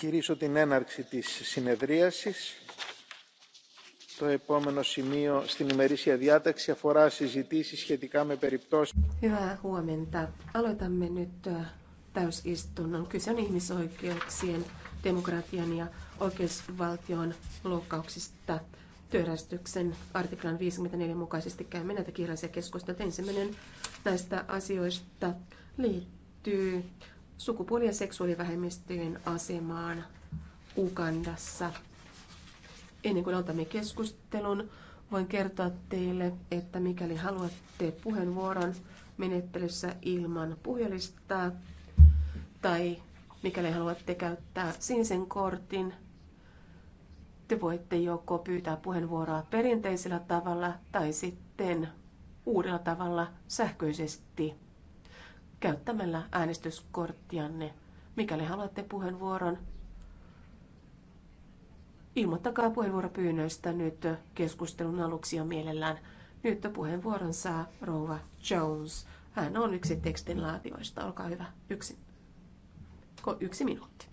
κηρύσω την έναρξη της συνεδρίασης. Το επόμενο σημείο στην ημερήσια διάταξη αφορά συζητήσεις σχετικά με περιπτώσεις... Hyvää huomenta. Aloitamme nyt täysistunnon. Kyse on ihmisoikeuksien, demokratian ja oikeusvaltion loukkauksista työrästyksen artiklan 54 mukaisesti käymme näitä kirjallisia keskusteluita. Ensimmäinen näistä asioista liittyy sukupuoli- ja seksuaalivähemmistöjen asemaan Ugandassa. Ennen kuin otamme keskustelun, voin kertoa teille, että mikäli haluatte puheenvuoron menettelyssä ilman puhujalistaa tai mikäli haluatte käyttää sinisen kortin, te voitte joko pyytää puheenvuoroa perinteisellä tavalla tai sitten uudella tavalla sähköisesti käyttämällä äänestyskorttianne. Mikäli haluatte puheenvuoron, ilmoittakaa puheenvuoropyynnöistä nyt keskustelun aluksi ja mielellään. Nyt puheenvuoron saa Rova Jones. Hän on yksi tekstin laatioista. Olkaa hyvä. Yksi, yksi minuutti.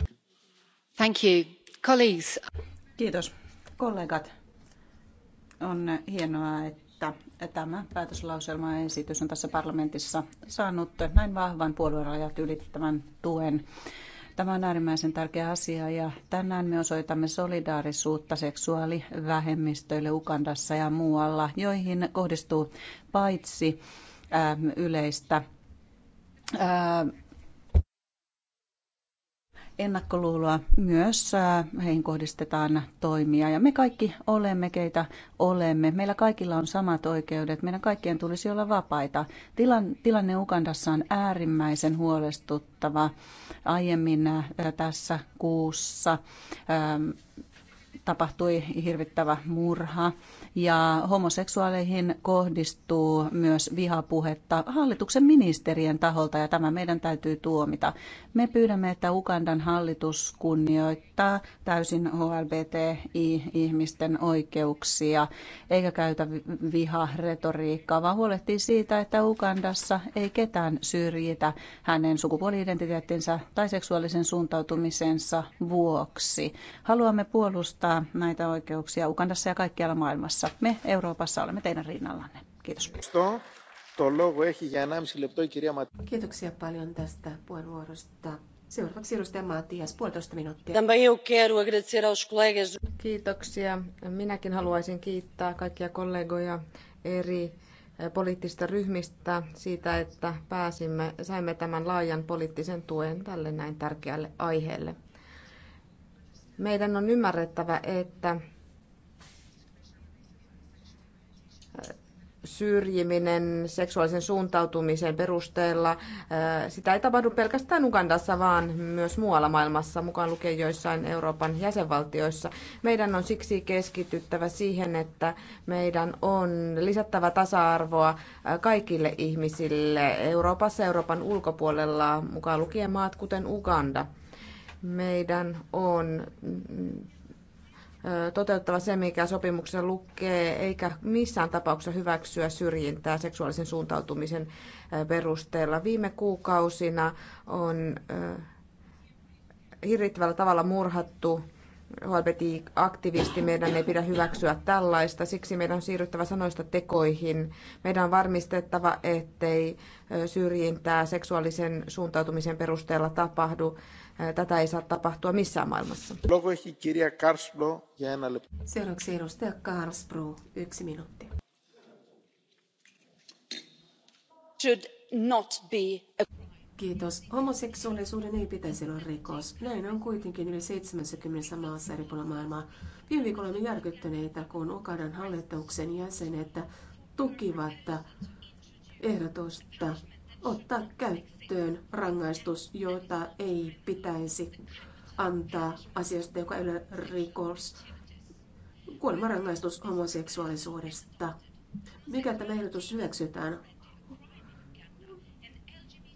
Thank you. Colleagues. Kiitos. Kollegat, on hienoa, että että tämä päätöslauselma esitys on tässä parlamentissa saanut näin vahvan puoluerajat ylittävän tuen. Tämä on äärimmäisen tärkeä asia ja tänään me osoitamme solidaarisuutta seksuaalivähemmistöille Ukandassa ja muualla, joihin kohdistuu paitsi yleistä ennakkoluuloa myös äh, heihin kohdistetaan toimia. Ja me kaikki olemme, keitä olemme. Meillä kaikilla on samat oikeudet. Meidän kaikkien tulisi olla vapaita. Tilanne Ukandassa on äärimmäisen huolestuttava. Aiemmin äh, tässä kuussa ähm, tapahtui hirvittävä murha ja homoseksuaaleihin kohdistuu myös vihapuhetta hallituksen ministerien taholta ja tämä meidän täytyy tuomita. Me pyydämme, että Ugandan hallitus kunnioittaa täysin HLBTI-ihmisten oikeuksia eikä käytä viharetoriikkaa, vaan huolehtii siitä, että Ugandassa ei ketään syrjitä hänen sukupuoli-identiteettinsä tai seksuaalisen suuntautumisensa vuoksi. Haluamme puolustaa näitä oikeuksia Ugandassa ja kaikkialla maailmassa kanssa. Me Euroopassa olemme teidän rinnallanne. Kiitos. Kiitoksia paljon tästä puheenvuorosta. Seuraavaksi edustaja Matias, puolitoista minuuttia. Kiitoksia. Minäkin haluaisin kiittää kaikkia kollegoja eri eh, poliittista ryhmistä siitä, että pääsimme, saimme tämän laajan poliittisen tuen tälle näin tärkeälle aiheelle. Meidän on ymmärrettävä, että syrjiminen seksuaalisen suuntautumisen perusteella. Äh, sitä ei tapahdu pelkästään Ugandassa, vaan myös muualla maailmassa, mukaan lukien joissain Euroopan jäsenvaltioissa. Meidän on siksi keskityttävä siihen, että meidän on lisättävä tasa-arvoa äh, kaikille ihmisille Euroopassa, Euroopan ulkopuolella, mukaan lukien maat kuten Uganda. Meidän on toteuttava se, mikä sopimuksessa lukee, eikä missään tapauksessa hyväksyä syrjintää seksuaalisen suuntautumisen perusteella. Viime kuukausina on hirvittävällä tavalla murhattu HLBT-aktivisti, meidän ei pidä hyväksyä tällaista, siksi meidän on siirryttävä sanoista tekoihin. Meidän on varmistettava, ettei syrjintää seksuaalisen suuntautumisen perusteella tapahdu. Tätä ei saa tapahtua missään maailmassa. Seuraavaksi edustaja Karlsbro, yksi minuutti. Should not be a... Kiitos. Homoseksuaalisuuden ei pitäisi olla rikos. Näin on kuitenkin yli 70 maassa eri puolilla maailmaa. Viime viikolla olimme järkyttyneitä, kun Ukadan hallituksen jäsenet tukivat ehdotusta ottaa käyttöön käyttöön rangaistus, jota ei pitäisi antaa asiasta, joka ei ole rikos. Kuolemanrangaistus homoseksuaalisuudesta. Mikä tämä ehdotus hyväksytään?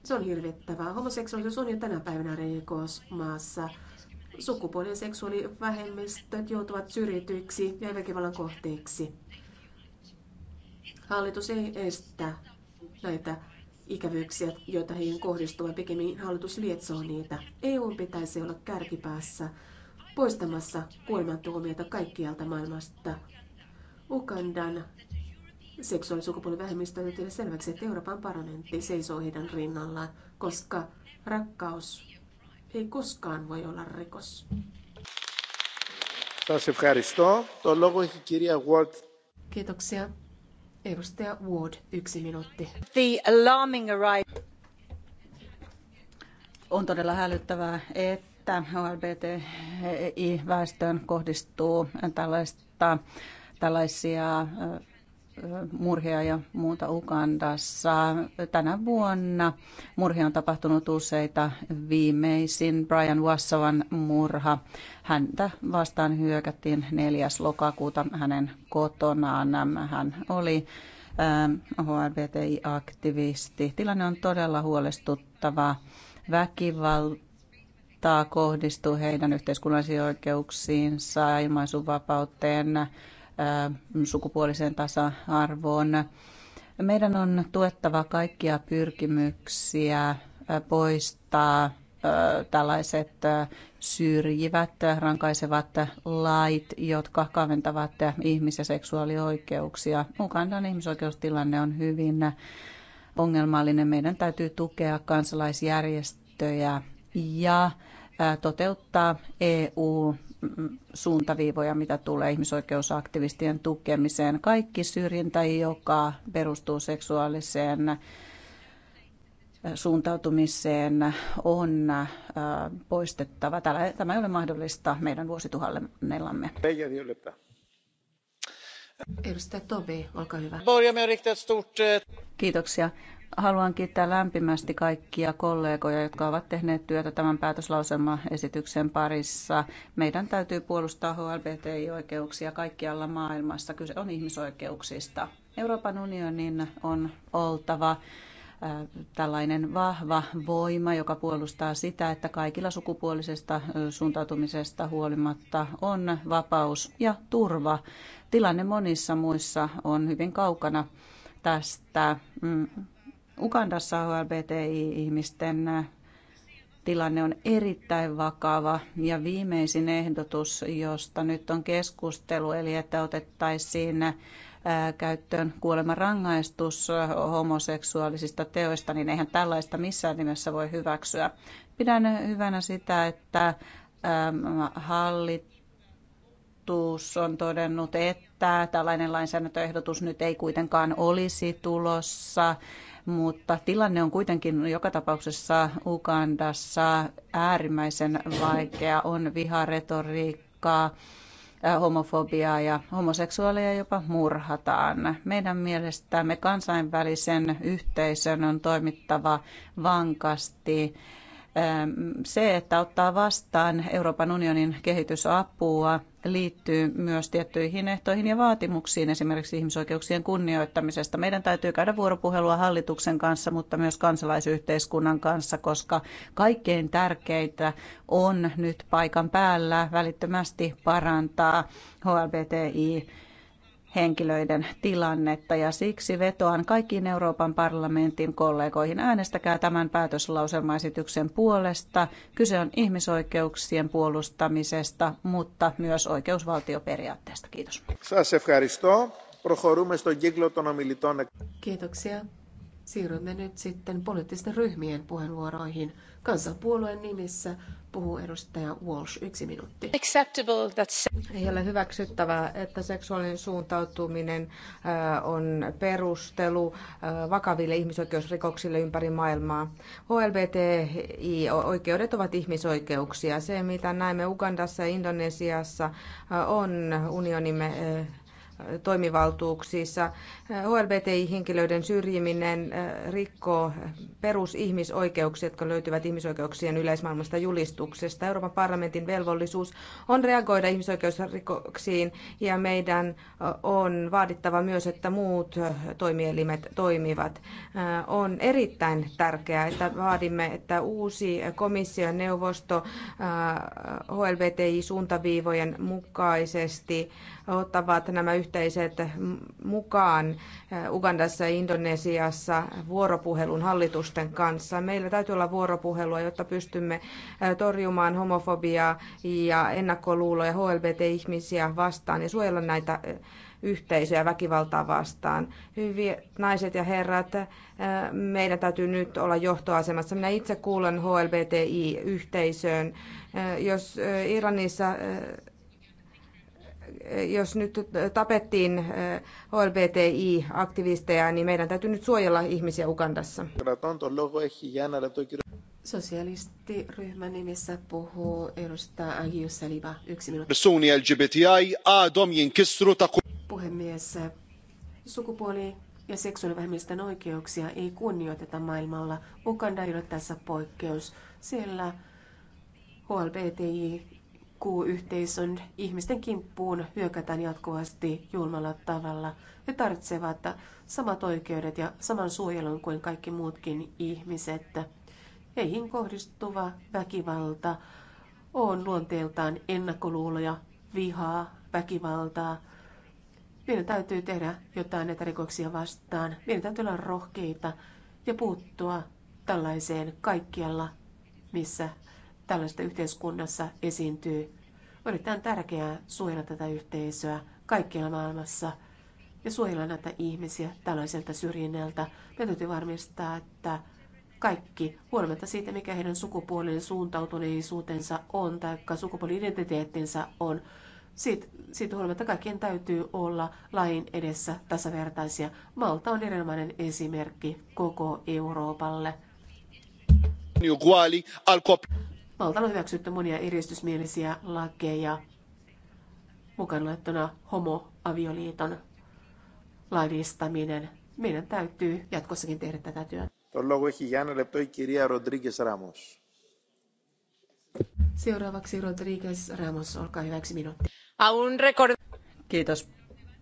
Se on hirvittävää. Homoseksuaalisuus on jo tänä päivänä rikos maassa. Sukupuoli- ja seksuaalivähemmistöt joutuvat syrjityiksi ja väkivallan kohteeksi. Hallitus ei estä näitä ikävyyksiä, joita heihin kohdistuu, ja pikemmin hallitus lietsoo niitä. EU pitäisi olla kärkipäässä poistamassa kuolemantuomioita kaikkialta maailmasta. Ugandan seksuaali- sukupuolivähemmistö on tehdä selväksi, että Euroopan parlamentti seisoo heidän rinnallaan, koska rakkaus ei koskaan voi olla rikos. Kiitoksia. Edustaja Ward, yksi minuutti. The alarming arrival. On todella hälyttävää, että LBTI-väestöön kohdistuu tällaista, tällaisia murhia ja muuta Ugandassa. Tänä vuonna murhia on tapahtunut useita. Viimeisin Brian Wassowan murha. Häntä vastaan hyökättiin 4. lokakuuta hänen kotonaan. Hän oli HRBTI-aktivisti. Ähm, Tilanne on todella huolestuttava. Väkivalta kohdistuu heidän yhteiskunnallisiin oikeuksiinsa, ilmaisuvapauteen, sukupuoliseen tasa-arvoon. Meidän on tuettava kaikkia pyrkimyksiä poistaa tällaiset syrjivät, rankaisevat lait, jotka kaventavat ihmis- ja seksuaalioikeuksia. Ugandan ihmisoikeustilanne on hyvin ongelmallinen. Meidän täytyy tukea kansalaisjärjestöjä ja toteuttaa EU suuntaviivoja, mitä tulee ihmisoikeusaktivistien tukemiseen. Kaikki syrjintä, joka perustuu seksuaaliseen suuntautumiseen on äh, poistettava. Tämä ei ole mahdollista meidän vuosituhannellamme. Edustaja Tobi, olkaa hyvä. Eh, Kiitoksia. Haluan kiittää lämpimästi kaikkia kollegoja, jotka ovat tehneet työtä tämän päätöslauselmaesityksen parissa. Meidän täytyy puolustaa HLBTI-oikeuksia kaikkialla maailmassa. Kyse on ihmisoikeuksista. Euroopan unionin on oltava tällainen vahva voima, joka puolustaa sitä, että kaikilla sukupuolisesta suuntautumisesta huolimatta on vapaus ja turva. Tilanne monissa muissa on hyvin kaukana tästä. Mm. Ugandassa HLBTI-ihmisten äh, tilanne on erittäin vakava ja viimeisin ehdotus, josta nyt on keskustelu, eli että otettaisiin äh, käyttöön kuolemanrangaistus äh, homoseksuaalisista teoista, niin eihän tällaista missään nimessä voi hyväksyä. Pidän hyvänä sitä, että ähm, hallitus on todennut, että tällainen lainsäädäntöehdotus nyt ei kuitenkaan olisi tulossa mutta tilanne on kuitenkin joka tapauksessa Ugandassa äärimmäisen vaikea. On viharetoriikkaa, äh, homofobiaa ja homoseksuaaleja jopa murhataan. Meidän mielestämme kansainvälisen yhteisön on toimittava vankasti ähm, se, että ottaa vastaan Euroopan unionin kehitysapua, liittyy myös tiettyihin ehtoihin ja vaatimuksiin esimerkiksi ihmisoikeuksien kunnioittamisesta. Meidän täytyy käydä vuoropuhelua hallituksen kanssa, mutta myös kansalaisyhteiskunnan kanssa, koska kaikkein tärkeintä on nyt paikan päällä välittömästi parantaa HLBTI henkilöiden tilannetta ja siksi vetoan kaikkiin Euroopan parlamentin kollegoihin. Äänestäkää tämän päätöslauselmaesityksen puolesta. Kyse on ihmisoikeuksien puolustamisesta, mutta myös oikeusvaltioperiaatteesta. Kiitos. Kiitoksia. Siirrymme nyt sitten poliittisten ryhmien puheenvuoroihin. Kansanpuolueen nimissä puhuu edustaja Walsh. Yksi minuutti. Ei ole hyväksyttävää, että seksuaalinen suuntautuminen äh, on perustelu äh, vakaville ihmisoikeusrikoksille ympäri maailmaa. HLBTI-oikeudet ovat ihmisoikeuksia. Se, mitä näemme Ugandassa ja Indonesiassa, äh, on unionimme toimivaltuuksissa. HLBTI-henkilöiden syrjiminen äh, rikkoo perusihmisoikeuksia, jotka löytyvät ihmisoikeuksien yleismaailmasta julistuksesta. Euroopan parlamentin velvollisuus on reagoida ihmisoikeusrikoksiin ja meidän äh, on vaadittava myös, että muut äh, toimielimet toimivat. On erittäin tärkeää, että vaadimme, että uusi komission neuvosto HLBTI-suuntaviivojen mukaisesti ottavat nämä yhteiset mukaan Ugandassa ja Indonesiassa vuoropuhelun hallitusten kanssa. Meillä täytyy olla vuoropuhelua, jotta pystymme torjumaan homofobiaa ja ennakkoluuloja HLBT-ihmisiä vastaan ja suojella näitä yhteisöjä väkivaltaa vastaan. Hyviä naiset ja herrat, meidän täytyy nyt olla johtoasemassa. Minä itse kuulen HLBTI-yhteisöön. Jos Iranissa jos nyt tapettiin HLBTI-aktivisteja, eh, niin meidän täytyy nyt suojella ihmisiä Ugandassa. Sosialistiryhmän nimissä puhuu edustaja Agiu Saliba. Yksi minuutti. LGBTI, Adom Puhemies, sukupuoli ja seksuaalivähemmistön oikeuksia ei kunnioiteta maailmalla. Uganda ei ole tässä poikkeus, sillä HLBTI YK-yhteisön ihmisten kimppuun hyökätään jatkuvasti julmalla tavalla. He tarvitsevat samat oikeudet ja saman suojelun kuin kaikki muutkin ihmiset. Heihin kohdistuva väkivalta on luonteeltaan ennakkoluuloja, vihaa, väkivaltaa. Meidän täytyy tehdä jotain näitä rikoksia vastaan. Meidän täytyy olla rohkeita ja puuttua tällaiseen kaikkialla, missä tällaisessa yhteiskunnassa esiintyy. On erittäin tärkeää suojella tätä yhteisöä kaikkialla maailmassa ja suojella näitä ihmisiä tällaiselta syrjinnältä. Me täytyy varmistaa, että kaikki, huolimatta siitä, mikä heidän sukupuolinen suuntautuneisuutensa on tai sukupuoli-identiteettinsä on, siitä, siitä huolimatta kaikkien täytyy olla lain edessä tasavertaisia. Malta on erinomainen esimerkki koko Euroopalle. Malta on hyväksytty monia eristysmielisiä lakeja, mukaan luettuna homoavioliiton laillistaminen. Meidän täytyy jatkossakin tehdä tätä työtä. Seuraavaksi Rodríguez Ramos, olkaa hyvä yksi minuutti. Kiitos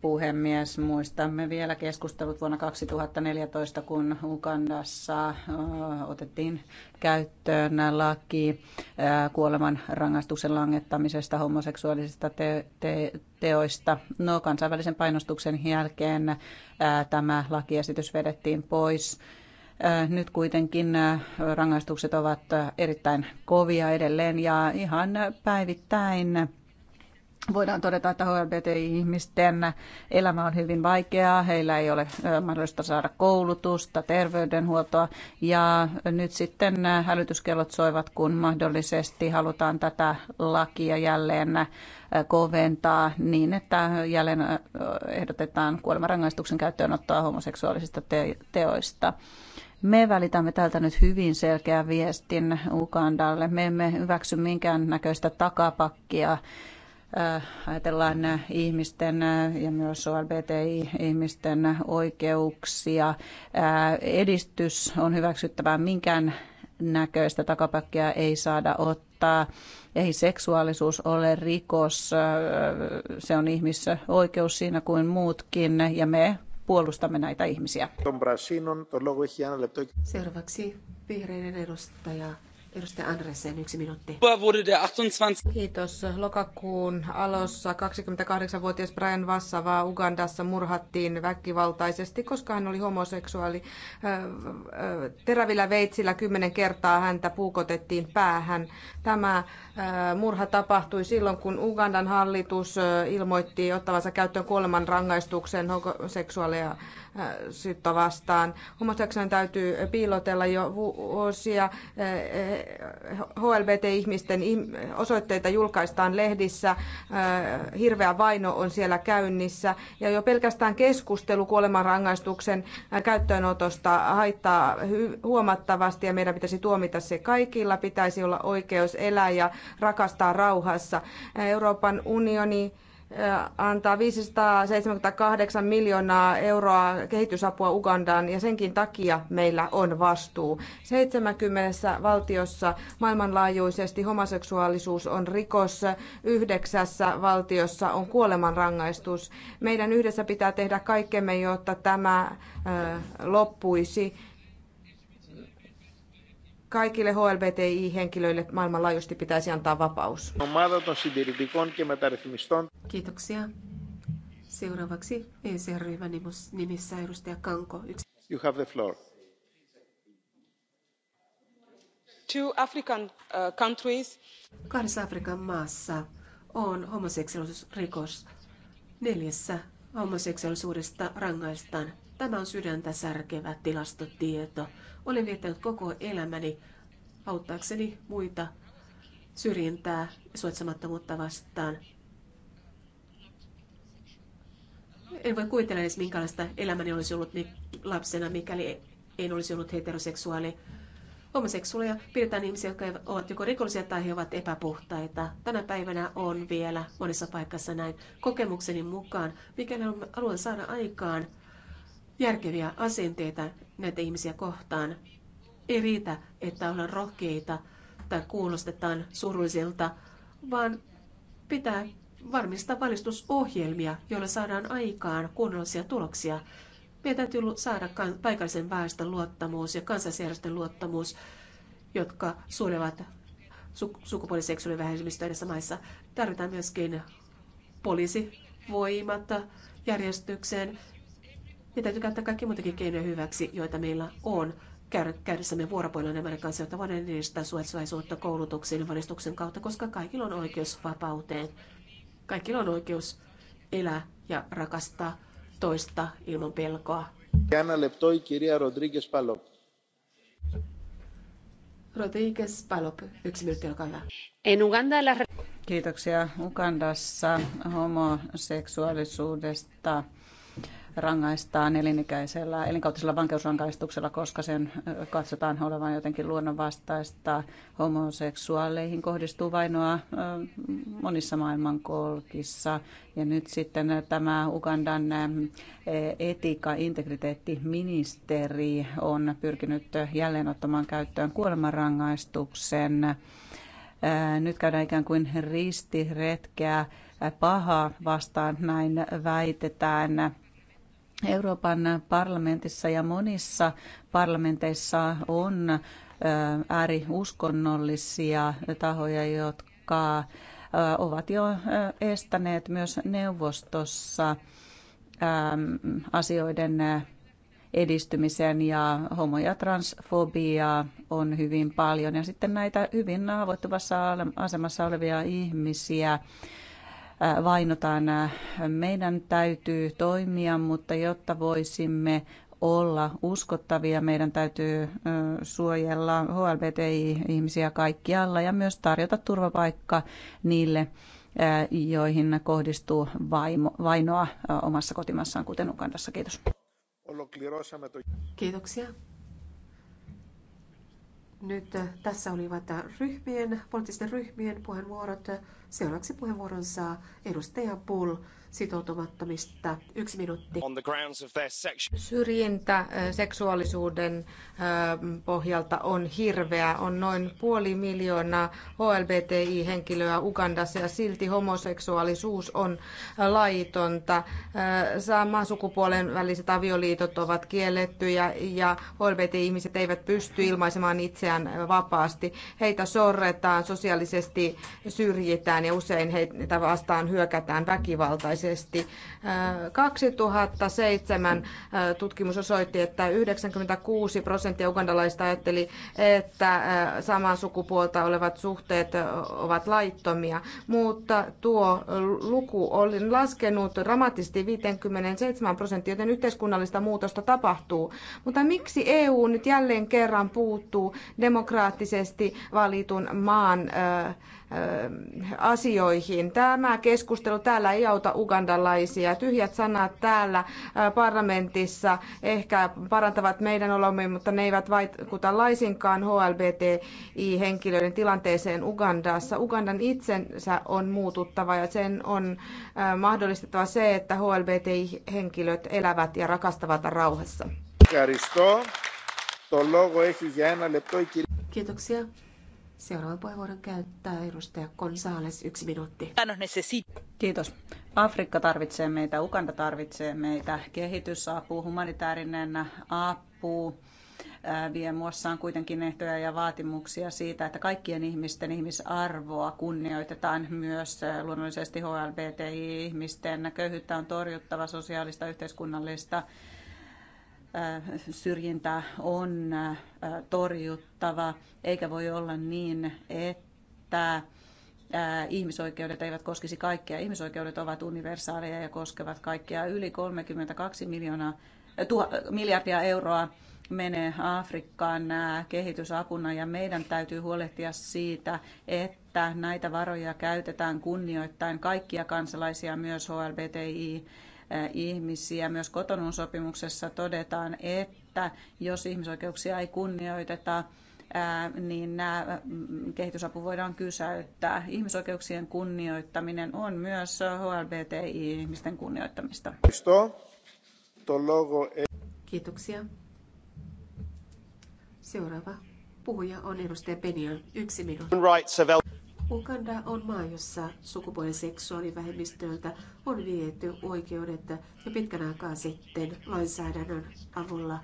puhemies. Muistamme vielä keskustelut vuonna 2014, kun Ugandassa äh, otettiin käyttöön laki äh, kuoleman rangaistuksen langettamisesta homoseksuaalisista te- te- teoista. No, kansainvälisen painostuksen jälkeen äh, tämä lakiesitys vedettiin pois. Nyt kuitenkin rangaistukset ovat erittäin kovia edelleen ja ihan päivittäin voidaan todeta, että hlbti ihmisten elämä on hyvin vaikeaa, heillä ei ole mahdollista saada koulutusta, terveydenhuoltoa ja nyt sitten hälytyskellot soivat, kun mahdollisesti halutaan tätä lakia jälleen koventaa niin, että jälleen ehdotetaan kuolemanrangaistuksen käyttöönottoa homoseksuaalisista teoista. Me välitämme täältä nyt hyvin selkeän viestin Ugandalle. Me emme hyväksy minkään näköistä takapakkia Äh, ajatellaan ihmisten äh, ja myös OLBTI-ihmisten oikeuksia. Äh, edistys on hyväksyttävää minkään näköistä takapakkia ei saada ottaa. Ei seksuaalisuus ole rikos, se on ihmisoikeus siinä kuin muutkin ja me puolustamme näitä ihmisiä. Seuraavaksi vihreiden edustaja Edustaja Andresen, yksi minuutti. Kiitos. Lokakuun alussa 28-vuotias Brian Vassava Ugandassa murhattiin väkivaltaisesti, koska hän oli homoseksuaali. Terävillä veitsillä kymmenen kertaa häntä puukotettiin päähän. Tämä murha tapahtui silloin, kun Ugandan hallitus ilmoitti ottavansa käyttöön kuoleman rangaistuksen homoseksuaaleja syyttä vastaan. Homoseksuaalien täytyy piilotella jo vuosia. HLBT-ihmisten osoitteita julkaistaan lehdissä. Hirveä vaino on siellä käynnissä. Ja jo pelkästään keskustelu kuolemanrangaistuksen käyttöönotosta haittaa huomattavasti ja meidän pitäisi tuomita se kaikilla. Pitäisi olla oikeus elää ja rakastaa rauhassa. Euroopan unioni eh, antaa 578 miljoonaa euroa kehitysapua Ugandaan ja senkin takia meillä on vastuu. 70 valtiossa maailmanlaajuisesti homoseksuaalisuus on rikos, yhdeksässä valtiossa on kuolemanrangaistus. Meidän yhdessä pitää tehdä kaikkemme, jotta tämä eh, loppuisi kaikille HLBTI-henkilöille maailmanlaajuisesti pitäisi antaa vapaus. Kiitoksia. Seuraavaksi ECR-ryhmän nimissä edustaja Kanko. Yksi. You have the floor. Two African uh, countries. Kahdessa Afrikan maassa on homoseksuaalisuusrikos. Neljässä homoseksuaalisuudesta rangaistaan. Tämä on sydäntä särkevä tilastotieto. Olen viettänyt koko elämäni auttaakseni muita syrjintää suotsimattomuutta vastaan. En voi kuvitella edes minkälaista elämäni olisi ollut lapsena, mikäli en olisi ollut heteroseksuaali. Homoseksuaaleja pidetään ihmisiä, jotka ovat joko rikollisia tai he ovat epäpuhtaita. Tänä päivänä on vielä monessa paikassa näin. Kokemukseni mukaan, mikäli haluan saada aikaan järkeviä asenteita näitä ihmisiä kohtaan. Ei riitä, että ollaan rohkeita tai kuulostetaan surullisilta, vaan pitää varmistaa valistusohjelmia, joilla saadaan aikaan kunnollisia tuloksia. Meidän täytyy saada paikallisen väestön luottamus ja kansallisjärjestön luottamus, jotka suojelevat sukupuoliseksuaalivähemmistöä sukupuoliseksuaalivähemmistöjä näissä maissa. Tarvitaan myöskin poliisivoimat järjestykseen ja täytyy käyttää kaikki muitakin keinoja hyväksi, joita meillä on käydä, käydessämme vuoropuolella näiden kanssa, jotta voidaan edistää suojelevaisuutta koulutuksen ja valistuksen kautta, koska kaikilla on oikeus vapauteen. Kaikilla on oikeus elää ja rakastaa toista ilman pelkoa. Ένα leptoi, kirja Rodriguez Palop. Rodriguez Palop, yksi minuutti, olkaa hyvä. En Uganda la... Kiitoksia Ugandassa homoseksuaalisuudesta rangaistaan elinikäisellä, elinkautisella vankeusrangaistuksella, koska sen katsotaan olevan jotenkin luonnonvastaista. Homoseksuaaleihin kohdistuu vainoa monissa maailmankolkissa. Ja nyt sitten tämä Ugandan etiikka- integriteettiministeri on pyrkinyt jälleen ottamaan käyttöön kuolemanrangaistuksen. Nyt käydään ikään kuin ristiretkeä paha vastaan, näin väitetään. Euroopan parlamentissa ja monissa parlamenteissa on ääriuskonnollisia tahoja, jotka ovat jo estäneet myös neuvostossa asioiden edistymisen ja homo- ja transfobiaa on hyvin paljon. Ja sitten näitä hyvin haavoittuvassa asemassa olevia ihmisiä vainotaan. Meidän täytyy toimia, mutta jotta voisimme olla uskottavia, meidän täytyy suojella HLBTI-ihmisiä kaikkialla ja myös tarjota turvapaikka niille, joihin kohdistuu vainoa omassa kotimassaan, kuten Ukandassa. Kiitos. Kiitoksia. Nyt äh, tässä olivat äh, ryhmien, poliittisten ryhmien puheenvuorot. Seuraavaksi puheenvuoron saa edustaja Bull sitoutumattomista. Yksi minuutti. Syrjintä seksuaalisuuden pohjalta on hirveä. On noin puoli miljoonaa HLBTI-henkilöä Ugandassa ja silti homoseksuaalisuus on laitonta. Saman sukupuolen väliset avioliitot ovat kiellettyjä ja HLBTI-ihmiset eivät pysty ilmaisemaan itseään vapaasti. Heitä sorretaan, sosiaalisesti syrjitään ja usein heitä vastaan hyökätään väkivaltaisesti ilmeisesti. 2007 äh, äh, tutkimus osoitti, että 96 prosenttia ugandalaista ajatteli, että äh, saman sukupuolta olevat suhteet ovat laittomia, mutta tuo luku oli laskenut dramaattisesti 57 prosenttia, joten yhteiskunnallista muutosta tapahtuu. Mutta miksi EU nyt jälleen kerran puuttuu demokraattisesti valitun maan äh, asioihin. Tämä keskustelu täällä ei auta ugandalaisia. Tyhjät sanat täällä parlamentissa ehkä parantavat meidän olomme, mutta ne eivät vaikuta laisinkaan HLBTI-henkilöiden tilanteeseen Ugandassa. Ugandan itsensä on muututtava ja sen on mahdollistettava se, että HLBTI-henkilöt elävät ja rakastavat rauhassa. Kiitoksia. Seuraava puheenvuoron käyttää edustaja Gonzales, yksi minuutti. Kiitos. Afrikka tarvitsee meitä, Uganda tarvitsee meitä, kehitysapu, humanitaarinen apu vie muassaan kuitenkin ehtoja ja vaatimuksia siitä, että kaikkien ihmisten ihmisarvoa kunnioitetaan myös luonnollisesti HLBTI-ihmisten. Köyhyyttä on torjuttava, sosiaalista, yhteiskunnallista Äh, syrjintä on äh, torjuttava, eikä voi olla niin, että äh, ihmisoikeudet eivät koskisi kaikkia. Ihmisoikeudet ovat universaaleja ja koskevat kaikkia. Yli 32 miljoonaa, tuha, miljardia euroa menee Afrikkaan kehitysapuna ja meidän täytyy huolehtia siitä, että näitä varoja käytetään kunnioittain kaikkia kansalaisia, myös HLBTI Eh, ihmisiä. Myös kotonun sopimuksessa todetaan, että jos ihmisoikeuksia ei kunnioiteta, eh, niin nämä mm, kehitysapu voidaan kysäyttää. Ihmisoikeuksien kunnioittaminen on myös HLBTI-ihmisten kunnioittamista. Kiitoksia. Seuraava puhuja on edustaja Penion. Yksi minuutti. Uganda on maa, jossa sukupuolen seksuaalivähemmistöiltä on viety oikeudet jo pitkän aikaa sitten lainsäädännön avulla.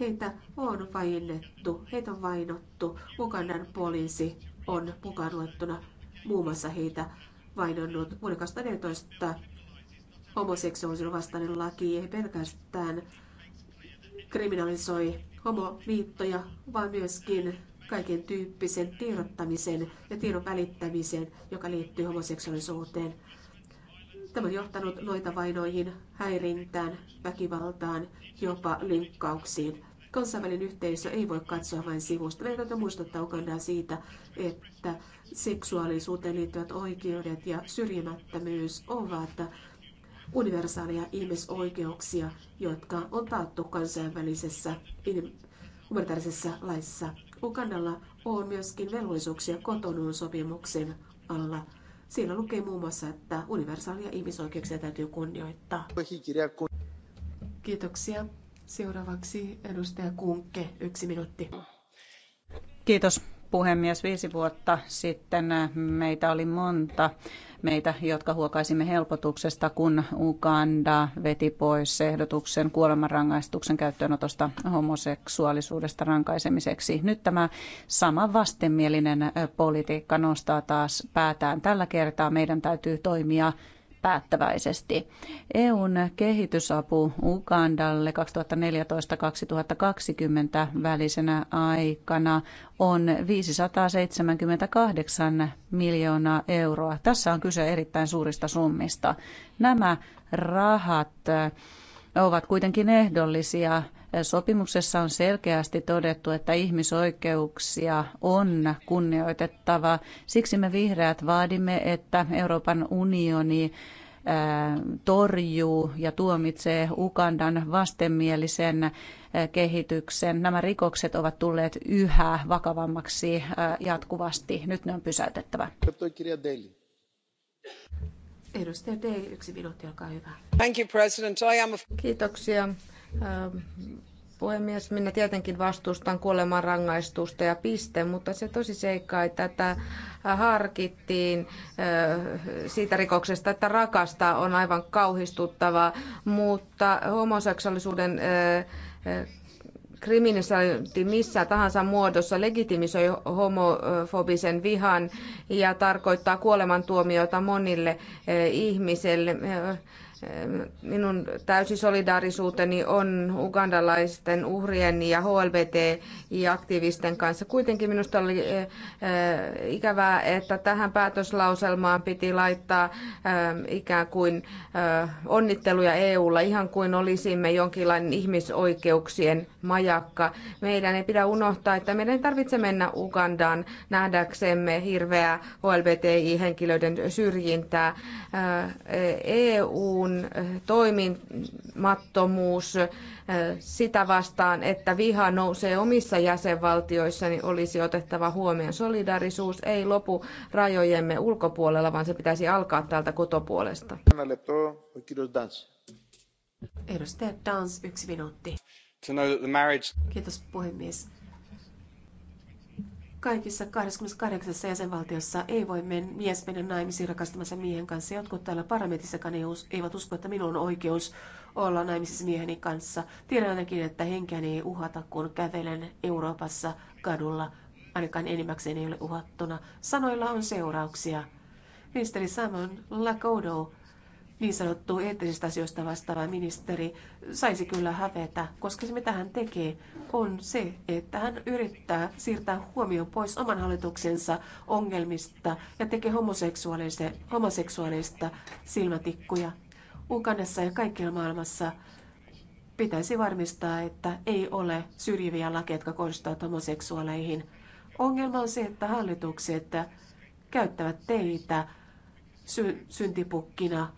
Heitä on vainnettu, heitä on vainottu. Ugandan poliisi on mukaan luettuna muun muassa heitä vainonnut vuoden 2014 homoseksuaalisuuden vastainen laki ei pelkästään kriminalisoi homoliittoja, vaan myöskin kaiken tyyppisen tiedottamisen ja tiedon välittämisen, joka liittyy homoseksuaalisuuteen. Tämä on johtanut noita vainoihin, häirintään, väkivaltaan, jopa lynkkauksiin. Kansainvälinen yhteisö ei voi katsoa vain sivusta. Meidän täytyy muistuttaa Ugandaa siitä, että seksuaalisuuteen liittyvät oikeudet ja syrjimättömyys ovat universaaleja ihmisoikeuksia, jotka on taattu kansainvälisessä humanitaarisessa laissa. Ugandalla on myöskin velvollisuuksia kotonun sopimuksen alla. Siinä lukee muun muassa, että universaalia ihmisoikeuksia täytyy kunnioittaa. Kiitoksia. Seuraavaksi edustaja Kunkke, yksi minuutti. Kiitos puhemies, viisi vuotta sitten meitä oli monta, meitä, jotka huokaisimme helpotuksesta, kun Uganda veti pois ehdotuksen kuolemanrangaistuksen käyttöönotosta homoseksuaalisuudesta rankaisemiseksi. Nyt tämä sama vastenmielinen politiikka nostaa taas päätään. Tällä kertaa meidän täytyy toimia päättäväisesti. EUn kehitysapu Ugandalle 2014-2020 välisenä aikana on 578 miljoonaa euroa. Tässä on kyse erittäin suurista summista. Nämä rahat ovat kuitenkin ehdollisia. Sopimuksessa on selkeästi todettu, että ihmisoikeuksia on kunnioitettava. Siksi me vihreät vaadimme, että Euroopan unioni torjuu ja tuomitsee Ugandan vastenmielisen kehityksen. Nämä rikokset ovat tulleet yhä vakavammaksi jatkuvasti. Nyt ne on pysäytettävä. Edustaja Day, yksi Kiitoksia. Ähm, puhemies, minä tietenkin vastustan kuolemanrangaistusta ja piste, mutta se tosi seikka, että tätä harkittiin äh, siitä rikoksesta, että rakastaa on aivan kauhistuttavaa, mutta homoseksuaalisuuden äh, äh, kriminalisointi missä tahansa muodossa legitimisoi homofobisen vihan ja tarkoittaa kuolemantuomiota monille eh, ihmisille. Minun täysi solidaarisuuteni on ugandalaisten uhrien ja HLBT-aktivisten kanssa. Kuitenkin minusta oli eh, eh, ikävää, että tähän päätöslauselmaan piti laittaa ikään kuin eh, onnitteluja EUlla, ihan kuin olisimme jonkinlainen ihmisoikeuksien majakka. Meidän ei pidä unohtaa, että meidän ei tarvitse mennä Ugandaan nähdäksemme hirveää HLBTI-henkilöiden syrjintää. EUn on toimimattomuus sitä vastaan, että viha nousee omissa jäsenvaltioissa, niin olisi otettava huomioon. Solidarisuus ei lopu rajojemme ulkopuolella, vaan se pitäisi alkaa täältä kotopuolesta. Edustaja Dans, yksi minuutti. Kiitos puhemies Kaikissa 28 jäsenvaltiossa ei voi men, mies mennä naimisiin rakastamansa miehen kanssa. Jotkut täällä parlamentissakaan eivät usko, että minun on oikeus olla naimisissa mieheni kanssa. Tiedän ainakin, että henkeäni ei uhata, kun kävelen Euroopassa kadulla. Ainakaan enimmäkseen ei ole uhattuna. Sanoilla on seurauksia. Ministeri Simon Lakodo niin sanottu eettisistä asioista vastaava ministeri saisi kyllä hävetä, koska se mitä hän tekee on se, että hän yrittää siirtää huomion pois oman hallituksensa ongelmista ja tekee homoseksuaalista silmätikkuja. Ukannessa ja kaikkialla maailmassa pitäisi varmistaa, että ei ole syrjiviä lakeja, jotka kohdistuvat homoseksuaaleihin. Ongelma on se, että hallitukset käyttävät teitä syntipukkina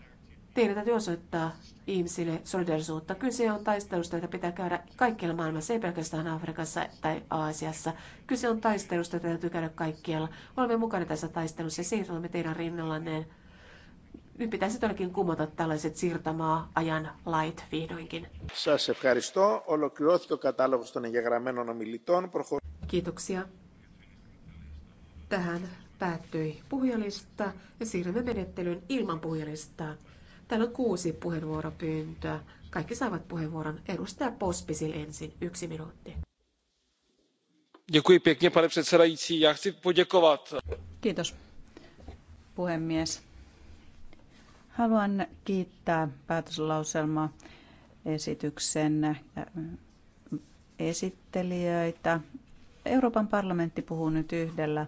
Teidän täytyy osoittaa ihmisille solidarisuutta. Kyse on taistelusta, jota pitää käydä kaikkialla maailmassa, ei pelkästään Afrikassa tai Aasiassa. Kyse on taistelusta, jota täytyy käydä kaikkialla. Olemme mukana tässä taistelussa ja seisoomme teidän rinnallanne. Nyt pitäisi todellakin kumota tällaiset siirtomaa-ajan lait vihdoinkin. Kiitoksia. Tähän päättyi puhujalista ja siirrymme menettelyyn ilman puhujalistaa. Täällä on kuusi puheenvuoropyyntöä. Kaikki saavat puheenvuoron. Edustaja Pospisil ensin. Yksi minuutti. Děkuji pěkně, pane předsedající. Já chci poděkovat. Kiitos, puhemies. Haluan kiittää päätöslauselmaa esityksen äh, esittelijöitä. Euroopan parlamentti puhuu nyt yhdellä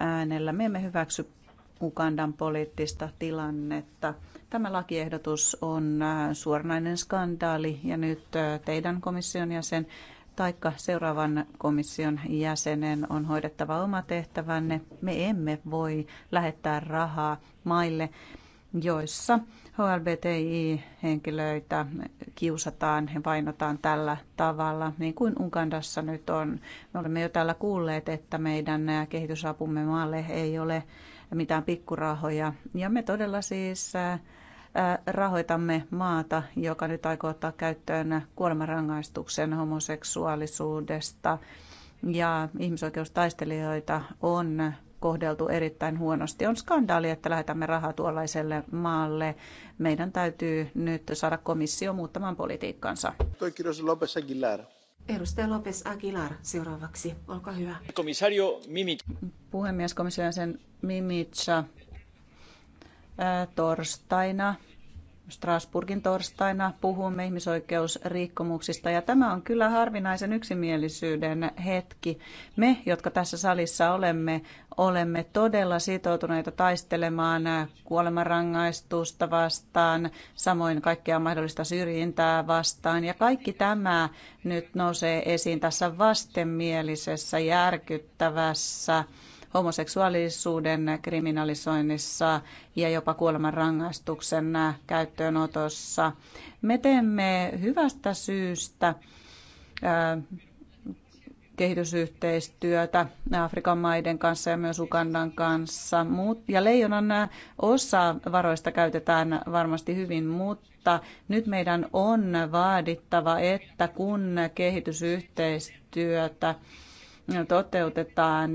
äänellä. Me emme hyväksy Ugandan poliittista tilannetta. Tämä lakiehdotus on äh, suoranainen skandaali ja nyt äh, teidän komission jäsen taikka seuraavan komission jäsenen on hoidettava oma tehtävänne. Me emme voi lähettää rahaa maille, joissa HLBTI-henkilöitä kiusataan ja vainotaan tällä tavalla, niin kuin Ugandassa nyt on. Me olemme jo täällä kuulleet, että meidän äh, kehitysapumme maalle ei ole mitään pikkurahoja. Ja me todella siis rahoitamme maata, joka nyt aikoo ottaa käyttöön kuolemanrangaistuksen homoseksuaalisuudesta. Ja ihmisoikeustaistelijoita on kohdeltu erittäin huonosti. On skandaali, että lähetämme rahaa tuollaiselle maalle. Meidän täytyy nyt saada komissio muuttamaan politiikkansa. Lopes Aguilar. Edustaja Lopes Aguilar seuraavaksi. Olkaa hyvä. Komisario Mimic. Puhemies komission sen Mimitsa torstaina, Strasburgin torstaina, puhumme ihmisoikeusrikkomuksista ja tämä on kyllä harvinaisen yksimielisyyden hetki. Me, jotka tässä salissa olemme, olemme todella sitoutuneita taistelemaan kuolemanrangaistusta vastaan, samoin kaikkea mahdollista syrjintää vastaan. Ja kaikki tämä nyt nousee esiin tässä vastenmielisessä, järkyttävässä homoseksuaalisuuden kriminalisoinnissa ja jopa kuolemanrangaistuksen käyttöönotossa. Me teemme hyvästä syystä kehitysyhteistyötä Afrikan maiden kanssa ja myös Ugandan kanssa. Ja leijonan osa varoista käytetään varmasti hyvin, mutta nyt meidän on vaadittava, että kun kehitysyhteistyötä toteutetaan,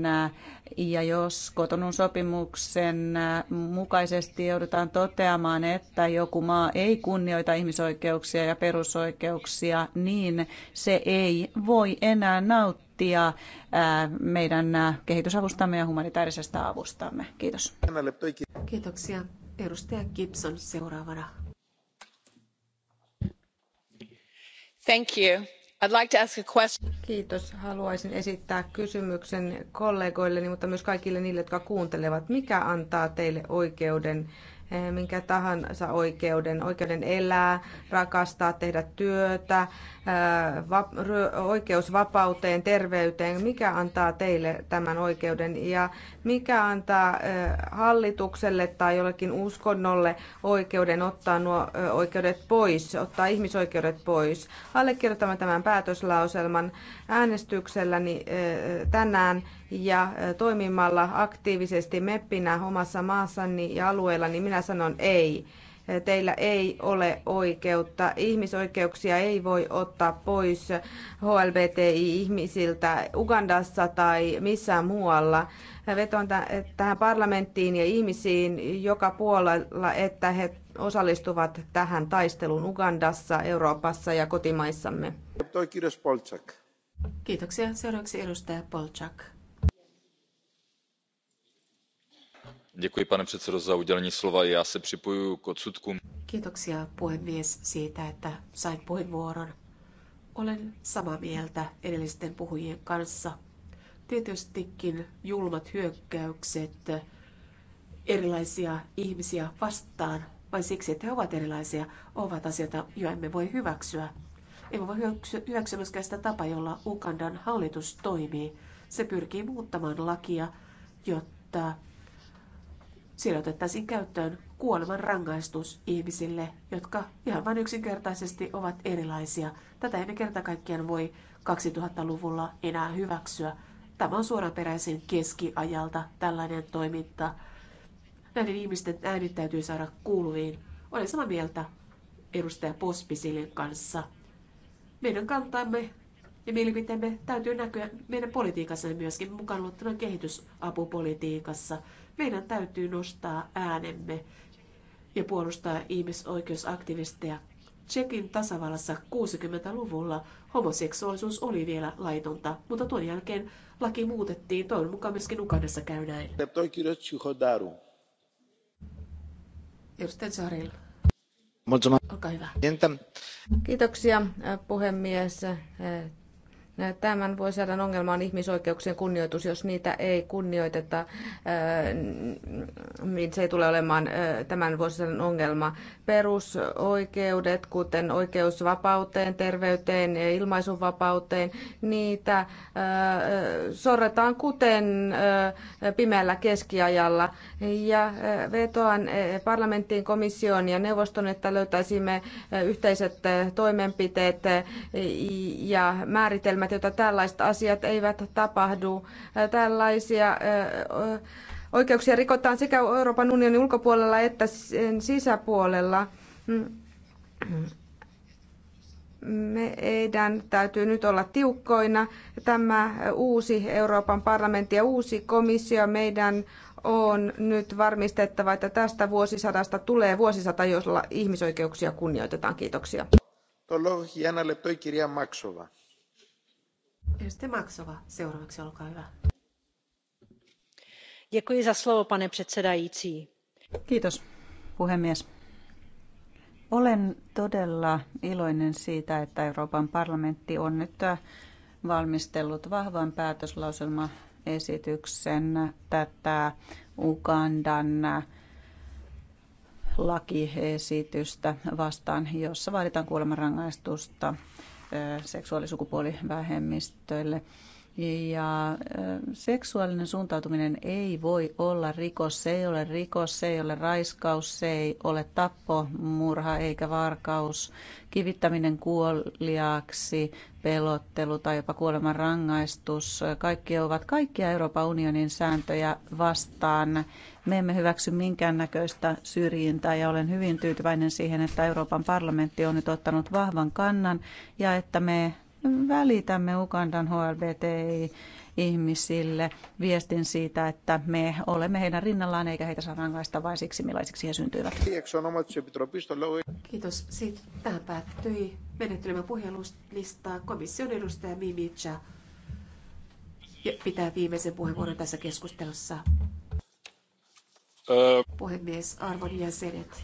ja jos kotonun sopimuksen äh, mukaisesti joudutaan toteamaan, että joku maa ei kunnioita ihmisoikeuksia ja perusoikeuksia, niin se ei voi enää nauttia äh, meidän äh, kehitysavustamme ja humanitaarisesta avustamme. Kiitos. Kiitoksia. Edustaja Gibson seuraavana. Thank you. Kiitos. Haluaisin esittää kysymyksen kollegoilleni, mutta myös kaikille niille, jotka kuuntelevat. Mikä antaa teille oikeuden, eh, minkä tahansa oikeuden, oikeuden elää, rakastaa, tehdä työtä, oikeus vapauteen, terveyteen, mikä antaa teille tämän oikeuden ja mikä antaa hallitukselle tai jollekin uskonnolle oikeuden ottaa nuo oikeudet pois, ottaa ihmisoikeudet pois. Allekirjoitamme tämän päätöslauselman äänestykselläni tänään ja toimimalla aktiivisesti meppinä omassa maassani ja alueellani minä sanon ei teillä ei ole oikeutta. Ihmisoikeuksia ei voi ottaa pois HLBTI-ihmisiltä Ugandassa tai missään muualla. Vetoan tähän parlamenttiin ja ihmisiin joka puolella, että he osallistuvat tähän taisteluun Ugandassa, Euroopassa ja kotimaissamme. Kiitoksia. Seuraavaksi edustaja Polchak. pane předsedající já se připojuji k odsudkům. Kiitoksia puhemies siitä, että sain puheenvuoron. Olen samaa mieltä edellisten puhujien kanssa. Tietystikin julmat hyökkäykset erilaisia ihmisiä vastaan vain siksi, että he ovat erilaisia, ovat asioita, joita emme voi hyväksyä. Emme voi hyväksyä myöskään sitä tapaa, jolla Ugandan hallitus toimii. Se pyrkii muuttamaan lakia, jotta siellä otettaisiin käyttöön kuoleman rangaistus ihmisille, jotka ihan vain yksinkertaisesti ovat erilaisia. Tätä emme kerta kaikkiaan voi 2000-luvulla enää hyväksyä. Tämä on suoraperäisen keskiajalta tällainen toiminta. Näiden ihmisten äänet täytyy saada kuuluviin. Olen samaa mieltä edustaja Pospisilin kanssa. Meidän kantamme ja mielipiteemme täytyy näkyä meidän politiikassa myöskin mukaan luettuna kehitysapupolitiikassa – meidän täytyy nostaa äänemme ja puolustaa ihmisoikeusaktivisteja. Tsekin tasavallassa 60-luvulla homoseksuaalisuus oli vielä laitonta, mutta tuon jälkeen laki muutettiin. Toivon mukaan myöskin Ukrainassa käy näin. Olkaa hyvä. Kiitoksia puhemies. Tämän voi ongelma ongelmaan ihmisoikeuksien kunnioitus. Jos niitä ei kunnioiteta, äh, niin se ei tule olemaan äh, tämän vuosisadan ongelma. Perusoikeudet, kuten oikeus vapauteen, terveyteen ja ilmaisunvapauteen, niitä äh, sorretaan kuten pimeällä keskiajalla. Ja vetoan parlamenttiin, komission ja neuvoston, että löytäisimme yhteiset toimenpiteet ja määritelmät, organisaatiota tällaiset asiat eivät tapahdu. Tällaisia oikeuksia rikotaan sekä Euroopan unionin ulkopuolella että sen sisäpuolella. Meidän täytyy nyt olla tiukkoina. Tämä uusi Euroopan parlamentti ja uusi komissio meidän on nyt varmistettava, että tästä vuosisadasta tulee vuosisata, jolla ihmisoikeuksia kunnioitetaan. Kiitoksia. Το λόγο έχει ένα λεπτό η κυρία Μάξοβα. Edustaja Maksova, seuraavaksi olkaa hyvä. Děkuji za slovo, pane předsedající. Kiitos, puhemies. Olen todella iloinen siitä, että Euroopan parlamentti on nyt valmistellut vahvan päätöslauselmaesityksen tätä Ugandan lakiesitystä vastaan, jossa vaaditaan kuolemanrangaistusta seksuaalisukupuolivähemmistöille. Ja seksuaalinen suuntautuminen ei voi olla rikos, se ei ole rikos, se ei ole raiskaus, se ei ole tappo, murha eikä varkaus, kivittäminen kuoliaksi, pelottelu tai jopa kuoleman rangaistus. Kaikki ovat kaikkia Euroopan unionin sääntöjä vastaan me emme hyväksy minkäännäköistä syrjintää ja olen hyvin tyytyväinen siihen, että Euroopan parlamentti on nyt ottanut vahvan kannan ja että me välitämme Ugandan HLBTI-ihmisille viestin siitä, että me olemme heidän rinnallaan eikä heitä saa rangaista vain siksi, millaisiksi he syntyivät. Kiitos. Sitten tähän päättyi menettelemään puhelulistaa komission edustaja Mimicha. Pitää viimeisen puheenvuoron tässä keskustelussa. Puhemies, arvon jäsenet.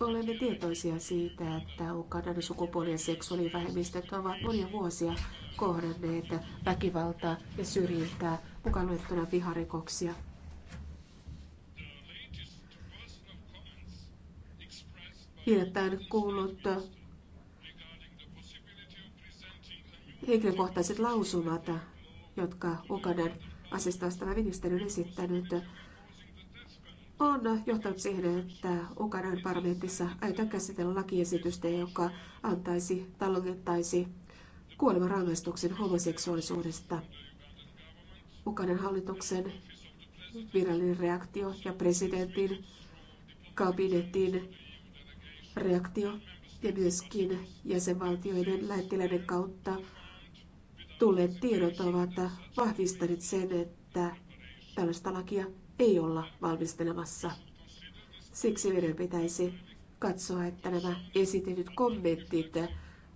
Olemme tietoisia siitä, että Ukrainan sukupuoli- ja seksuaalivähemmistöt ovat monia vuosia kohdanneet väkivaltaa ja syrjintää, mukaan luettuna viharikoksia. Hiljattain kuullut henkilökohtaiset lausumat, jotka Ukrainan asiasta vastaava ministeri on esittänyt, on johtanut siihen, että Unkarin parlamentissa aiotaan käsitellä lakiesitystä, joka antaisi, tallennettaisi kuolemanrangaistuksen homoseksuaalisuudesta. Unkarin hallituksen virallinen reaktio ja presidentin kabinetin reaktio ja myöskin jäsenvaltioiden lähettiläiden kautta tulleet tiedot ovat vahvistaneet sen, että tällaista lakia ei olla valmistelemassa. Siksi meidän pitäisi katsoa, että nämä esitetyt kommentit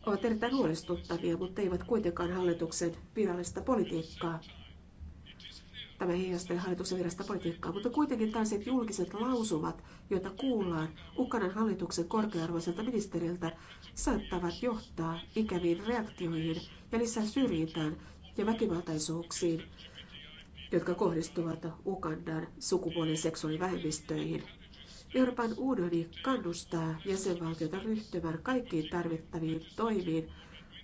ovat erittäin huolestuttavia, mutta eivät kuitenkaan hallituksen virallista politiikkaa. Tämä heijastaa hallituksen virallista politiikkaa, mutta kuitenkin tällaiset julkiset lausumat, joita kuullaan Ukrainan hallituksen korkearvoiselta ministeriltä, saattavat johtaa ikäviin reaktioihin ja lisää syrjintään ja väkivaltaisuuksiin, jotka kohdistuvat Ugandan sukupuolen seksuaalivähemmistöihin. Euroopan unioni kannustaa jäsenvaltioita ryhtymään kaikkiin tarvittaviin toimiin,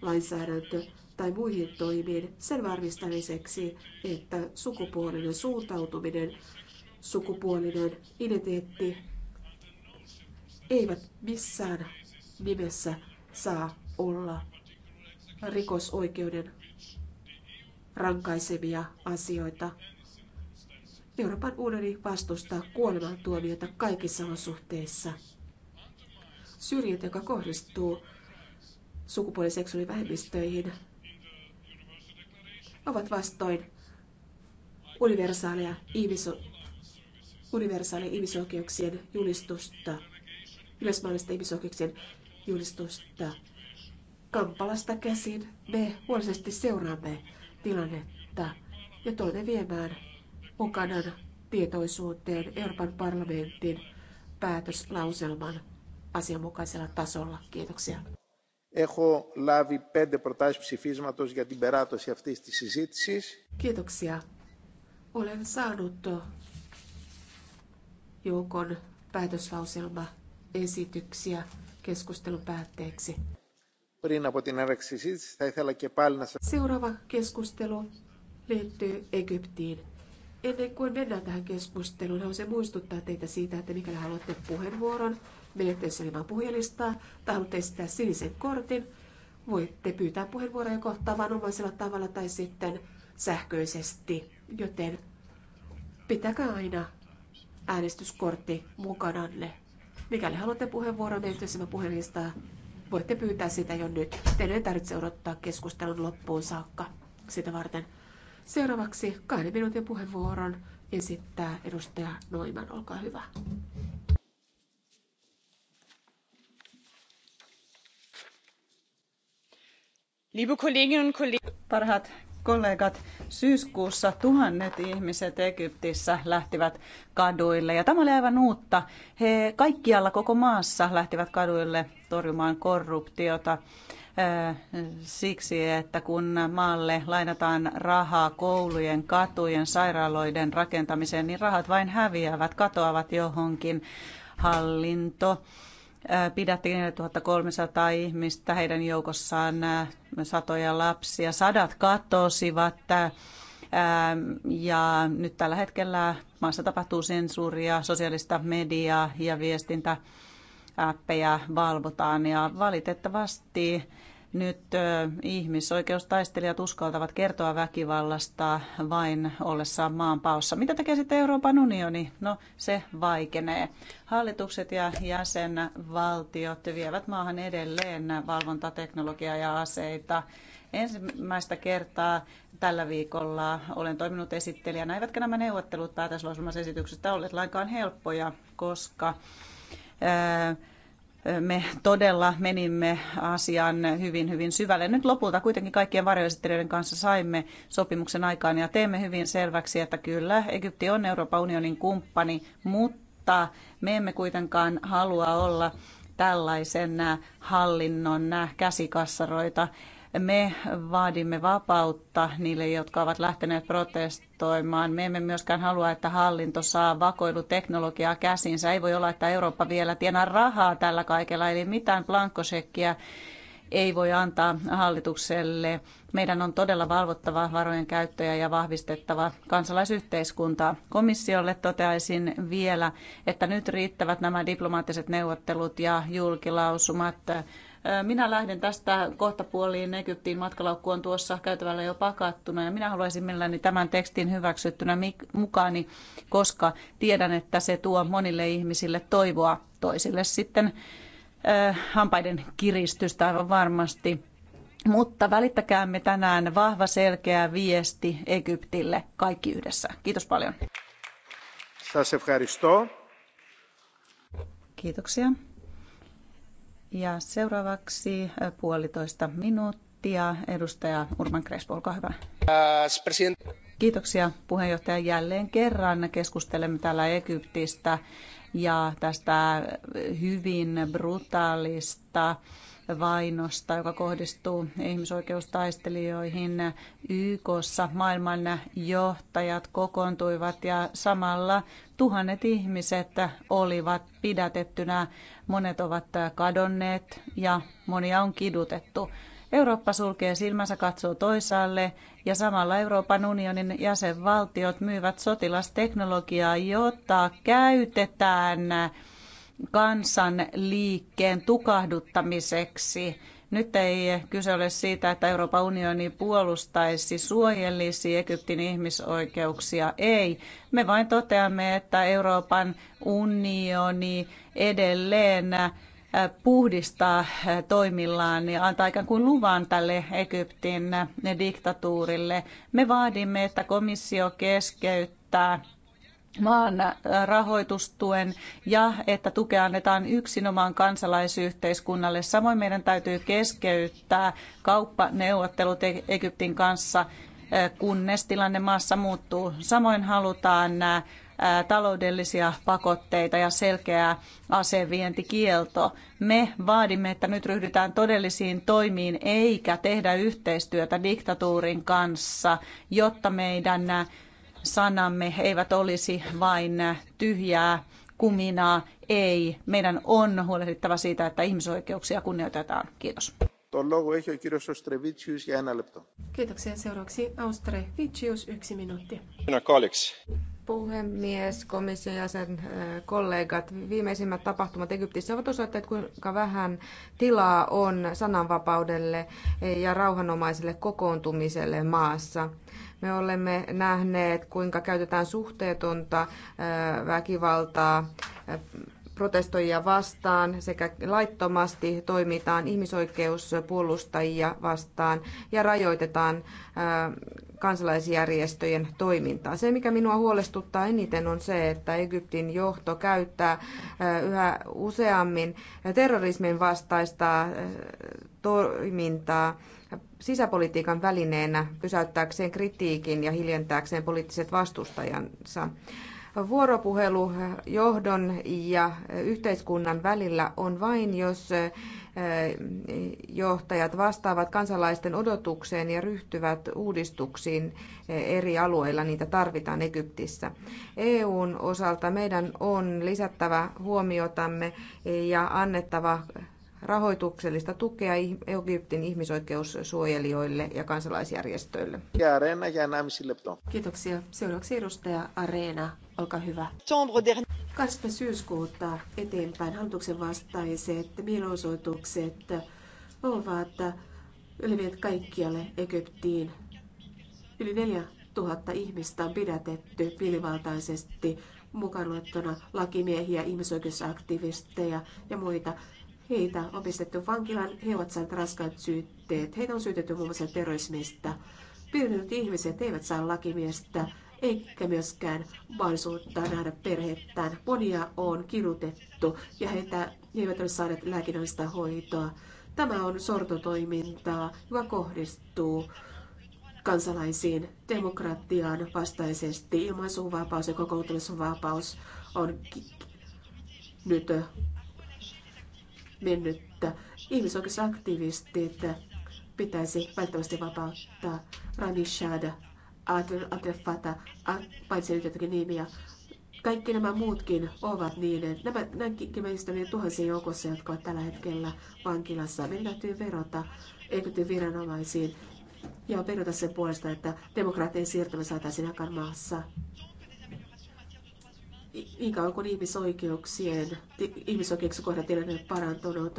lainsäädäntö- tai muihin toimiin sen varmistamiseksi, että sukupuolinen suuntautuminen, sukupuolinen identiteetti eivät missään nimessä saa olla rikosoikeuden rankaisevia asioita. Euroopan unioni vastustaa kuolemantuomiota kaikissa olosuhteissa. Syrjintä, joka kohdistuu sukupuoli- ja seksuaalivähemmistöihin, ovat vastoin universaalia ihmiso- universaaleja ihmisoikeuksien julistusta, yleismaailmallista ihmisoikeuksien julistusta. Kampalasta käsin me huolisesti seuraamme tilannetta ja toinen viemään mukanaan tietoisuuteen Euroopan parlamentin päätöslauselman asianmukaisella tasolla. Kiitoksia. Έχω λάβει πέντε προτάσεις ψηφίσματος για την περάτωση αυτής της συζήτησης. Kiitoksia. Olen saanut joukon päätöslauselmaesityksiä keskustelun päätteeksi. Seuraava keskustelu liittyy Egyptiin. Ennen kuin mennään tähän keskusteluun, haluaisin muistuttaa teitä siitä, että mikäli haluatte puheenvuoron, menette ilman puhujalistaa tai haluatte esittää sinisen kortin, voitte pyytää puheenvuoroja kohtaavanomaisella tavalla tai sitten sähköisesti, joten pitäkää aina äänestyskortti mukananne. Mikäli haluatte puheenvuoron, menette ilman puhujalistaa voitte pyytää sitä jo nyt. Teidän ei tarvitse odottaa keskustelun loppuun saakka sitä varten. Seuraavaksi kahden minuutin puheenvuoron esittää edustaja Noiman. Olkaa hyvä. Liebe Kolleginnen und Kollegen, parhaat kollegat, syyskuussa tuhannet ihmiset Egyptissä lähtivät kaduille ja tämä oli aivan uutta. He kaikkialla koko maassa lähtivät kaduille torjumaan korruptiota eh, siksi, että kun maalle lainataan rahaa koulujen, katujen, sairaaloiden rakentamiseen, niin rahat vain häviävät, katoavat johonkin hallinto pidätti 4300 ihmistä, heidän joukossaan satoja lapsia, sadat katosivat ja nyt tällä hetkellä maassa tapahtuu sensuuria, sosiaalista mediaa ja viestintääppejä valvotaan ja valitettavasti nyt ihmisoikeustaistelijat uskaltavat kertoa väkivallasta vain ollessaan maanpaossa. Mitä tekee sitten Euroopan unioni? No, se vaikenee. Hallitukset ja jäsenvaltiot vievät maahan edelleen valvontateknologiaa ja aseita. Ensimmäistä kertaa tällä viikolla olen toiminut esittelijänä, eivätkä nämä neuvottelut päätöslauselmasesityksestä olleet lainkaan helppoja, koska Ö, me todella menimme asiaan hyvin, hyvin syvälle. Nyt lopulta kuitenkin kaikkien varjoesittelijöiden kanssa saimme sopimuksen aikaan ja teemme hyvin selväksi, että kyllä, Egypti on Euroopan unionin kumppani, mutta me emme kuitenkaan halua olla tällaisen hallinnon käsikassaroita. Me vaadimme vapautta niille, jotka ovat lähteneet protestoimaan. Me emme myöskään halua, että hallinto saa vakoiluteknologiaa käsinsä. Ei voi olla, että Eurooppa vielä tienaa rahaa tällä kaikella, eli mitään plankkosekkiä ei voi antaa hallitukselle. Meidän on todella valvottava varojen käyttöä ja vahvistettava kansalaisyhteiskuntaa. Komissiolle toteaisin vielä, että nyt riittävät nämä diplomaattiset neuvottelut ja julkilausumat minä lähden tästä kohta puoliin Egyptiin. Matkalaukku on tuossa käytävällä jo pakattuna ja minä haluaisin mielelläni tämän tekstin hyväksyttynä mukaani, koska tiedän, että se tuo monille ihmisille toivoa, toisille sitten äh, hampaiden kiristystä aivan varmasti. Mutta välittäkäämme tänään vahva selkeä viesti Egyptille kaikki yhdessä. Kiitos paljon. Kiitoksia. Ja seuraavaksi äh, puolitoista minuuttia. Edustaja Urban Crespo, olkaa hyvä. Äh, Kiitoksia puheenjohtaja. Jälleen kerran keskustelemme täällä Egyptistä ja tästä hyvin brutaalista vainosta, joka kohdistuu ihmisoikeustaistelijoihin. YKssa maailman johtajat kokoontuivat ja samalla tuhannet ihmiset olivat pidätettynä. Monet ovat kadonneet ja monia on kidutettu. Eurooppa sulkee silmänsä, katsoo toisaalle ja samalla Euroopan unionin jäsenvaltiot myyvät sotilasteknologiaa, jota käytetään kansan liikkeen tukahduttamiseksi. Nyt ei kyse ole siitä, että Euroopan unioni puolustaisi, suojelisi Egyptin ihmisoikeuksia. Ei. Me vain toteamme, että Euroopan unioni edelleen äh, puhdistaa äh, toimillaan ja antaa ikään kuin luvan tälle Egyptin äh, diktatuurille. Me vaadimme, että komissio keskeyttää maan äh, rahoitustuen ja että tukea annetaan yksinomaan kansalaisyhteiskunnalle. Samoin meidän täytyy keskeyttää kauppaneuvottelut e- Egyptin kanssa, äh, kunnes tilanne maassa muuttuu. Samoin halutaan äh, taloudellisia pakotteita ja selkeää asevientikielto. Me vaadimme, että nyt ryhdytään todellisiin toimiin eikä tehdä yhteistyötä diktatuurin kanssa, jotta meidän sanamme eivät olisi vain tyhjää kuminaa. Ei, meidän on huolehdittava siitä, että ihmisoikeuksia kunnioitetaan. Kiitos. Kiitoksia. Seuraavaksi Vitsius, yksi minuutti. Puhemies, komission jäsen, äh, kollegat, viimeisimmät tapahtumat Egyptissä ovat osoittaneet, kuinka vähän tilaa on sananvapaudelle ja rauhanomaiselle kokoontumiselle maassa. Me olemme nähneet, kuinka käytetään suhteetonta väkivaltaa protestoijia vastaan sekä laittomasti toimitaan ihmisoikeuspuolustajia vastaan ja rajoitetaan kansalaisjärjestöjen toimintaa. Se, mikä minua huolestuttaa eniten, on se, että Egyptin johto käyttää yhä useammin terrorismin vastaista toimintaa sisäpolitiikan välineenä pysäyttääkseen kritiikin ja hiljentääkseen poliittiset vastustajansa. Vuoropuhelu johdon ja yhteiskunnan välillä on vain, jos johtajat vastaavat kansalaisten odotukseen ja ryhtyvät uudistuksiin eri alueilla. Niitä tarvitaan Egyptissä. EUn osalta meidän on lisättävä huomiotamme ja annettava rahoituksellista tukea Egyptin ihmisoikeussuojelijoille ja kansalaisjärjestöille. Ja Areena ja Kiitoksia. Seuraavaksi edustaja Areena, olkaa hyvä. 20. syyskuuta eteenpäin hallituksen vastaiset mielenosoitukset ovat levinneet kaikkialle Egyptiin. Yli 4000 ihmistä on pidätetty pilivaltaisesti mukaan luettuna lakimiehiä, ihmisoikeusaktivisteja ja muita. Heitä on pistetty vankilaan, he ovat saaneet raskaat syytteet. Heitä on syytetty muun muassa terrorismista. Pidetyt ihmiset eivät saa lakimiestä, eikä myöskään mahdollisuutta nähdä perhettään. Monia on kidutettu ja heitä he eivät ole saaneet lääkinnällistä hoitoa. Tämä on sortotoimintaa, joka kohdistuu kansalaisiin Demokratian vastaisesti. Ilmaisuvapaus ja kokoontumisvapaus on nyt mennyttä. Ihmisoikeusaktivistit pitäisi välttämättä vapauttaa. Rami Shada, Abdel Fattah, paitsi nyt jotakin nimiä. Kaikki nämä muutkin ovat niiden, nämä näinkin meistä niiden tuhansien joukossa, jotka ovat tällä hetkellä vankilassa. Meidän täytyy verota Egyptin viranomaisiin ja vedota sen puolesta, että demokraattien siirtymä saataisiin aikaan maassa niin kauan kuin ihmisoikeuksien, ihmisoikeuksien kohdalla tilanne on parantunut,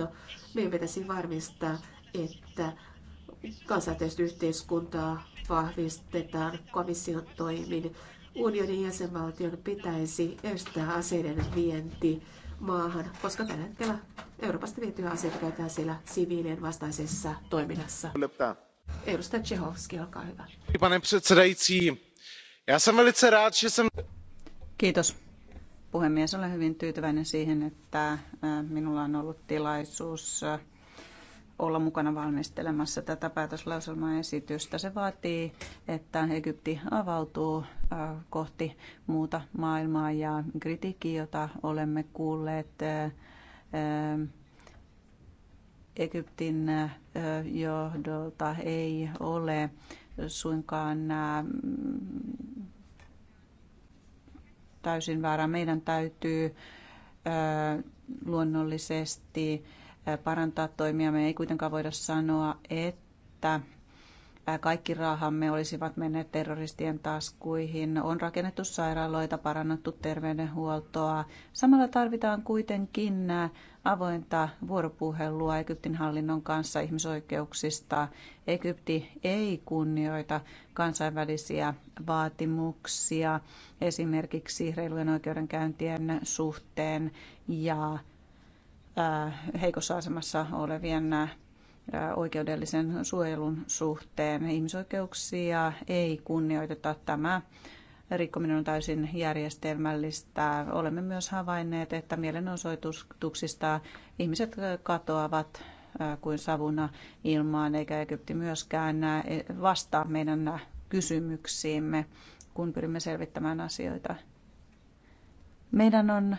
meidän pitäisi varmistaa, että kansainvälistä yhteiskuntaa vahvistetaan komission toimin. Unionin jäsenvaltion pitäisi estää aseiden vienti maahan, koska tällä hetkellä Euroopasta vietyä aseita käytetään siellä siviilien vastaisessa toiminnassa. Edustaja Tsehovski, olkaa hyvä. Pane předsedající, já jsem velice rád, že jsem... Kiitos puhemies. Olen hyvin tyytyväinen siihen, että minulla on ollut tilaisuus olla mukana valmistelemassa tätä päätöslauselmaesitystä. Se vaatii, että Egypti avautuu kohti muuta maailmaa ja kritiikki, jota olemme kuulleet Egyptin johdolta ei ole suinkaan täysin väärä. Meidän täytyy luonnollisesti parantaa toimia. Me ei kuitenkaan voida sanoa, että kaikki rahamme olisivat menneet terroristien taskuihin. On rakennettu sairaaloita, parannettu terveydenhuoltoa. Samalla tarvitaan kuitenkin avointa vuoropuhelua Egyptin hallinnon kanssa ihmisoikeuksista. Egypti ei kunnioita kansainvälisiä vaatimuksia esimerkiksi reilujen oikeudenkäyntien suhteen ja äh, heikossa asemassa olevien oikeudellisen suojelun suhteen. Ihmisoikeuksia ei kunnioiteta. Tämä rikkominen on täysin järjestelmällistä. Olemme myös havainneet, että mielenosoituksista ihmiset katoavat kuin savuna ilmaan, eikä Egypti myöskään vastaa meidän kysymyksiimme, kun pyrimme selvittämään asioita. Meidän on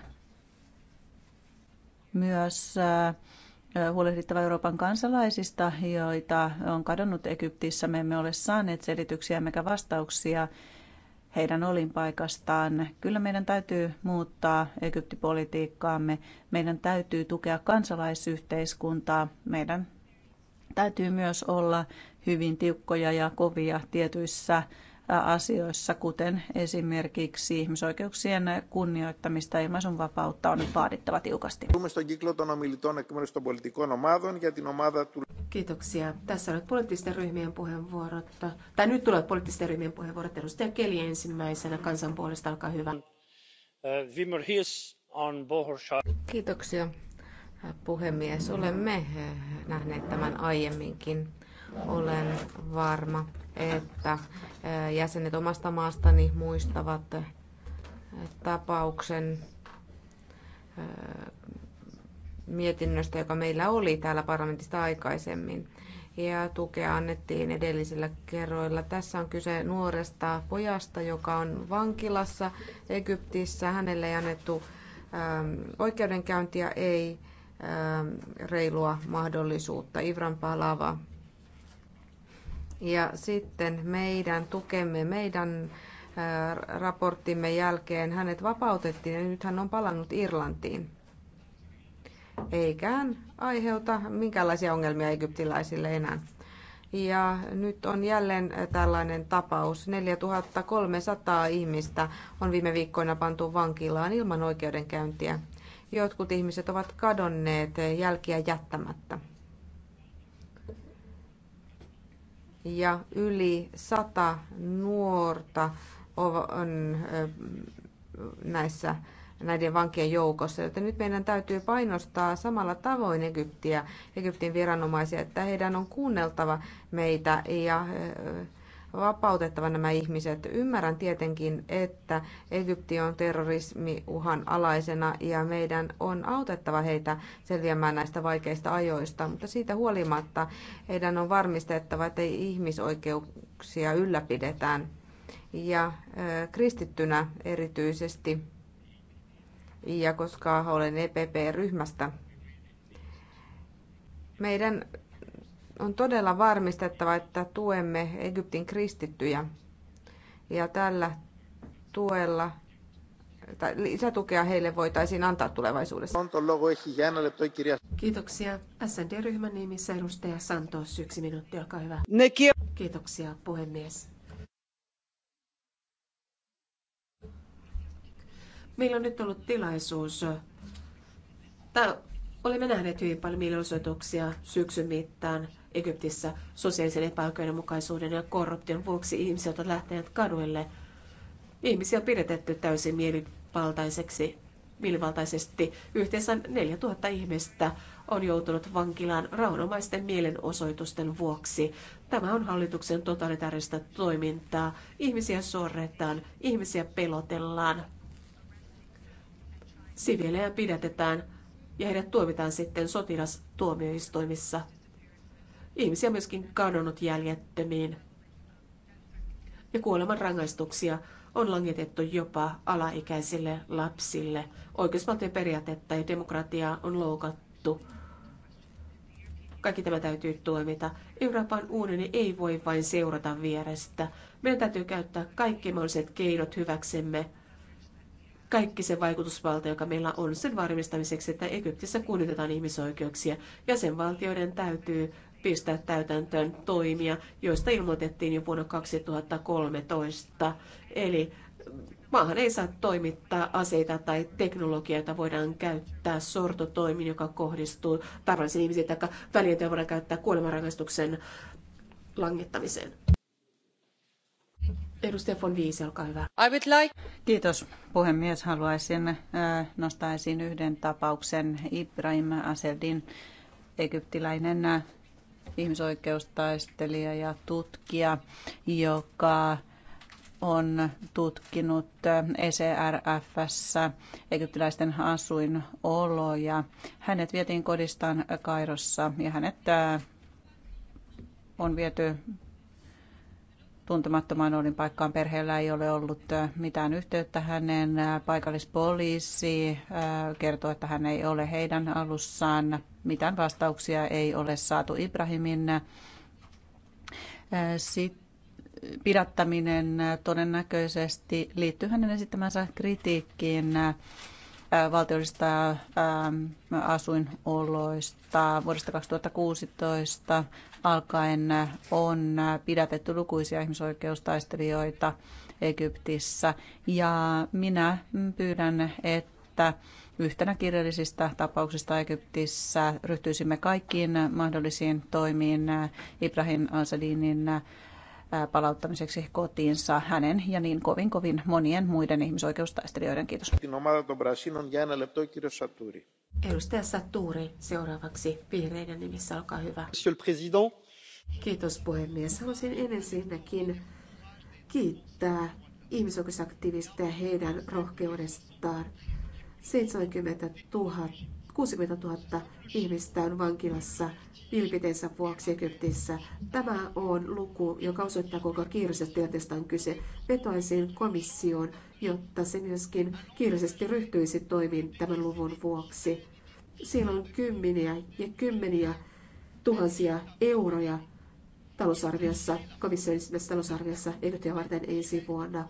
myös huolehdittava Euroopan kansalaisista, joita on kadonnut Egyptissä. Me emme ole saaneet selityksiä emmekä vastauksia heidän olinpaikastaan. Kyllä meidän täytyy muuttaa Egyptipolitiikkaamme. Meidän täytyy tukea kansalaisyhteiskuntaa. Meidän täytyy myös olla hyvin tiukkoja ja kovia tietyissä asioissa, kuten esimerkiksi ihmisoikeuksien kunnioittamista ja ilmaisunvapautta on nyt vaadittava tiukasti. Kiitoksia. Tässä olet poliittisten ryhmien puheenvuorot, tai nyt tulevat poliittisten ryhmien puheenvuorot. Edustaja Keli ensimmäisenä kansan puolesta, olkaa hyvä. Äh, Kiitoksia puhemies. Olemme äh, nähneet tämän aiemminkin. Olen varma, että jäsenet omasta maastani muistavat tapauksen mietinnöstä, joka meillä oli täällä parlamentista aikaisemmin. Ja tukea annettiin edellisillä kerroilla. Tässä on kyse nuoresta pojasta, joka on vankilassa Egyptissä. Hänelle ei annettu oikeudenkäyntiä, ei reilua mahdollisuutta. Ivran Palava ja sitten meidän tukemme, meidän raporttimme jälkeen hänet vapautettiin ja nyt hän on palannut Irlantiin. Eikään aiheuta minkäänlaisia ongelmia egyptiläisille enää. Ja nyt on jälleen tällainen tapaus. 4300 ihmistä on viime viikkoina pantu vankilaan ilman oikeudenkäyntiä. Jotkut ihmiset ovat kadonneet jälkiä jättämättä. ja yli sata nuorta on näissä näiden vankien joukossa, joten nyt meidän täytyy painostaa samalla tavoin Egyptiä, Egyptin viranomaisia, että heidän on kuunneltava meitä ja vapautettava nämä ihmiset. Ymmärrän tietenkin, että Egypti on terrorismiuhan alaisena ja meidän on autettava heitä selviämään näistä vaikeista ajoista, mutta siitä huolimatta heidän on varmistettava, että ihmisoikeuksia ylläpidetään. Ja kristittynä erityisesti, ja koska olen EPP-ryhmästä, meidän on todella varmistettava, että tuemme Egyptin kristittyjä ja tällä tuella tai lisätukea heille voitaisiin antaa tulevaisuudessa. Kiitoksia. SND-ryhmän nimissä edustaja Santos, yksi minuutti, olkaa hyvä. Kiitoksia puhemies. Meillä on nyt ollut tilaisuus. Tää, olemme nähneet hyvin paljon mielenosoituksia syksyn mittaan Egyptissä sosiaalisen epäoikeudenmukaisuuden ja korruption vuoksi ihmiset ovat lähteneet kaduille. Ihmisiä on pidetetty täysin mielivaltaiseksi mielivaltaisesti. Yhteensä 4000 ihmistä on joutunut vankilaan rauhanomaisten mielenosoitusten vuoksi. Tämä on hallituksen totalitaarista toimintaa. Ihmisiä sorretaan, ihmisiä pelotellaan, siviilejä pidätetään ja heidät tuomitaan sitten sotilastuomioistuimissa – ihmisiä myöskin kadonnut jäljettömiin. Ja kuoleman rangaistuksia on langetettu jopa alaikäisille lapsille. Oikeusvaltion periaatetta ja demokratiaa on loukattu. Kaikki tämä täytyy tuomita. Euroopan unioni ei voi vain seurata vierestä. Meidän täytyy käyttää kaikki mahdolliset keinot hyväksemme. Kaikki se vaikutusvalta, joka meillä on sen varmistamiseksi, että Egyptissä kunnioitetaan ihmisoikeuksia. Jäsenvaltioiden täytyy pistää täytäntöön toimia, joista ilmoitettiin jo vuonna 2013. Eli maahan ei saa toimittaa aseita tai teknologiaa, jota voidaan käyttää sortotoimin, joka kohdistuu tavallisiin ihmisiin, tai välineitä voidaan käyttää kuolemanrangaistuksen langittamiseen. Edustaja von Viisi, olkaa hyvä. I would like... Kiitos puhemies. Haluaisin äh, nostaa esiin yhden tapauksen. Ibrahim Aseldin egyptiläinen äh, ihmisoikeustaistelija ja tutkija, joka on tutkinut ECRFssä egyptiläisten asuinoloja. Hänet vietiin kodistaan Kairossa ja hänet äh, on viety tuntemattomaan paikkaan Perheellä ei ole ollut äh, mitään yhteyttä hänen. Äh, paikallispoliisi äh, kertoo, että hän ei ole heidän alussaan. Mitään vastauksia ei ole saatu Ibrahimin. Sitten pidättäminen todennäköisesti liittyy hänen esittämänsä kritiikkiin valtiollisista asuinoloista vuodesta 2016 alkaen on pidätetty lukuisia ihmisoikeustaistelijoita Egyptissä. Ja minä pyydän, että yhtenä kirjallisista tapauksista Egyptissä ryhtyisimme kaikkiin mahdollisiin toimiin Ibrahim al-Sadinin palauttamiseksi kotiinsa hänen ja niin kovin kovin monien muiden ihmisoikeustaistelijoiden. Kiitos. Edustaja Sattuuri seuraavaksi vihreiden nimissä, olkaa hyvä. Monsieur le Président. Kiitos puhemies. Haluaisin ensinnäkin kiittää ihmisoikeusaktivisteja heidän rohkeudestaan. 70 000 60 000 ihmistä on vankilassa mielipiteensä vuoksi Egyptissä. Tämä on luku, joka osoittaa koko kiireellisestä tilanteesta on kyse. Vetoaisin komissioon, jotta se myöskin kiireisesti ryhtyisi toimiin tämän luvun vuoksi. Siellä on kymmeniä ja kymmeniä tuhansia euroja talousarviossa, komission ensimmäisessä talousarviossa Egyptiä varten ensi vuonna.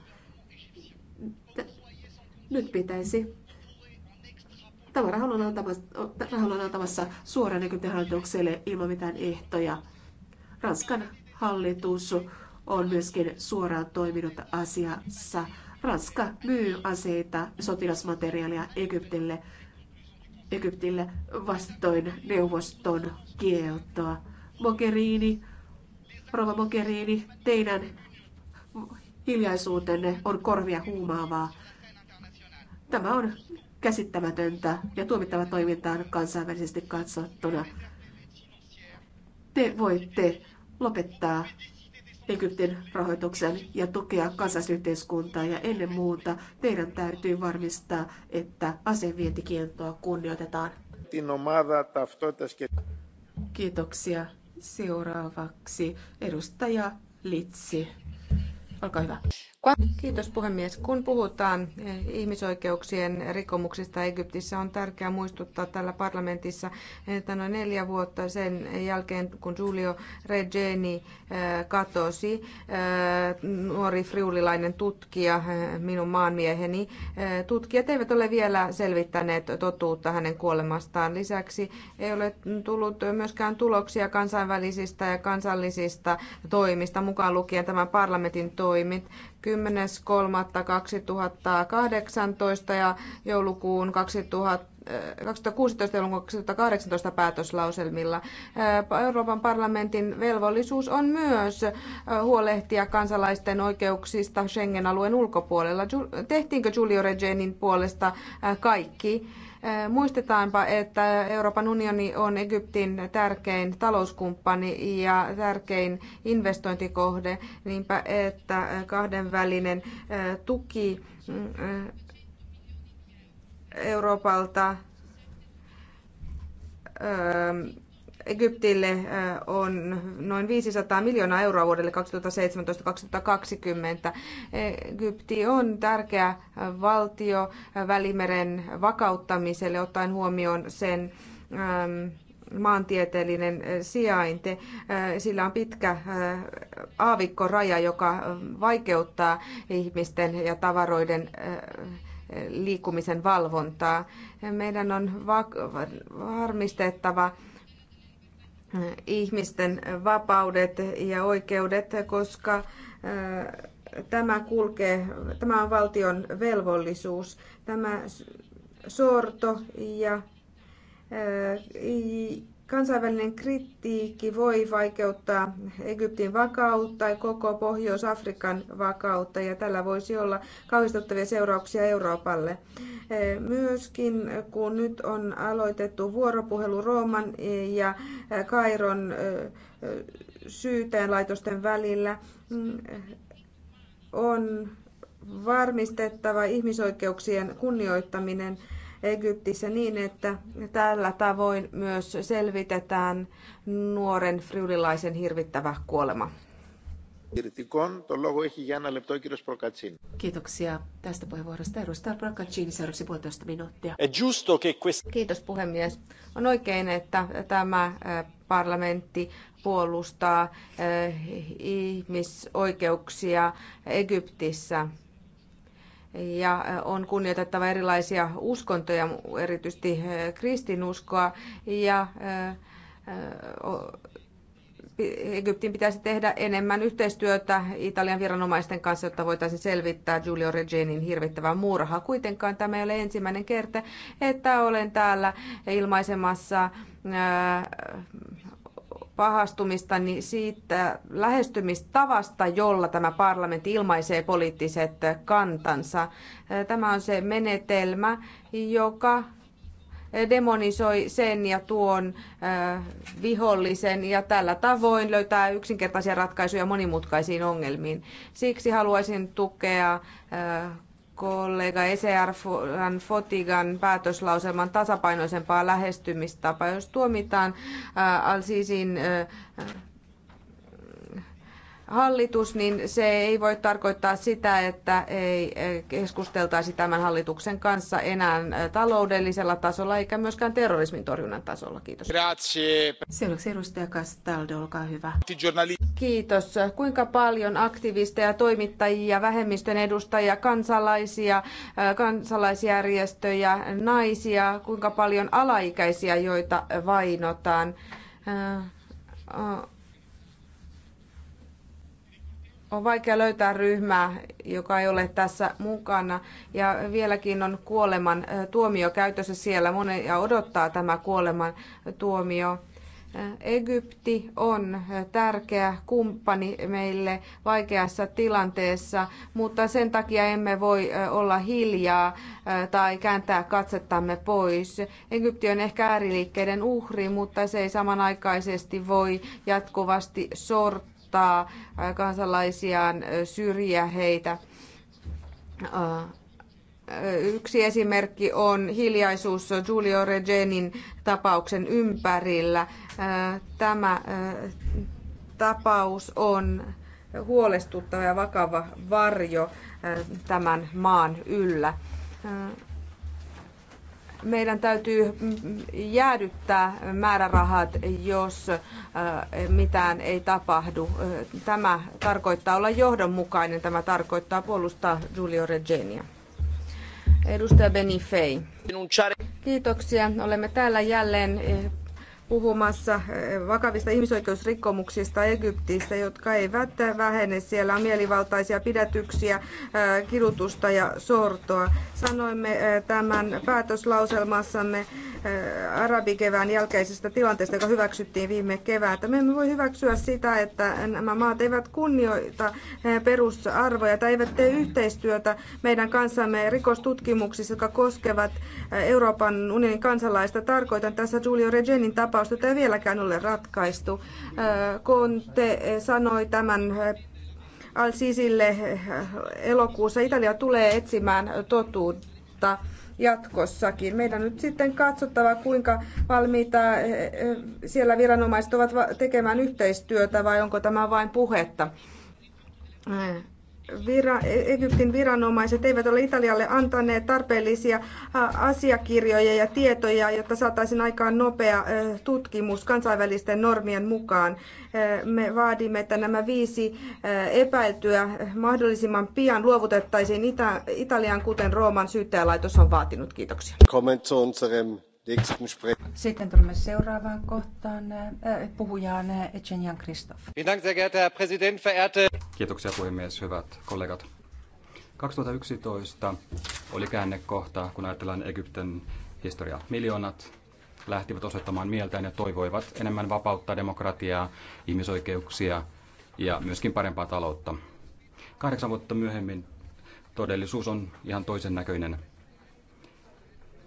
Nyt pitäisi Tämä on antamassa, on suoraan Egyptin hallitukselle ilman mitään ehtoja. Ranskan hallitus on myöskin suoraan toiminut asiassa. Ranska myy aseita, sotilasmateriaalia Egyptille, Egyptille vastoin neuvoston kieltoa. Mogherini, Rova Mogherini, teidän hiljaisuutenne on korvia huumaavaa. Tämä on käsittämätöntä ja tuomittava toimintaan kansainvälisesti katsottuna. Te voitte lopettaa Egyptin rahoituksen ja tukea kansallisyhteiskuntaa ja ennen muuta teidän täytyy varmistaa, että asevientikieltoa kunnioitetaan. Kiitoksia. Seuraavaksi edustaja Litsi. Olkaa hyvä. Kiitos puhemies. Kun puhutaan eh, ihmisoikeuksien rikomuksista Egyptissä, on tärkeää muistuttaa tällä parlamentissa, että noin neljä vuotta sen jälkeen, kun Julio Regeni eh, katosi, eh, nuori friulilainen tutkija, minun maanmieheni, tutkijat eivät ole vielä selvittäneet totuutta hänen kuolemastaan. Lisäksi ei ole tullut myöskään tuloksia kansainvälisistä ja kansallisista toimista, mukaan lukien tämän parlamentin toimista toimet 10.3.2018 ja joulukuun 2000 2016 eh, ja 2018 päätöslauselmilla. Eh, Euroopan parlamentin velvollisuus on myös eh, huolehtia kansalaisten oikeuksista Schengen-alueen ulkopuolella. Tehtiinkö Giulio Regenin puolesta kaikki? Muistetaanpa, että Euroopan unioni on Egyptin tärkein talouskumppani ja tärkein investointikohde, niinpä että kahdenvälinen tuki Euroopalta Egyptille äh, on noin 500 miljoonaa euroa vuodelle 2017-2020. Egypti on tärkeä valtio Välimeren vakauttamiselle ottaen huomioon sen ähm, maantieteellinen äh, sijainti. Äh, sillä on pitkä aavikkoraja, joka vaikeuttaa ihmisten ja tavaroiden liikkumisen valvontaa. Meidän on varmistettava ihmisten vapaudet ja oikeudet, koska äh, tämä kulkee, tämä on valtion velvollisuus. Tämä sorto ja äh, Kansainvälinen kritiikki voi vaikeuttaa Egyptin vakautta ja koko Pohjois-Afrikan vakautta, ja tällä voisi olla kauhistuttavia seurauksia Euroopalle. Eh, myöskin kun nyt on aloitettu vuoropuhelu Rooman eh, ja eh, Kairon syyteenlaitosten välillä, mm, on varmistettava ihmisoikeuksien kunnioittaminen Egyptissä niin, että tällä tavoin myös selvitetään nuoren friulilaisen hirvittävä kuolema. Kiitoksia tästä puheenvuorosta. Edustaja Procaccini seuraavaksi puolitoista minuuttia. Kiitos puhemies. On oikein, että tämä parlamentti puolustaa ihmisoikeuksia Egyptissä ja on kunnioitettava erilaisia uskontoja, erityisesti kristinuskoa. Ja Egyptin pitäisi tehdä enemmän yhteistyötä Italian viranomaisten kanssa, jotta voitaisiin selvittää Giulio Reginin hirvittävää murha. Kuitenkaan tämä ei ole ensimmäinen kerta, että olen täällä ilmaisemassa pahastumista niin siitä lähestymistavasta, jolla tämä parlamentti ilmaisee poliittiset kantansa. Tämä on se menetelmä, joka demonisoi sen ja tuon äh, vihollisen ja tällä tavoin löytää yksinkertaisia ratkaisuja monimutkaisiin ongelmiin. Siksi haluaisin tukea äh, kollega ECR Fotigan päätöslauselman tasapainoisempaa lähestymistapaa. Jos tuomitaan äh, Al-Sisin äh, hallitus, niin se ei voi tarkoittaa sitä, että ei eh, keskusteltaisi tämän hallituksen kanssa enää eh, taloudellisella tasolla eikä myöskään terrorismin torjunnan tasolla. Kiitos. Seuraavaksi edustaja Castaldo, olkaa hyvä. Kiitos. Kuinka paljon aktivisteja, toimittajia, vähemmistön edustajia, kansalaisia, eh, kansalaisjärjestöjä, naisia, kuinka paljon alaikäisiä, joita vainotaan? on vaikea löytää ryhmää, joka ei ole tässä mukana. Ja vieläkin on kuoleman tuomio käytössä siellä. ja odottaa tämä kuoleman tuomio. Egypti on tärkeä kumppani meille vaikeassa tilanteessa, mutta sen takia emme voi olla hiljaa tai kääntää katsettamme pois. Egypti on ehkä ääriliikkeiden uhri, mutta se ei samanaikaisesti voi jatkuvasti sortua auttaa kansalaisiaan, syrjiä heitä. Yksi esimerkki on hiljaisuus Giulio Regenin tapauksen ympärillä. Tämä tapaus on huolestuttava ja vakava varjo tämän maan yllä meidän täytyy jäädyttää määrärahat, jos äh, mitään ei tapahdu. Äh, tämä tarkoittaa olla johdonmukainen, tämä tarkoittaa puolustaa Giulio Regenia. Edustaja Benifei. Kiitoksia. Olemme täällä jälleen eh, puhumassa eh, vakavista ihmisoikeusrikkomuksista Egyptissä, jotka eivät vähene. Siellä on mielivaltaisia pidätyksiä, eh, kidutusta ja sortoa. Sanoimme eh, tämän päätöslauselmassamme arabikevään jälkeisestä tilanteesta, joka hyväksyttiin viime keväältä. Me emme voi hyväksyä sitä, että nämä maat eivät kunnioita perusarvoja tai eivät tee yhteistyötä meidän kanssamme rikostutkimuksissa, jotka koskevat Euroopan unionin kansalaista. Tarkoitan tässä Giulio Regenin tapa tapausta ei vieläkään ole ratkaistu. Äh, kun te äh, sanoi tämän äh, Al-Sisille elokuussa, Italia tulee etsimään totuutta jatkossakin. Meidän nyt sitten katsottava, kuinka valmiita siellä viranomaiset ovat tekemään yhteistyötä vai onko tämä vain puhetta vira, Egyptin viranomaiset eivät ole Italialle antaneet tarpeellisia asiakirjoja ja tietoja, jotta saataisiin aikaan nopea tutkimus kansainvälisten normien mukaan. Me vaadimme, että nämä viisi epäiltyä mahdollisimman pian luovutettaisiin Italian Italiaan, kuten Rooman syyttäjälaitos on vaatinut. Kiitoksia. Sitten tulemme seuraavaan kohtaan äh, puhujaan äh, Echenjan Kristoff. Kiitoksia puhemies, hyvät kollegat. 2011 oli käännekohta, kun ajatellaan Egyptin historiaa. Miljoonat lähtivät osoittamaan mieltään ja toivoivat enemmän vapautta, demokratiaa, ihmisoikeuksia ja myöskin parempaa taloutta. Kahdeksan vuotta myöhemmin todellisuus on ihan toisen näköinen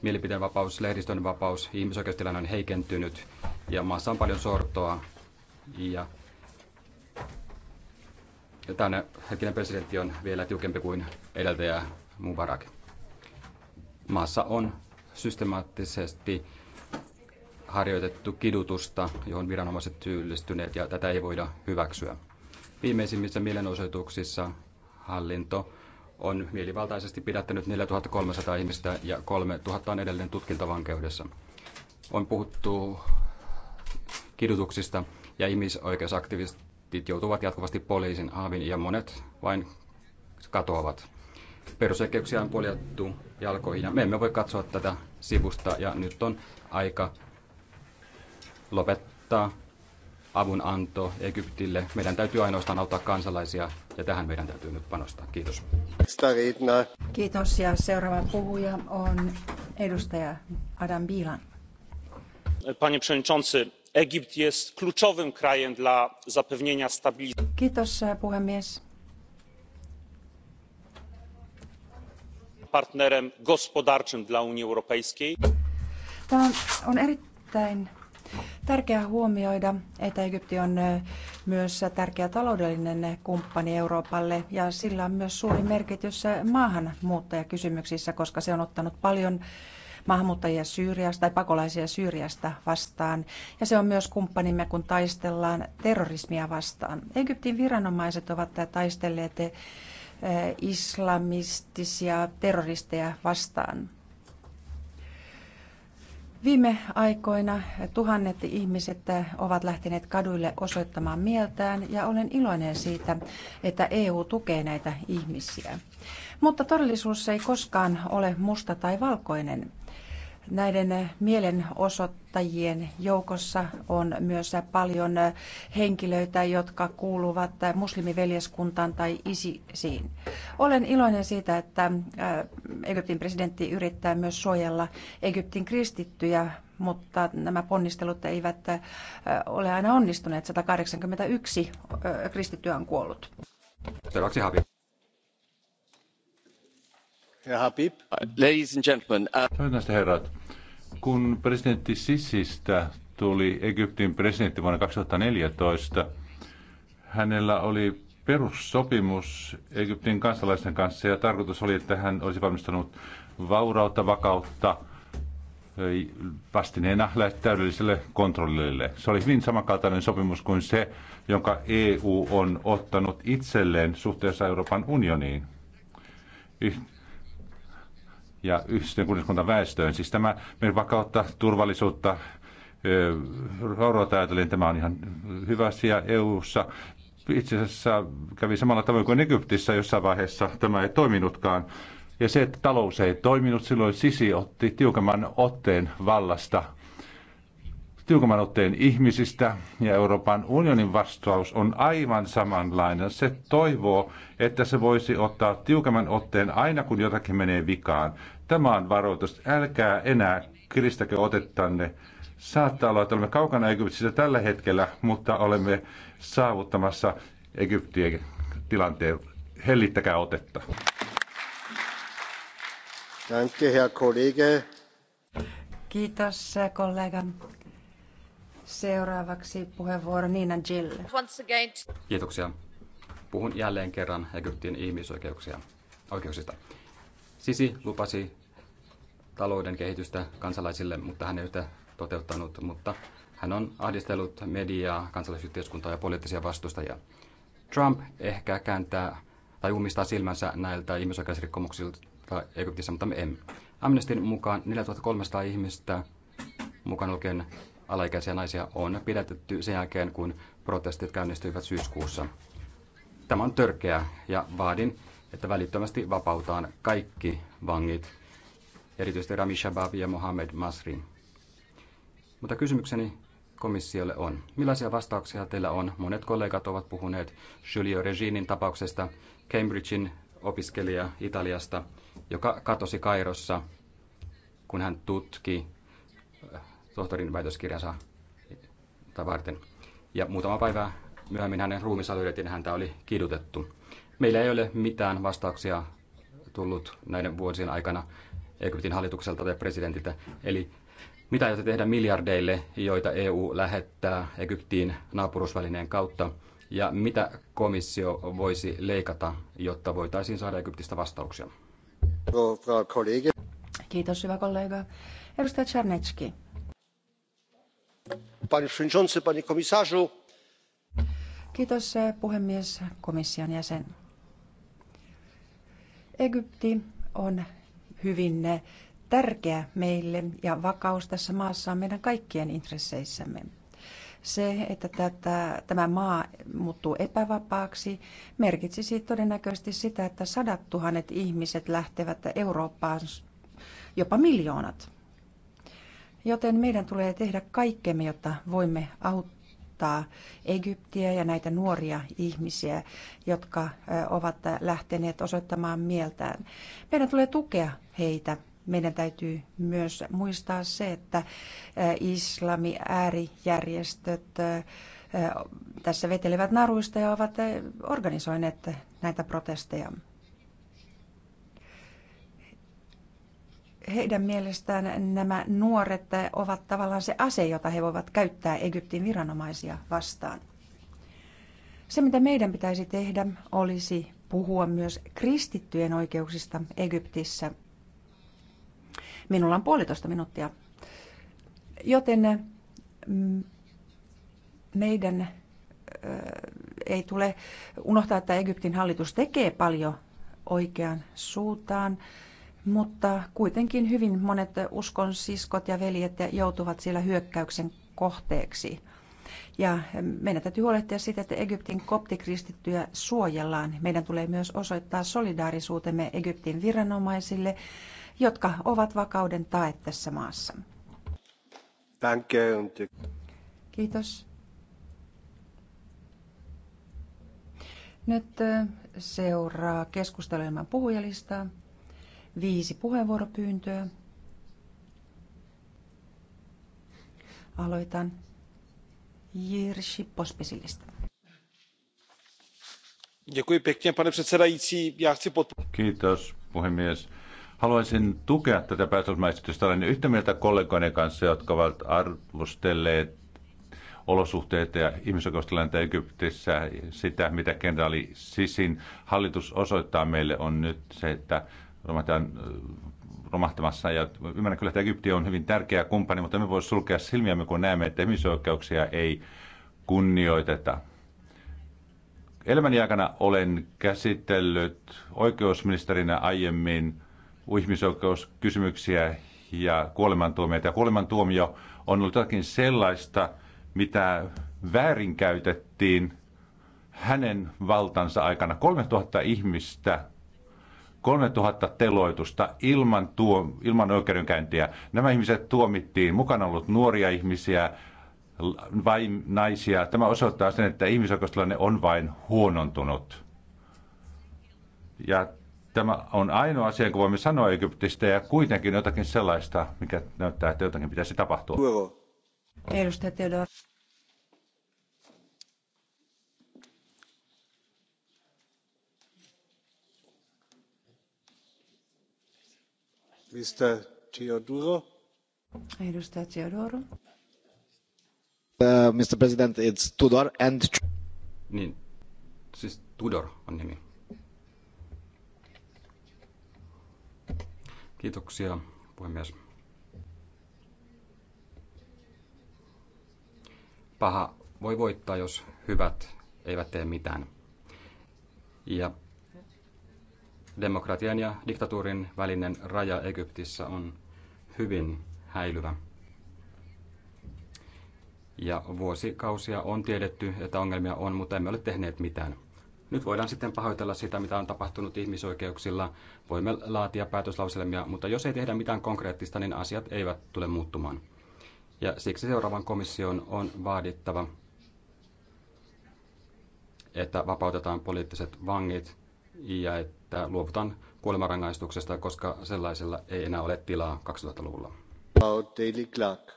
mielipiteenvapaus, lehdistön vapaus, ihmisoikeustilanne on heikentynyt ja maassa on paljon sortoa. Ja, ja tänne hetkinen presidentti on vielä tiukempi kuin edeltäjä Mubarak. Maassa on systemaattisesti harjoitettu kidutusta, johon viranomaiset syyllistyneet, ja tätä ei voida hyväksyä. Viimeisimmissä mielenosoituksissa hallinto on mielivaltaisesti pidättänyt 4300 ihmistä ja 3000 on edelleen tutkintavankeudessa. On puhuttu kidutuksista ja ihmisoikeusaktivistit joutuvat jatkuvasti poliisin haavin ja monet vain katoavat. Perusoikeuksia on poljettu jalkoihin ja me emme voi katsoa tätä sivusta ja nyt on aika lopettaa avunanto Egyptille. Meidän täytyy ainoastaan auttaa kansalaisia ja tähän meidän täytyy nyt panostaa. Kiitos. Kiitos ja seuraava puhuja on edustaja Adam Bilan. Panie przewodniczący, Egipt jest kluczowym krajem dla zapewnienia stabilizacji. Kiitos puhemies. Partnerem gospodarczym dla Unii Europejskiej. Tämä on erittäin Tärkeää huomioida, että Egypti on myös tärkeä taloudellinen kumppani Euroopalle ja sillä on myös suuri merkitys maahanmuuttajakysymyksissä, koska se on ottanut paljon maahanmuuttajia Syyriasta tai pakolaisia Syyriasta vastaan. Ja se on myös kumppanimme, kun taistellaan terrorismia vastaan. Egyptin viranomaiset ovat taistelleet islamistisia terroristeja vastaan. Viime aikoina tuhannet ihmiset ovat lähteneet kaduille osoittamaan mieltään ja olen iloinen siitä, että EU tukee näitä ihmisiä. Mutta todellisuus ei koskaan ole musta tai valkoinen. Näiden mielenosoittajien joukossa on myös paljon henkilöitä, jotka kuuluvat muslimiveljeskuntaan tai ISISiin. Olen iloinen siitä, että äh, Egyptin presidentti yrittää myös suojella Egyptin kristittyjä, mutta nämä ponnistelut eivät äh, ole aina onnistuneet. 181 äh, kristittyä on kuollut. Seuraavaksi Havi. Ladies and gentlemen. Uh, Hyvät herrat, kun presidentti sisistä tuli Egyptin presidentti vuonna neljätoista hänellä oli perussopimus Egyptin kansalaisten kanssa ja tarkoitus oli, että hän olisi valmistanut vaurautta, vakautta vastineena täydelliselle kontrollille. Se oli hyvin samankaltainen sopimus kuin se, jonka EU on ottanut itselleen suhteessa Euroopan unioniin ja yhteen kuningaskunnan väestöön. Siis tämä meidän vakautta, turvallisuutta, Euroopan ajatellen tämä on ihan hyvä asia EU-ssa. Itse asiassa kävi samalla tavoin kuin Egyptissä jossain vaiheessa. Tämä ei toiminutkaan. Ja se, että talous ei toiminut, silloin Sisi otti tiukemman otteen vallasta tiukamman otteen ihmisistä ja Euroopan unionin vastaus on aivan samanlainen. Se toivoo, että se voisi ottaa tiukemman otteen aina kun jotakin menee vikaan. Tämä on varoitus. Älkää enää kiristäkö otettanne. Saattaa olla, että olemme kaukana Egyptistä tällä hetkellä, mutta olemme saavuttamassa Egyptien tilanteen. Hellittäkää otetta. Danke, Herr Kollege. Kiitos kollega. Seuraavaksi puheenvuoro Nina Jill. Once again. Kiitoksia. Puhun jälleen kerran Egyptin ihmisoikeuksia. Oikeuksista. Sisi lupasi talouden kehitystä kansalaisille, mutta hän ei yhtä toteuttanut, mutta hän on ahdistellut mediaa, kansalaisyhteiskuntaa ja poliittisia vastustajia. Trump ehkä kääntää tai ummistaa silmänsä näiltä ihmisoikeusrikkomuksilta Egyptissä, mutta me emme. Amnestin mukaan 4300 ihmistä, mukaan lukien alaikäisiä naisia on pidätetty sen jälkeen, kun protestit käynnistyivät syyskuussa. Tämä on törkeä ja vaadin, että välittömästi vapautaan kaikki vangit, erityisesti Rami Shabab ja Mohamed Masri. Mutta kysymykseni komissiolle on. Millaisia vastauksia teillä on? Monet kollegat ovat puhuneet Julio Reginin tapauksesta, Cambridgein opiskelija Italiasta, joka katosi Kairossa, kun hän tutki tohtorin väitöskirjansa varten. Ja muutama päivä myöhemmin hänen ruumiinsa löydettiin, häntä oli kidutettu. Meillä ei ole mitään vastauksia tullut näiden vuosien aikana Egyptin hallitukselta tai presidentiltä. Eli mitä aiotte tehdä miljardeille, joita EU lähettää Egyptiin naapurusvälineen kautta? Ja mitä komissio voisi leikata, jotta voitaisiin saada Egyptistä vastauksia? Kiitos, hyvä kollega. Edustaja Czarnecki panie przewodniczący! panie komisarzu! kiitos eh, puhemies komission jäsen. egypti on hyvin eh, tärkeä meille ja vakaus tässä maassa on meidän kaikkien intresseissä. Se, että tätä, tämä maa muuttuu epävapaaksi, merkitsisi todennäköisesti sitä, että sadat tuhannet ihmiset lähtevät Eurooppaan, jopa miljoonat. Joten meidän tulee tehdä kaikkemme, jotta voimme auttaa Egyptiä ja näitä nuoria ihmisiä, jotka ovat lähteneet osoittamaan mieltään. Meidän tulee tukea heitä. Meidän täytyy myös muistaa se, että islami, äärijärjestöt tässä vetelevät naruista ja ovat organisoineet näitä protesteja. heidän mielestään nämä nuoret ovat tavallaan se ase, jota he voivat käyttää Egyptin viranomaisia vastaan. Se, mitä meidän pitäisi tehdä, olisi puhua myös kristittyjen oikeuksista Egyptissä. Minulla on puolitoista minuuttia. Joten mm, meidän ei tule unohtaa, että Egyptin hallitus tekee paljon oikean suuntaan. Mutta kuitenkin hyvin monet uskon siskot ja veljet joutuvat siellä hyökkäyksen kohteeksi. Ja meidän täytyy huolehtia siitä, että Egyptin koptikristittyjä suojellaan. Meidän tulee myös osoittaa solidaarisuutemme Egyptin viranomaisille, jotka ovat vakauden tae tässä maassa. Kiitos. Nyt äh, seuraa keskustelu puhujalistaa viisi puheenvuoropyyntöä. Aloitan Jirsi Pospisilista. Kiitos, puhemies. Haluaisin tukea tätä päätösmäisitystä. Olen yhtä mieltä kollegoiden kanssa, jotka ovat arvostelleet olosuhteita ja ihmisoikeustilannetta Egyptissä. Sitä, mitä kenraali Sisin hallitus osoittaa meille, on nyt se, että Äh, romahtamassa. Ja ymmärrän kyllä, että Egypti on hyvin tärkeä kumppani, mutta me voi sulkea silmiämme, kun näemme, että ihmisoikeuksia ei kunnioiteta. Elämäni aikana olen käsitellyt oikeusministerinä aiemmin ihmisoikeuskysymyksiä ja kuolemantuomioita. Ja kuolemantuomio on ollut jotakin sellaista, mitä väärinkäytettiin hänen valtansa aikana. 3000 ihmistä 3000 teloitusta ilman, tuo, ilman oikeudenkäyntiä. Nämä ihmiset tuomittiin, mukana ollut nuoria ihmisiä, vain naisia. Tämä osoittaa sen, että ihmisoikeustilanne on vain huonontunut. Ja tämä on ainoa asia, kun voimme sanoa Egyptistä, ja kuitenkin jotakin sellaista, mikä näyttää, että jotakin pitäisi tapahtua. Edustaja Theodor. Mr. Teodoro. Edustaja Teodoro. Uh, niin, siis on nimi. Kiitoksia, puhemies. Paha voi voittaa, jos hyvät eivät tee mitään. Ja demokratian ja diktatuurin välinen raja Egyptissä on hyvin häilyvä. Ja vuosikausia on tiedetty, että ongelmia on, mutta emme ole tehneet mitään. Nyt voidaan sitten pahoitella sitä, mitä on tapahtunut ihmisoikeuksilla. Voimme laatia päätöslauselmia, mutta jos ei tehdä mitään konkreettista, niin asiat eivät tule muuttumaan. Ja siksi seuraavan komission on vaadittava, että vapautetaan poliittiset vangit ja että että luovutaan kuolemanrangaistuksesta, koska sellaisella ei enää ole tilaa 2000-luvulla. Daily Clark.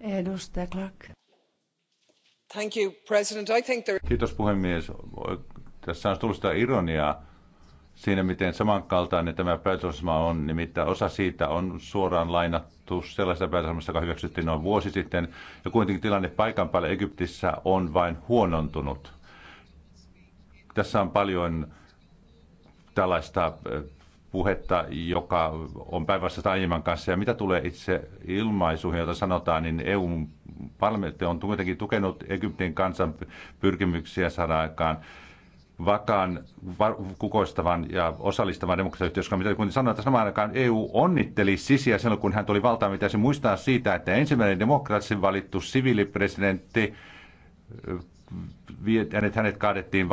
Edustaja Clark. Thank you, President. I think there... Kiitos puhemies. Tässä on tullut sitä ironiaa siinä, miten samankaltainen tämä päätösosma on. Nimittäin osa siitä on suoraan lainattu sellaista päätösosmasta, joka hyväksyttiin noin vuosi sitten. Ja kuitenkin tilanne paikan päällä Egyptissä on vain huonontunut. Tässä on paljon tällaista puhetta, joka on päinvastaista aiemman kanssa. Ja mitä tulee itse ilmaisuihin, joita sanotaan, niin eu on kuitenkin tukenut Egyptin kansan pyrkimyksiä saada aikaan vakaan, kukoistavan ja osallistavan demokratiayhteiskunnan, mitä kun sanoin, että samaan aikaan EU onnitteli Sisiä silloin, kun hän tuli valtaan, mitä se muistaa siitä, että ensimmäinen demokraattisesti valittu siviilipresidentti hänet, hänet kaadettiin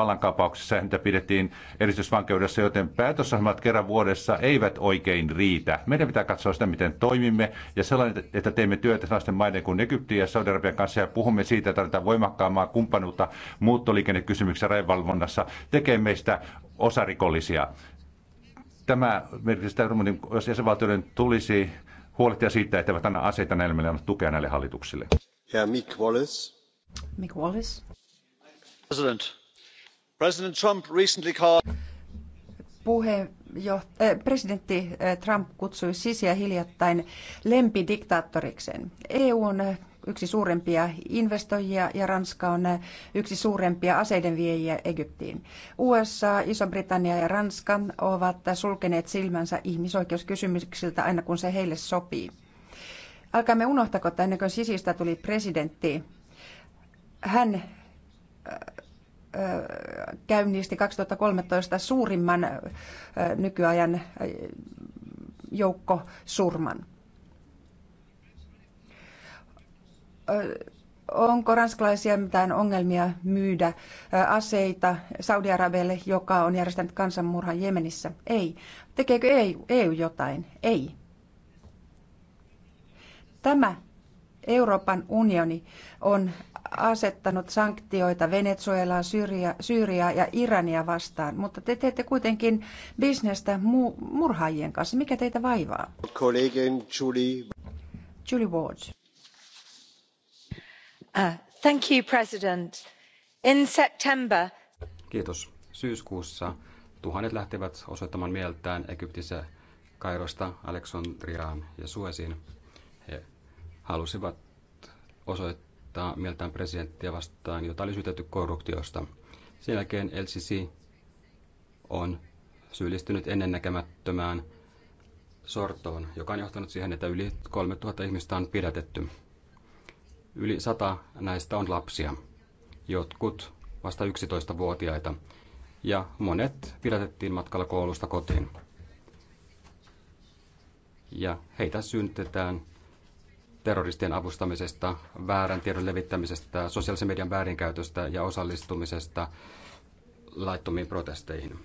ja häntä pidettiin eristysvankeudessa, joten päätösohjelmat kerran vuodessa eivät oikein riitä. Meidän pitää katsoa sitä, miten toimimme, ja sellainen, että teemme työtä sellaisten maiden kuin Egypti ja Saudi-Arabian kanssa, ja puhumme siitä, että tarvitaan voimakkaampaa kumppanuutta muuttoliikennekysymyksessä rajavalvonnassa, tekee meistä osarikollisia. Tämä merkitsee sitä, että jäsenvaltioiden tulisi huolehtia siitä, että eivät anna aseita näille, tukea näille hallituksille. Ja Mick Wallace. Mick Wallace. Eh, presidentti eh, Trump kutsui sisiä hiljattain lempidiktaattorikseen. EU on eh, yksi suurimpia investoijia ja Ranska on yksi suurimpia aseiden viejiä Egyptiin. USA, Iso-Britannia ja Ranska ovat sulkeneet silmänsä ihmisoikeuskysymyksiltä aina kun se heille sopii. Älkäämme unohtako, että ennen kuin Sisistä tuli presidentti, hän käynnisti 2013 suurimman nykyajan joukkosurman. Onko ranskalaisia mitään ongelmia myydä aseita Saudi-Arabialle, joka on järjestänyt kansanmurhan Jemenissä? Ei. Tekeekö EU, EU jotain? Ei. Tämä Euroopan unioni on asettanut sanktioita Venezuelaa, Syyria, ja Irania vastaan, mutta te teette kuitenkin bisnestä mu- murhaajien kanssa. Mikä teitä vaivaa? Kollegin Julie. Julie Ward. Uh, thank you, President. In September... Kiitos. Syyskuussa tuhannet lähtevät osoittamaan mieltään Egyptissä Kairosta, Aleksandriaan ja Suesiin halusivat osoittaa mieltään presidenttiä vastaan, jota oli syytetty korruptiosta. Sen jälkeen LCC on syyllistynyt ennennäkemättömään sortoon, joka on johtanut siihen, että yli 3000 ihmistä on pidätetty. Yli 100 näistä on lapsia, jotkut vasta 11-vuotiaita, ja monet pidätettiin matkalla koulusta kotiin. Ja heitä syntetään terroristien avustamisesta, väärän tiedon levittämisestä, sosiaalisen median väärinkäytöstä ja osallistumisesta laittomiin protesteihin.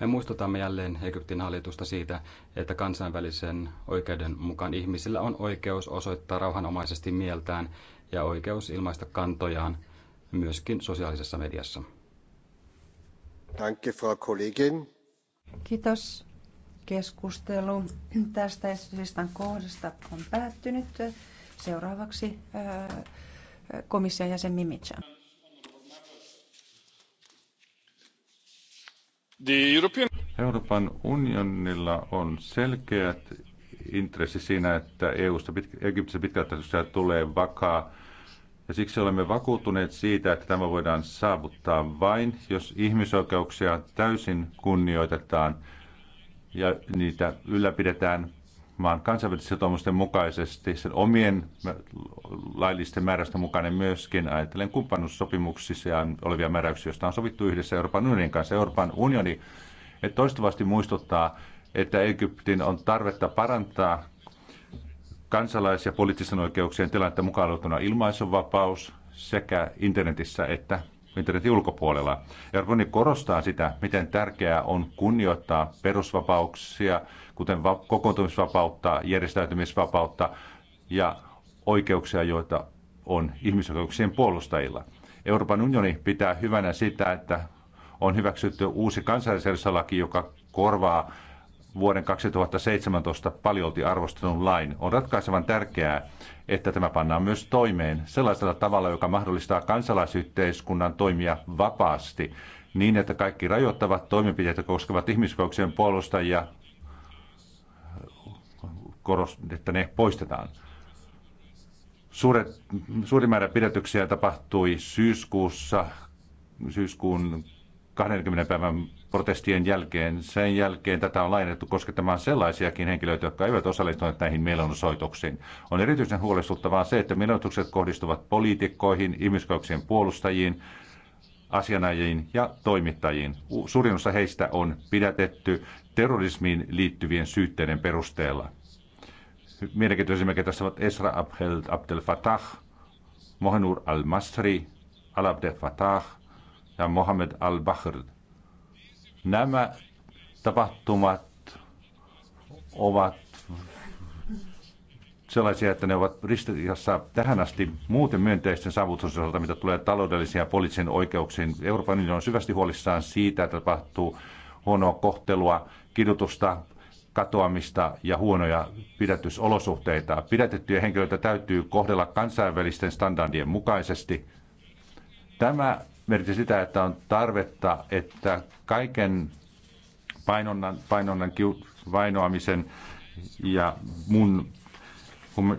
Me muistutamme jälleen Egyptin hallitusta siitä, että kansainvälisen oikeuden mukaan ihmisillä on oikeus osoittaa rauhanomaisesti mieltään ja oikeus ilmaista kantojaan myöskin sosiaalisessa mediassa. Danke, Frau Kollegin. Kiitos. Keskustelu tästä esityslistan kohdasta on päättynyt. Seuraavaksi komission jäsen Mimica. Euroopan unionilla on selkeät intressi siinä, että EU-sta Egyptissä pitkällä tulee vakaa ja siksi olemme vakuuttuneet siitä, että tämä voidaan saavuttaa vain, jos ihmisoikeuksia täysin kunnioitetaan ja niitä ylläpidetään maan kansainvälisten sitoumusten mukaisesti, sen omien laillisten määräysten mukainen myöskin, ajatellen kumppanuussopimuksissa ja olevia määräyksiä, joista on sovittu yhdessä Euroopan unionin kanssa. Euroopan unioni että toistuvasti muistuttaa, että Egyptin on tarvetta parantaa kansalais- ja poliittisten oikeuksien tilannetta mukaan ilmaisuvapaus sekä internetissä että internetin ulkopuolella. unioni korostaa sitä, miten tärkeää on kunnioittaa perusvapauksia, kuten kokoontumisvapautta, järjestäytymisvapautta ja oikeuksia, joita on ihmisoikeuksien puolustajilla. Euroopan unioni pitää hyvänä sitä, että on hyväksytty uusi kansallisessa joka korvaa vuoden 2017 paljolti arvostetun lain, on ratkaisevan tärkeää, että tämä pannaan myös toimeen sellaisella tavalla, joka mahdollistaa kansalaisyhteiskunnan toimia vapaasti, niin että kaikki rajoittavat toimenpiteitä koskevat ihmisoikeuksien puolustajia, että ne poistetaan. Suuret, suuri määrä pidätyksiä tapahtui syyskuussa, syyskuun 20 päivän protestien jälkeen. Sen jälkeen tätä on laajennettu koskettamaan sellaisiakin henkilöitä, jotka eivät osallistuneet näihin mielenosoituksiin. On erityisen huolestuttavaa se, että mielenosoitukset kohdistuvat poliitikkoihin, ihmisoikeuksien puolustajiin, asianajiin ja toimittajiin. Suurin osa heistä on pidätetty terrorismiin liittyvien syytteiden perusteella. Mielenkiintoisimmäkin tässä ovat Esra Abdel, Abdel Fattah, Mohenur al-Masri, Al-Abdel Fattah ja Mohamed al bahrd Nämä tapahtumat ovat sellaisia, että ne ovat ristiriidassa tähän asti muuten myönteisten saavutusten osalta, mitä tulee taloudellisiin ja poliittisiin oikeuksiin. Euroopan unioni on syvästi huolissaan siitä, että tapahtuu huonoa kohtelua, kidutusta, katoamista ja huonoja pidätysolosuhteita. Pidätettyjä henkilöitä täytyy kohdella kansainvälisten standardien mukaisesti. Tämä merkitsi sitä, että on tarvetta, että kaiken painonnan, painonnan vainoamisen ja mun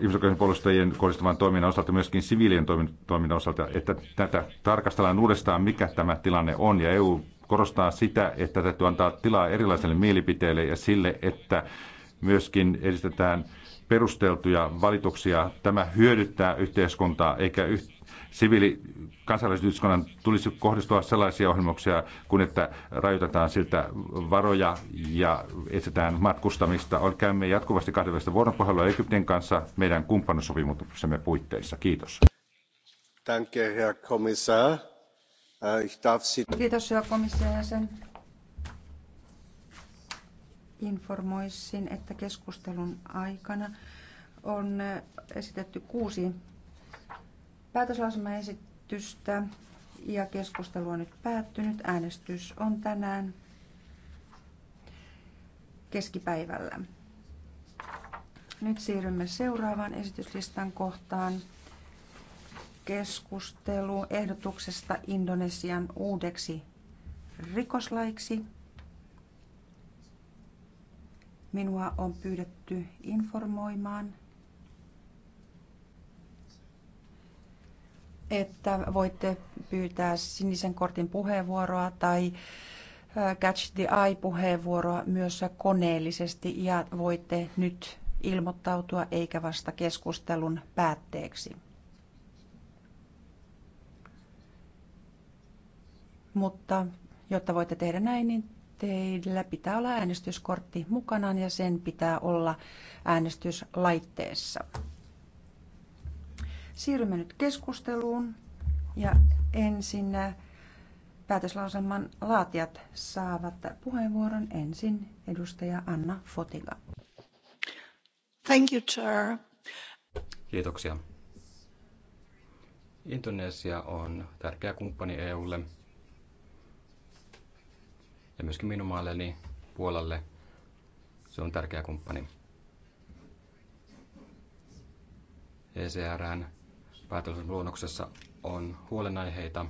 ihmisoikeuden puolustajien kohdistuvan toiminnan osalta, myöskin siviilien toiminnan osalta, että tätä tarkastellaan uudestaan, mikä tämä tilanne on. Ja EU korostaa sitä, että täytyy antaa tilaa erilaisille mielipiteille ja sille, että myöskin edistetään perusteltuja valituksia. Tämä hyödyttää yhteiskuntaa eikä siviili kansalaisyhteiskunnan tulisi kohdistua sellaisia ohjelmuksia, kun että rajoitetaan siltä varoja ja etsitään matkustamista. käymme jatkuvasti kahdenvälistä vuoropuhelua Egyptin kanssa meidän kumppanuussopimuksemme puitteissa. Kiitos. Danke, Herr Kommissar. Äh, ich darf Sie... Kiitos, Herr Kommissar informoisin, että keskustelun aikana on äh, esitetty kuusi päätöslausumaesitystä ja keskustelu on nyt päättynyt. Äänestys on tänään keskipäivällä. Nyt siirrymme seuraavaan esityslistan kohtaan. Keskustelu ehdotuksesta Indonesian uudeksi rikoslaiksi. Minua on pyydetty informoimaan että voitte pyytää sinisen kortin puheenvuoroa tai Catch the Eye-puheenvuoroa myös koneellisesti ja voitte nyt ilmoittautua eikä vasta keskustelun päätteeksi. Mutta jotta voitte tehdä näin, niin teillä pitää olla äänestyskortti mukanaan ja sen pitää olla äänestyslaitteessa. Siirrymme nyt keskusteluun ja ensin äh, päätöslauselman laatijat saavat puheenvuoron. Ensin edustaja Anna Fotiga. Thank you, Chair. Kiitoksia. Indonesia on tärkeä kumppani EUlle ja myöskin minun maalleni Puolalle. Se on tärkeä kumppani. ECRn päätösluonnoksessa on huolenaiheita,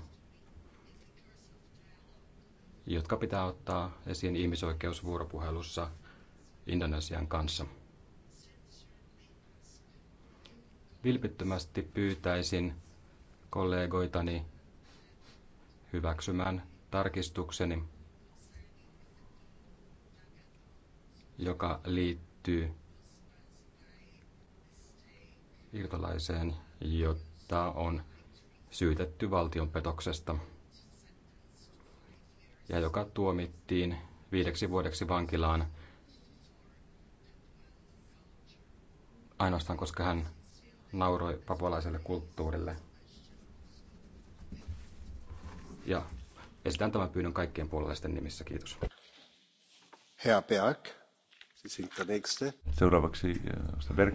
jotka pitää ottaa esiin ihmisoikeusvuoropuhelussa Indonesian kanssa. Vilpittömästi pyytäisin kollegoitani hyväksymään tarkistukseni, joka liittyy irtolaiseen jota on syytetty valtionpetoksesta ja joka tuomittiin viideksi vuodeksi vankilaan ainoastaan koska hän nauroi papualaiselle kulttuurille. Ja esitän tämän pyynnön kaikkien puolalaisten nimissä. Kiitos. Herr Berg, Sie sind der Nächste. Seuraavaksi äh, Berg.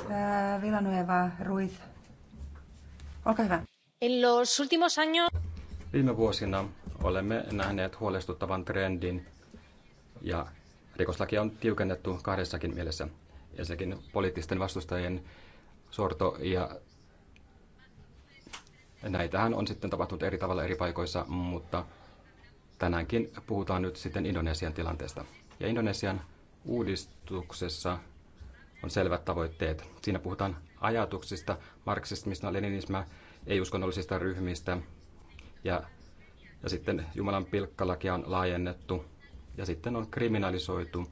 Äh, Villanueva Ruiz, olkaa hyvä. En los últimos años... Viime vuosina olemme nähneet huolestuttavan trendin ja rikoslakia on tiukennettu kahdessakin mielessä. Ensinnäkin poliittisten vastustajien sorto ja näitähän on sitten tapahtunut eri tavalla eri paikoissa, mutta tänäänkin puhutaan nyt sitten Indonesian tilanteesta. Ja Indonesian uudistuksessa on selvät tavoitteet. Siinä puhutaan ajatuksista, marksismista, leninismä, ei-uskonnollisista ryhmistä ja, ja sitten Jumalan pilkkalakia on laajennettu ja sitten on kriminalisoitu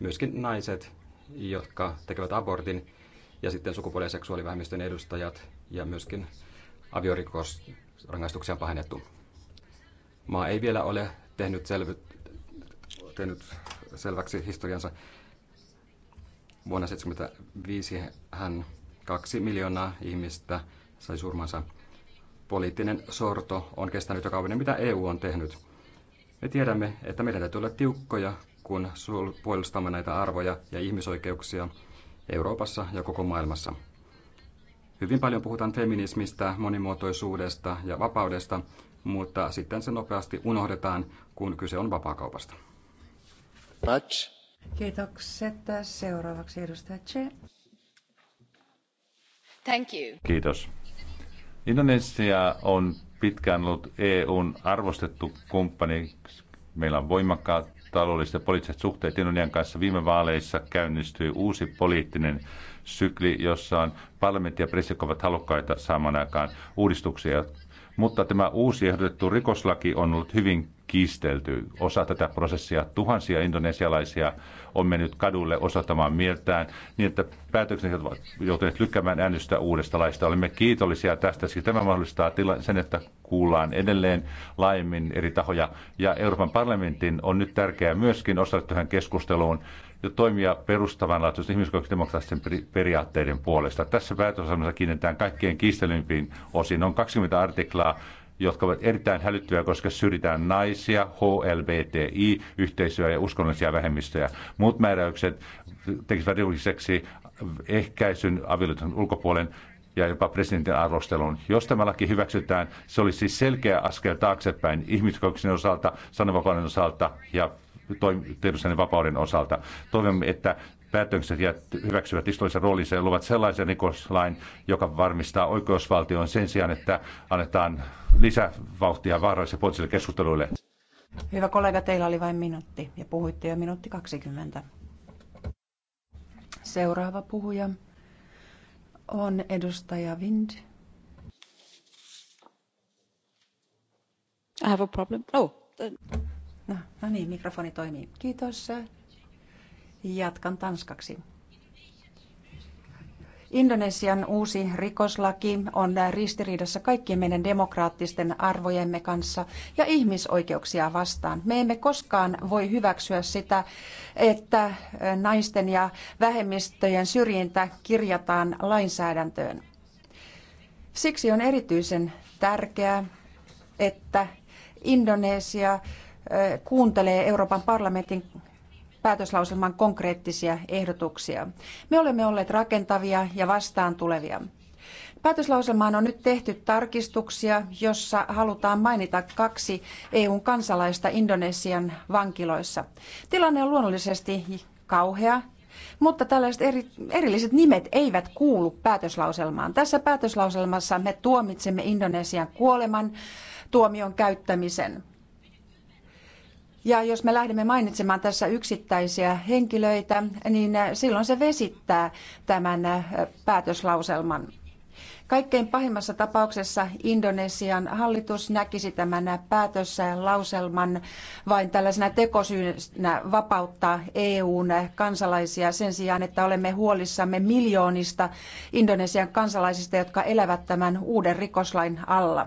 myöskin naiset, jotka tekevät abortin ja sitten sukupuoli- ja seksuaalivähemmistön edustajat ja myöskin aviorikosrangaistuksia on pahennettu. Maa ei vielä ole tehnyt, selvy, tehnyt selväksi historiansa Vuonna 1975 hän kaksi miljoonaa ihmistä sai surmansa. Poliittinen sorto on kestänyt jo kauan, mitä EU on tehnyt. Me tiedämme, että meidän täytyy olla tiukkoja, kun puolustamme näitä arvoja ja ihmisoikeuksia Euroopassa ja koko maailmassa. Hyvin paljon puhutaan feminismistä, monimuotoisuudesta ja vapaudesta, mutta sitten se nopeasti unohdetaan, kun kyse on vapaakaupasta. But Kiitokset. Seuraavaksi edustaja Che. Thank you. Kiitos. Indonesia on pitkään ollut EUn arvostettu kumppani. Meillä on voimakkaat taloudelliset ja poliittiset suhteet Indonesian kanssa. Viime vaaleissa käynnistyi uusi poliittinen sykli, jossa on parlamentti ja presidentti ovat halukkaita saamaan aikaan uudistuksia. Mutta tämä uusi ehdotettu rikoslaki on ollut hyvin kiistelty osa tätä prosessia. Tuhansia indonesialaisia on mennyt kadulle osoittamaan mieltään niin, että päätökset ovat joutuneet lykkäämään äänestystä uudesta laista. Olemme kiitollisia tästä, sillä tämä mahdollistaa sen, että kuullaan edelleen laajemmin eri tahoja. Ja Euroopan parlamentin on nyt tärkeää myöskin osallistua tähän keskusteluun ja toimia perustavanlaatuisen ihmisoikeusdemokraattisten periaatteiden puolesta. Tässä päätösasemassa kiinnitetään kaikkien kiistelympiin osiin. On 20 artiklaa, jotka ovat erittäin hälyttäviä, koska syrjitään naisia, HLBTI-yhteisöä ja uskonnollisia vähemmistöjä. Muut määräykset tekisivät rikolliseksi ehkäisyn avioliiton ulkopuolen ja jopa presidentin arvostelun. Jos tämä laki hyväksytään, se olisi siis selkeä askel taaksepäin ihmisoikeuksien osalta, sananvapauden osalta ja tiedustelujen vapauden osalta. Toivomme, että päätökset hyväksyvät istuisen roolinsa ja luovat sellaisen rikoslain, joka varmistaa oikeusvaltion sen sijaan, että annetaan lisävauhtia vaarallisille poliittisille keskusteluille. Hyvä kollega, teillä oli vain minuutti ja puhuitte jo minuutti 20. Seuraava puhuja on edustaja Wind. I have a problem. Oh. No, no niin, mikrofoni toimii. Kiitos. Jatkan tanskaksi. Indonesian uusi rikoslaki on ristiriidassa kaikkien meidän demokraattisten arvojemme kanssa ja ihmisoikeuksia vastaan. Me emme koskaan voi hyväksyä sitä, että naisten ja vähemmistöjen syrjintä kirjataan lainsäädäntöön. Siksi on erityisen tärkeää, että Indonesia eh, kuuntelee Euroopan parlamentin päätöslauselman konkreettisia ehdotuksia. Me olemme olleet rakentavia ja vastaan tulevia. Päätöslauselmaan on nyt tehty tarkistuksia, jossa halutaan mainita kaksi EUn kansalaista Indonesian vankiloissa. Tilanne on luonnollisesti kauhea, mutta tällaiset eri, erilliset nimet eivät kuulu päätöslauselmaan. Tässä päätöslauselmassa me tuomitsemme Indonesian kuoleman tuomion käyttämisen. Ja jos me lähdemme mainitsemaan tässä yksittäisiä henkilöitä, niin äh, silloin se vesittää tämän äh, päätöslauselman. Kaikkein pahimmassa tapauksessa Indonesian hallitus näkisi tämän äh, päätöslauselman vain tällaisena tekosyynä vapauttaa EUn kansalaisia sen sijaan, että olemme huolissamme miljoonista Indonesian kansalaisista, jotka elävät tämän uuden rikoslain alla.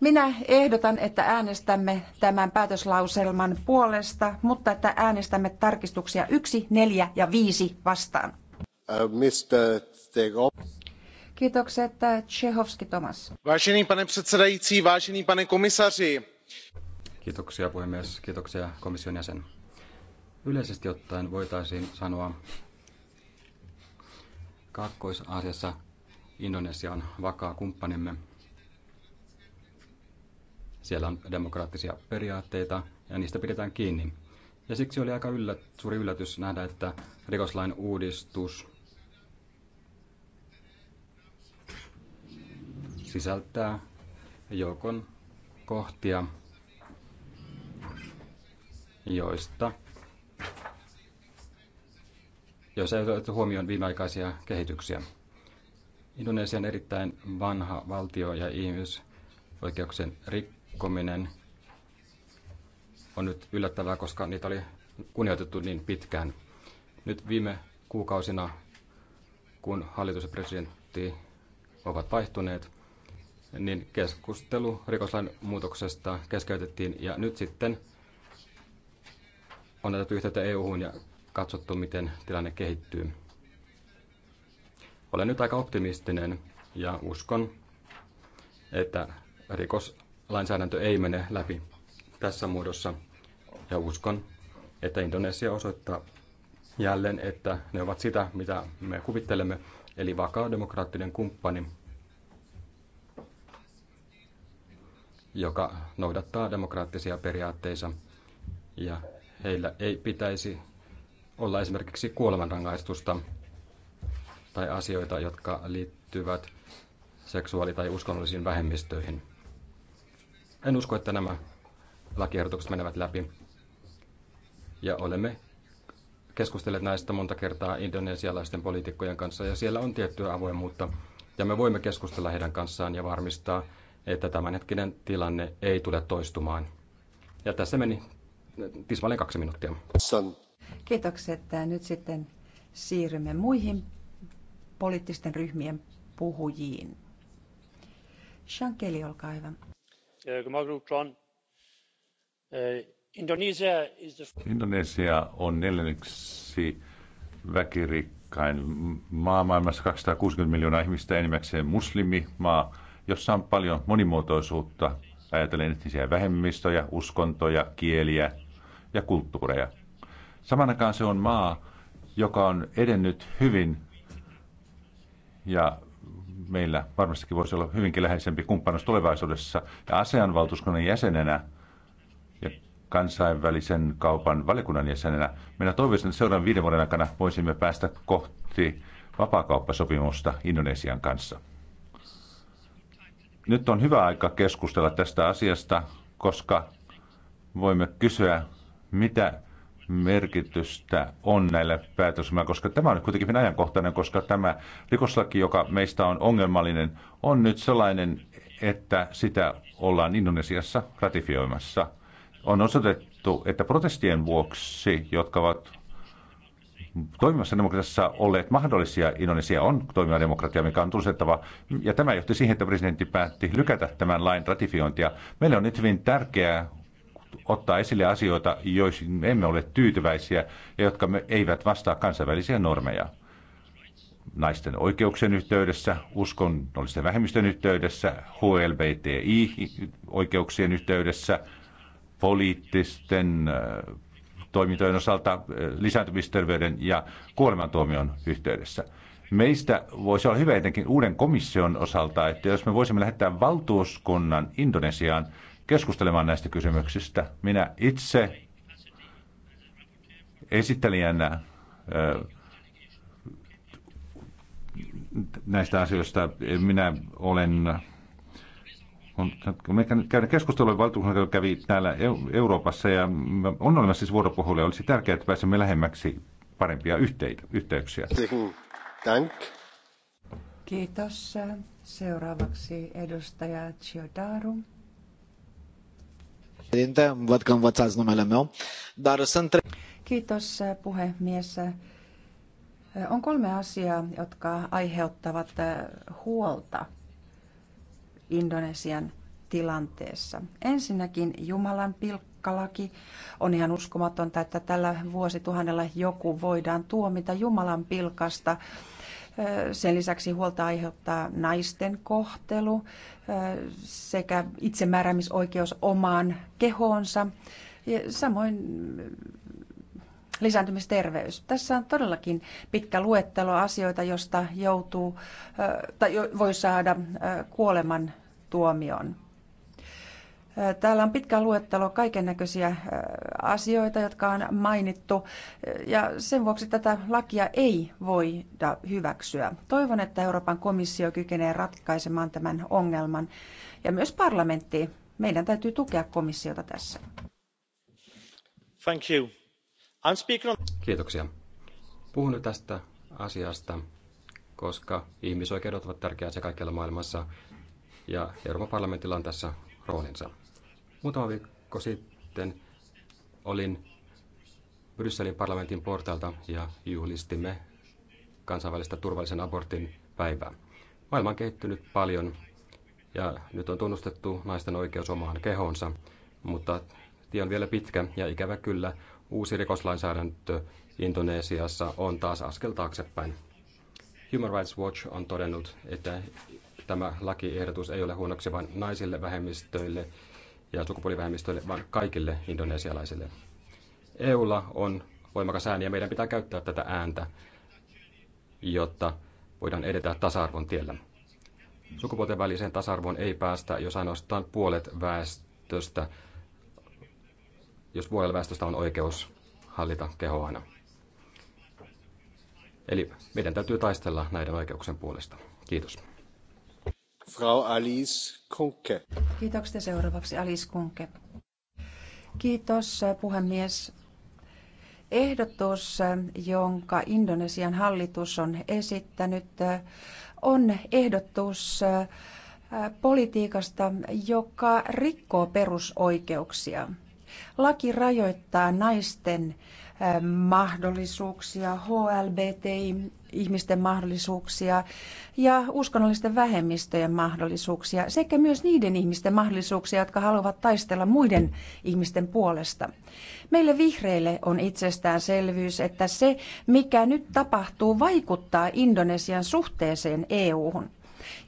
Minä ehdotan, että äänestämme tämän päätöslauselman puolesta, mutta että äänestämme tarkistuksia 1, 4 ja 5 vastaan. Uh, Kiitokset, uh, Tsehovski Tomas. Vážený pane předsedající, vážený pane komisaři. Kiitoksia puhemies, kiitoksia komission jäsen. Yleisesti ottaen voitaisiin sanoa, Kaakkois-Aasiassa Indonesia on vakaa kumppanimme siellä on demokraattisia periaatteita ja niistä pidetään kiinni. Ja siksi oli aika yllät, suuri yllätys nähdä, että rikoslain uudistus sisältää joukon kohtia, joista jos ei otettu huomioon viimeaikaisia kehityksiä. Indonesian erittäin vanha valtio ja ihmisoikeuksien rikkoja rikkominen on nyt yllättävää, koska niitä oli kunnioitettu niin pitkään. Nyt viime kuukausina, kun hallitus ja presidentti ovat vaihtuneet, niin keskustelu rikoslain muutoksesta keskeytettiin ja nyt sitten on otettu yhteyttä EU-hun ja katsottu, miten tilanne kehittyy. Olen nyt aika optimistinen ja uskon, että rikos lainsäädäntö ei mene läpi tässä muodossa. Ja uskon, että Indonesia osoittaa jälleen, että ne ovat sitä, mitä me kuvittelemme, eli vakaa demokraattinen kumppani, joka noudattaa demokraattisia periaatteita ja heillä ei pitäisi olla esimerkiksi kuolemanrangaistusta tai asioita, jotka liittyvät seksuaali- tai uskonnollisiin vähemmistöihin. En usko, että nämä lakiehdotukset menevät läpi. Ja olemme keskustelleet näistä monta kertaa indonesialaisten poliitikkojen kanssa ja siellä on tiettyä avoimuutta ja me voimme keskustella heidän kanssaan ja varmistaa, että tämänhetkinen tilanne ei tule toistumaan. Ja tässä meni tismalleen kaksi minuuttia. Kiitokset. Nyt sitten siirrymme muihin poliittisten ryhmien puhujiin. Shankeli, olkaa hyvä. Eh, eh, Indonesia on neljänneksi väkirikkain maa maailmassa 260 miljoonaa ihmistä enimmäkseen muslimimaa, jossa on paljon monimuotoisuutta, ajatellen etnisiä vähemmistöjä, uskontoja, kieliä ja kulttuureja. Saman se on maa, joka on edennyt hyvin ja meillä varmastikin voisi olla hyvinkin läheisempi kumppanuus tulevaisuudessa. Ja ASEAN valtuuskunnan jäsenenä ja kansainvälisen kaupan valikunnan jäsenenä minä toivoisin, että seuraavan viiden vuoden aikana voisimme päästä kohti vapaakauppasopimusta Indonesian kanssa. Nyt on hyvä aika keskustella tästä asiasta, koska voimme kysyä, mitä merkitystä on näillä päätöksillä, koska tämä on kuitenkin hyvin ajankohtainen, koska tämä rikoslaki, joka meistä on ongelmallinen, on nyt sellainen, että sitä ollaan Indonesiassa ratifioimassa. On osoitettu, että protestien vuoksi, jotka ovat toimimassa demokratiassa olleet mahdollisia, Indonesia on toimiva demokratia, mikä on tunnustettava. Ja tämä johti siihen, että presidentti päätti lykätä tämän lain ratifiointia. Meille on nyt hyvin tärkeää ottaa esille asioita, joihin emme ole tyytyväisiä ja jotka me eivät vastaa kansainvälisiä normeja. Naisten oikeuksien yhteydessä, uskonnollisten vähemmistön yhteydessä, HLBTI-oikeuksien yhteydessä, poliittisten äh, toimintojen osalta äh, lisääntymisterveyden ja kuolemantuomion yhteydessä. Meistä voisi olla hyvä etenkin uuden komission osalta, että jos me voisimme lähettää valtuuskunnan Indonesiaan, keskustelemaan näistä kysymyksistä. Minä itse esittelijänä näistä asioista minä olen kun me käydään keskustelua, valtuuskunta kävi täällä Euroopassa ja on olemassa siis vuoropuheluja. Olisi tärkeää, että pääsemme lähemmäksi parempia yhteitä, yhteyksiä. Thank. Kiitos. Seuraavaksi edustaja Chiodaru președinte, văd că învățați numele meu, dar sunt... Kiitos eh, puhemies. Eh, on kolme asiaa, jotka aiheuttavat eh, huolta Indonesian tilanteessa. Ensinnäkin Jumalan pilkkalaki. On ihan uskomatonta, että tällä vuosituhannella joku voidaan tuomita Jumalan pilkasta sen lisäksi huolta aiheuttaa naisten kohtelu sekä itsemääräämisoikeus omaan kehoonsa. Ja samoin lisääntymisterveys. Tässä on todellakin pitkä luettelo asioita, josta joutuu tai voi saada kuoleman tuomion. Täällä on pitkä luettelo kaiken näköisiä asioita, jotka on mainittu, ja sen vuoksi tätä lakia ei voida hyväksyä. Toivon, että Euroopan komissio kykenee ratkaisemaan tämän ongelman, ja myös parlamentti. Meidän täytyy tukea komissiota tässä. Thank you. I'm speaking on... Kiitoksia. Puhun nyt tästä asiasta, koska ihmisoikeudet ovat tärkeää se kaikkialla maailmassa, ja Euroopan parlamentilla on tässä roolinsa. Muutama viikko sitten olin Brysselin parlamentin portalta ja juhlistimme kansainvälistä turvallisen abortin päivää. Maailma on kehittynyt paljon ja nyt on tunnustettu naisten oikeus omaan kehoonsa, mutta tie on vielä pitkä ja ikävä kyllä uusi rikoslainsäädäntö Indonesiassa on taas askel taaksepäin. Human Rights Watch on todennut, että tämä lakiehdotus ei ole huonoksi vain naisille, vähemmistöille ja sukupuolivähemmistöille, vaan kaikille indonesialaisille. EUlla on voimakas ääni ja meidän pitää käyttää tätä ääntä, jotta voidaan edetä tasa-arvon tiellä. Sukupuolten väliseen tasa-arvoon ei päästä, jos ainoastaan puolet väestöstä, jos puolella väestöstä on oikeus hallita kehoana. Eli meidän täytyy taistella näiden oikeuksien puolesta. Kiitos. Frau Alice Kunke. Kiitoksia seuraavaksi Alice Kunke. Kiitos äh, puhemies. Ehdotus, äh, jonka Indonesian hallitus on esittänyt, äh, on ehdotus politiikasta, joka rikkoo perusoikeuksia. Laki rajoittaa naisten mahdollisuuksia, HLBTI ihmisten mahdollisuuksia ja uskonnollisten vähemmistöjen mahdollisuuksia sekä myös niiden ihmisten mahdollisuuksia, jotka haluavat taistella muiden ihmisten puolesta. Meille vihreille on itsestäänselvyys, että se, mikä nyt tapahtuu, vaikuttaa Indonesian suhteeseen EU-hun.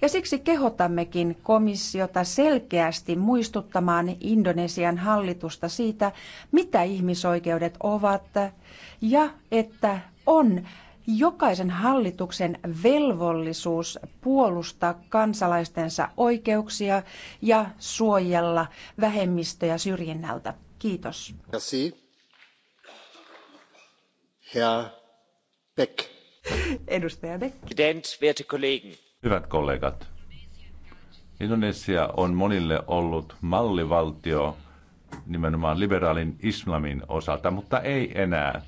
Ja siksi kehotammekin komissiota selkeästi muistuttamaan Indonesian hallitusta siitä, mitä ihmisoikeudet ovat ja että on jokaisen hallituksen velvollisuus puolustaa kansalaistensa oikeuksia ja suojella vähemmistöjä syrjinnältä. Kiitos. Merci. Herr Beck. Edustaja Beck. Werte Kollegen. Hyvät kollegat, Indonesia on monille ollut mallivaltio nimenomaan liberaalin islamin osalta, mutta ei enää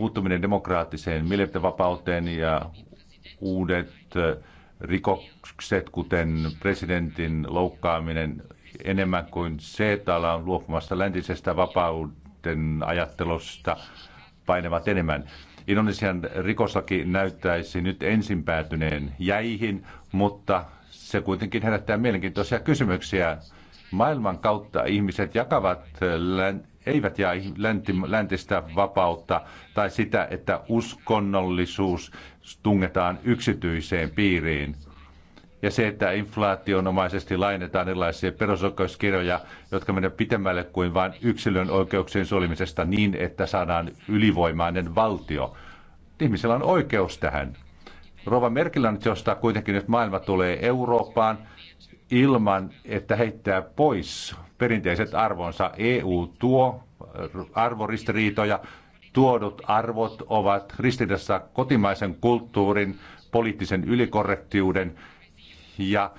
puuttuminen demokraattiseen mielipidevapauteen ja uudet eh, rikokset, kuten presidentin loukkaaminen, enemmän kuin se, että ollaan luopumassa läntisestä vapauden ajattelusta, painavat enemmän. Indonesian rikoslaki näyttäisi nyt ensin päätyneen jäihin, mutta se kuitenkin herättää mielenkiintoisia kysymyksiä. Maailman kautta ihmiset jakavat eh, eivät jaa läntistä vapautta tai sitä, että uskonnollisuus tungetaan yksityiseen piiriin. Ja se, että inflaationomaisesti lainetaan erilaisia perusoikeuskirjoja, jotka menevät pitemmälle kuin vain yksilön oikeuksien solimisesta niin, että saadaan ylivoimainen valtio. Ihmisellä on oikeus tähän. Rova Merkillä nyt jostain kuitenkin, että maailma tulee Eurooppaan ilman, että heittää pois perinteiset arvonsa. EU tuo äh, arvoristiriitoja. Tuodut arvot ovat ristiriidassa kotimaisen kulttuurin, poliittisen ylikorrektiuden ja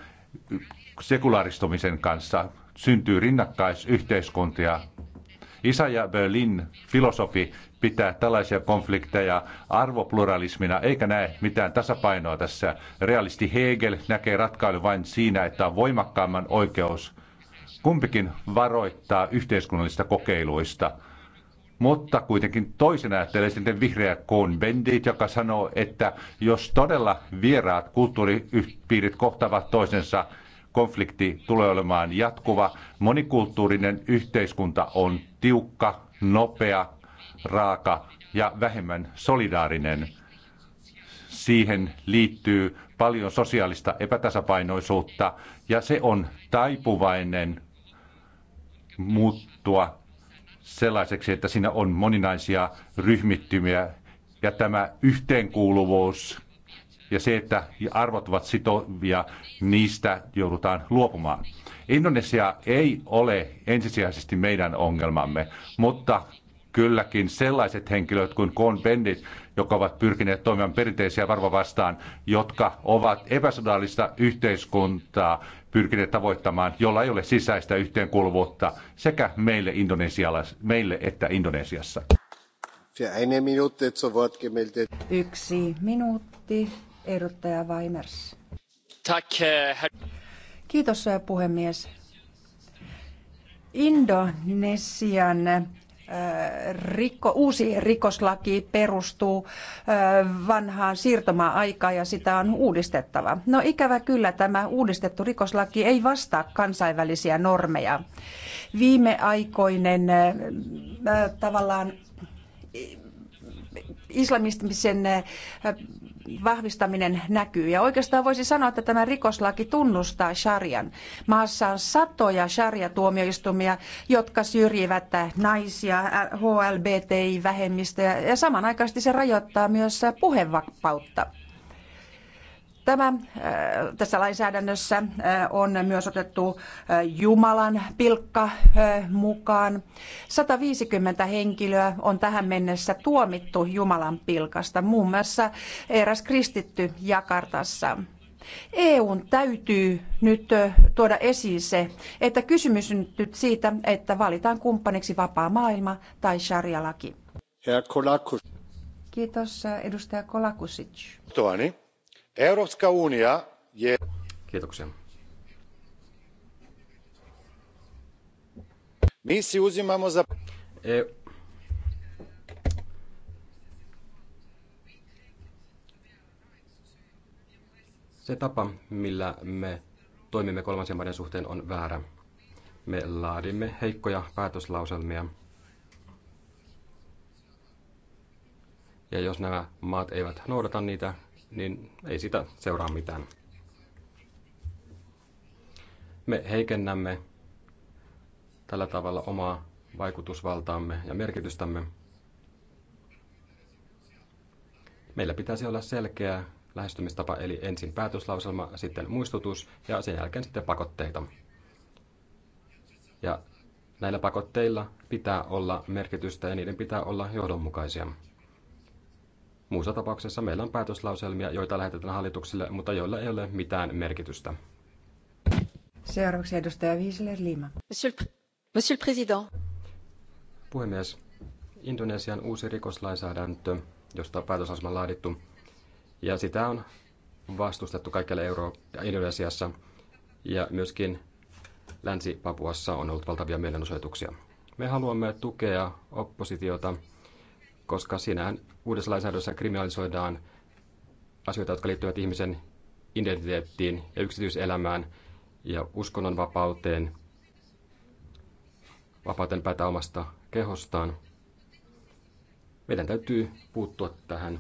sekularistumisen kanssa. Syntyy rinnakkaisyhteiskuntia. Isaiah Berlin, filosofi, pitää tällaisia konflikteja arvopluralismina, eikä näe mitään tasapainoa tässä. Realisti Hegel näkee ratkailu vain siinä, että on voimakkaamman oikeus Kumpikin varoittaa yhteiskunnallisista kokeiluista, mutta kuitenkin toisena ajattelee sitten vihreä konbendit, joka sanoo, että jos todella vieraat kulttuuripiirit kohtavat toisensa, konflikti tulee olemaan jatkuva. Monikulttuurinen yhteiskunta on tiukka, nopea, raaka ja vähemmän solidaarinen. Siihen liittyy paljon sosiaalista epätasapainoisuutta ja se on taipuvainen muuttua sellaiseksi, että siinä on moninaisia ryhmittymiä ja tämä yhteenkuuluvuus ja se, että arvot ovat sitovia, niistä joudutaan luopumaan. Indonesia ei ole ensisijaisesti meidän ongelmamme, mutta kylläkin sellaiset henkilöt kuin Kon Bendit, jotka ovat pyrkineet toimimaan perinteisiä varva vastaan, jotka ovat epäsodallista yhteiskuntaa pyrkineet tavoittamaan, jolla ei ole sisäistä yhteenkuuluvuutta sekä meille, meille että Indonesiassa. Yksi minuutti, edustaja Weimers. Eh, Kiitos eh, puhemies. Indonesian rikko, uusi rikoslaki perustuu vanhaan siirtomaa-aikaan ja sitä on uudistettava. No ikävä kyllä tämä uudistettu rikoslaki ei vastaa kansainvälisiä normeja. Viimeaikoinen tavallaan islamistisen vahvistaminen näkyy. Ja oikeastaan voisi sanoa, että tämä rikoslaki tunnustaa sharian. Maassa on satoja sharia-tuomioistumia, jotka syrjivät naisia, HLBTI-vähemmistöjä ja samanaikaisesti se rajoittaa myös puhevapautta. Tämä, äh, tässä lainsäädännössä äh, on myös otettu äh, Jumalan pilkka mukaan. 150 henkilöä on tähän mennessä tuomittu Jumalan pilkasta, muun muassa eräs kristitty Jakartassa. EUn täytyy nyt tuoda esiin se, että kysymys on nyt siitä, että valitaan kumppaniksi vapaa maailma tai sharia-laki. Kiitos edustaja Kolakusic. Toani Europska unija je... Kiitoksia. Mi si uzimamo za... E... Se tapa, millä me toimimme kolmansien maiden suhteen, on väärä. Me laadimme heikkoja päätöslauselmia. Ja jos nämä maat eivät noudata niitä, niin ei sitä seuraa mitään. Me heikennämme tällä tavalla omaa vaikutusvaltaamme ja merkitystämme. Meillä pitäisi olla selkeä lähestymistapa, eli ensin päätöslauselma, sitten muistutus ja sen jälkeen sitten pakotteita. Ja näillä pakotteilla pitää olla merkitystä ja niiden pitää olla johdonmukaisia. Muussa tapauksessa meillä on päätöslauselmia, joita lähetetään hallituksille, mutta joilla ei ole mitään merkitystä. Seuraavaksi edustaja Wiesler Lima. Monsieur, Monsieur le Président. Puhemies, Indonesian uusi rikoslainsäädäntö, josta päätösasema on laadittu, ja sitä on vastustettu kaikkialla Euro- ja Indonesiassa, ja myöskin Länsi-Papuassa on ollut valtavia mielenosoituksia. Me haluamme tukea oppositiota koska siinähän uudessa lainsäädännössä kriminalisoidaan asioita, jotka liittyvät ihmisen identiteettiin ja yksityiselämään ja uskonnon vapauteen päätä omasta kehostaan. Meidän täytyy puuttua tähän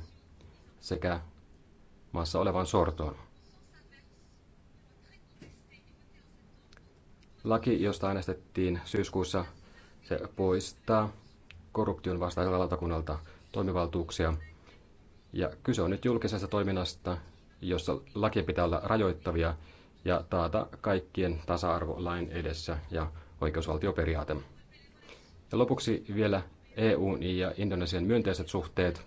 sekä maassa olevan sortoon. Laki, josta äänestettiin syyskuussa, se poistaa korruption vastaiselta lautakunnalta toimivaltuuksia. Ja kyse on nyt julkisesta toiminnasta, jossa laki pitää olla rajoittavia ja taata kaikkien tasa-arvo lain edessä ja oikeusvaltioperiaate. Ja lopuksi vielä EUn ja Indonesian myönteiset suhteet.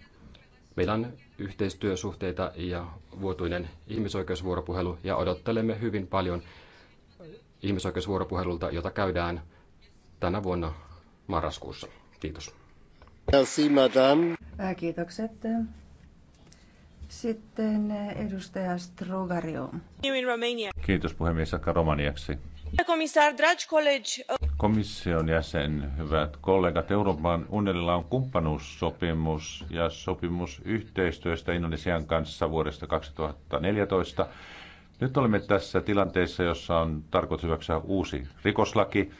Meillä on yhteistyösuhteita ja vuotuinen ihmisoikeusvuoropuhelu ja odottelemme hyvin paljon ihmisoikeusvuoropuhelulta, jota käydään tänä vuonna marraskuussa. Kiitos. Merci, madame. Äh, kiitokset. Sitten äh, edustaja Strugario. Kiitos puhemies Sakka Romaniaksi. Komission jäsen, hyvät kollegat, Euroopan unionilla on kumppanuussopimus ja sopimus yhteistyöstä Indonesian kanssa vuodesta 2014. Nyt olemme tässä tilanteessa, jossa on tarkoitus hyväksyä uusi rikoslaki.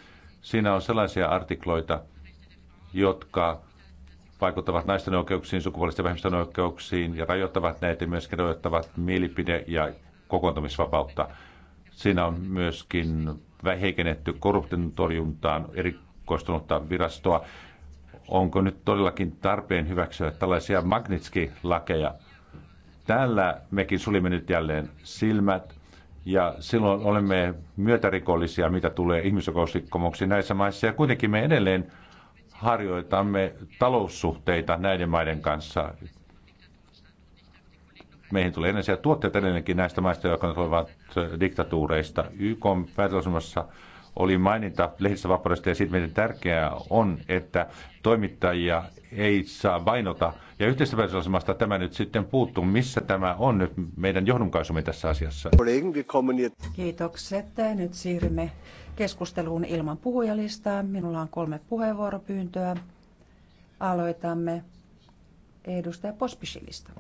Siinä on sellaisia artikloita, jotka vaikuttavat naisten oikeuksiin, sukupuolisten vähemmistön oikeuksiin ja rajoittavat näitä, myöskin rajoittavat mielipide- ja kokoontumisvapautta. Siinä on myöskin heikennetty korruption torjuntaan erikoistunutta virastoa. Onko nyt todellakin tarpeen hyväksyä tällaisia Magnitski-lakeja? Täällä mekin sulimme nyt jälleen silmät ja silloin olemme myötärikollisia, mitä tulee ihmisoikeusrikkomuksiin näissä maissa. Ja kuitenkin me edelleen harjoitamme taloussuhteita näiden maiden kanssa. Meihin tulee ennen tuotteita edelleenkin näistä maista, jotka ovat äh, diktatuureista. YK päätöslausumassa oli maininta vapaudesta ja siitä, miten tärkeää on, että toimittajia ei saa vainota ja yhteistyöpäätösasemasta tämä nyt sitten puuttuu. Missä tämä on nyt meidän johdonkaisumme tässä asiassa? Kiitokset. Nyt siirrymme keskusteluun ilman puhujalistaa. Minulla on kolme puheenvuoropyyntöä. Aloitamme edustaja Pospisilista.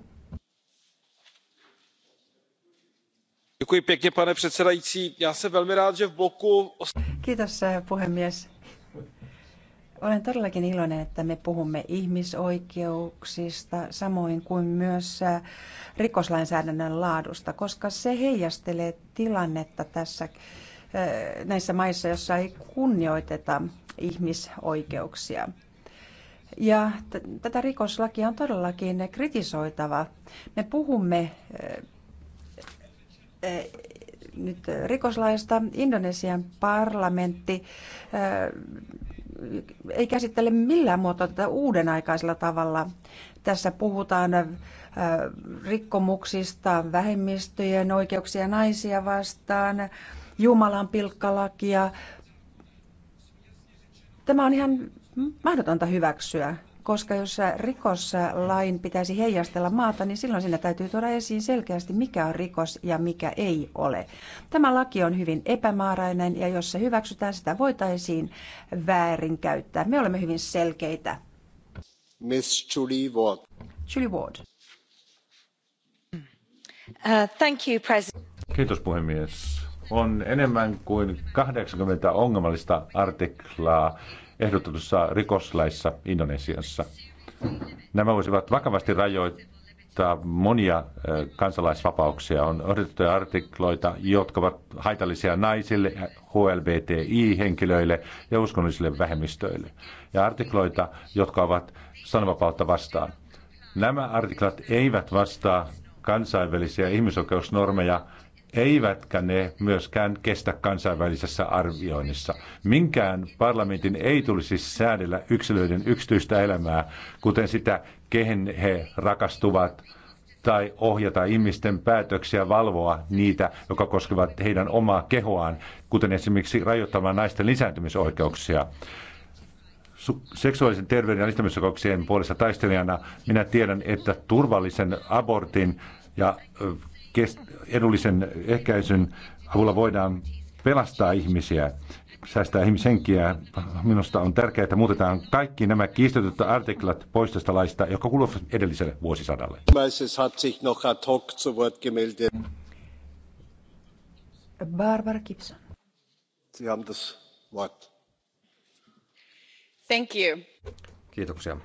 pane předsedající já jsem velmi rád že v bloku. Eh, puhemies olen todellakin iloinen, että me puhumme ihmisoikeuksista, samoin kuin myös rikoslainsäädännön laadusta, koska se heijastelee tilannetta tässä näissä maissa, joissa ei kunnioiteta ihmisoikeuksia. Ja tätä rikoslakia on todellakin kritisoitava. Me puhumme nyt rikoslaista. Indonesian parlamentti ei käsittele millään muotoa tätä uuden aikaisella tavalla. Tässä puhutaan äh, rikkomuksista, vähemmistöjen oikeuksia naisia vastaan, Jumalan pilkkalakia. Tämä on ihan mahdotonta hyväksyä koska jos rikoslain pitäisi heijastella maata, niin silloin siinä täytyy tuoda esiin selkeästi, mikä on rikos ja mikä ei ole. Tämä laki on hyvin epämääräinen ja jos se hyväksytään, sitä voitaisiin väärin käyttää. Me olemme hyvin selkeitä. Miss Julie Ward. Julie Ward. Uh, thank you, president. Kiitos puhemies. On enemmän kuin 80 ongelmallista artiklaa ehdotetussa rikoslaissa Indonesiassa. Nämä voisivat vakavasti rajoittaa monia kansalaisvapauksia. On odotettuja artikloita, jotka ovat haitallisia naisille, HLBTI-henkilöille ja uskonnollisille vähemmistöille. Ja artikloita, jotka ovat sananvapautta vastaan. Nämä artiklat eivät vastaa kansainvälisiä ihmisoikeusnormeja eivätkä ne myöskään kestä kansainvälisessä arvioinnissa. Minkään parlamentin ei tulisi säädellä yksilöiden yksityistä elämää, kuten sitä, kehen he rakastuvat, tai ohjata ihmisten päätöksiä valvoa niitä, jotka koskevat heidän omaa kehoaan, kuten esimerkiksi rajoittamaan naisten lisääntymisoikeuksia seksuaalisen terveyden ja lisääntymisoikeuksien puolesta taistelijana minä tiedän, että turvallisen abortin ja edullisen ehkäisyn avulla voidaan pelastaa ihmisiä, säästää ihmishenkiä. Minusta on tärkeää, että muutetaan kaikki nämä kiistetyt artiklat pois tästä laista, joka kuuluu edelliselle vuosisadalle. Barbara Gibson. Sie haben das Wort. Thank you. Kiitoksia.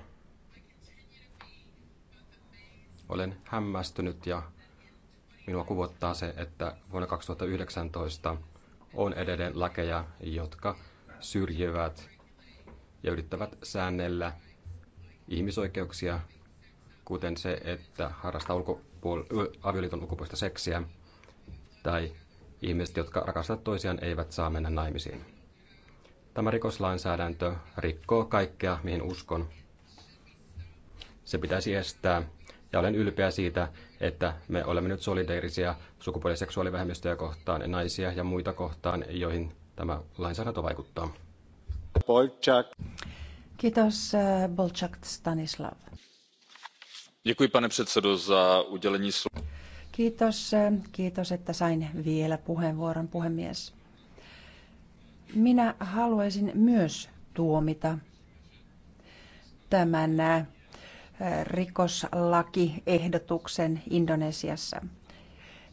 Olen hämmästynyt ja minua kuvottaa se, että vuonna 2019 on edelleen lakeja, jotka syrjivät ja yrittävät säännellä ihmisoikeuksia, kuten se, että harrastaa ulkopuol- avioliiton ulkopuolista seksiä tai ihmiset, jotka rakastavat toisiaan, eivät saa mennä naimisiin. Tämä rikoslainsäädäntö rikkoo kaikkea, mihin uskon. Se pitäisi estää ja olen ylpeä siitä, että me olemme nyt solidaarisia sukupuoli- ja seksuaalivähemmistöjä kohtaan, naisia ja muita kohtaan, joihin tämä lainsäädäntö vaikuttaa. Bolchak. Kiitos, äh, Bolčak Stanislav. Děkuji, pane předsedo, za udělení slova. Kiitos, e, kiitos, että sain vielä puheenvuoron, puhemies. Minä haluaisin myös tuomita tämän rikoslakiehdotuksen Indonesiassa.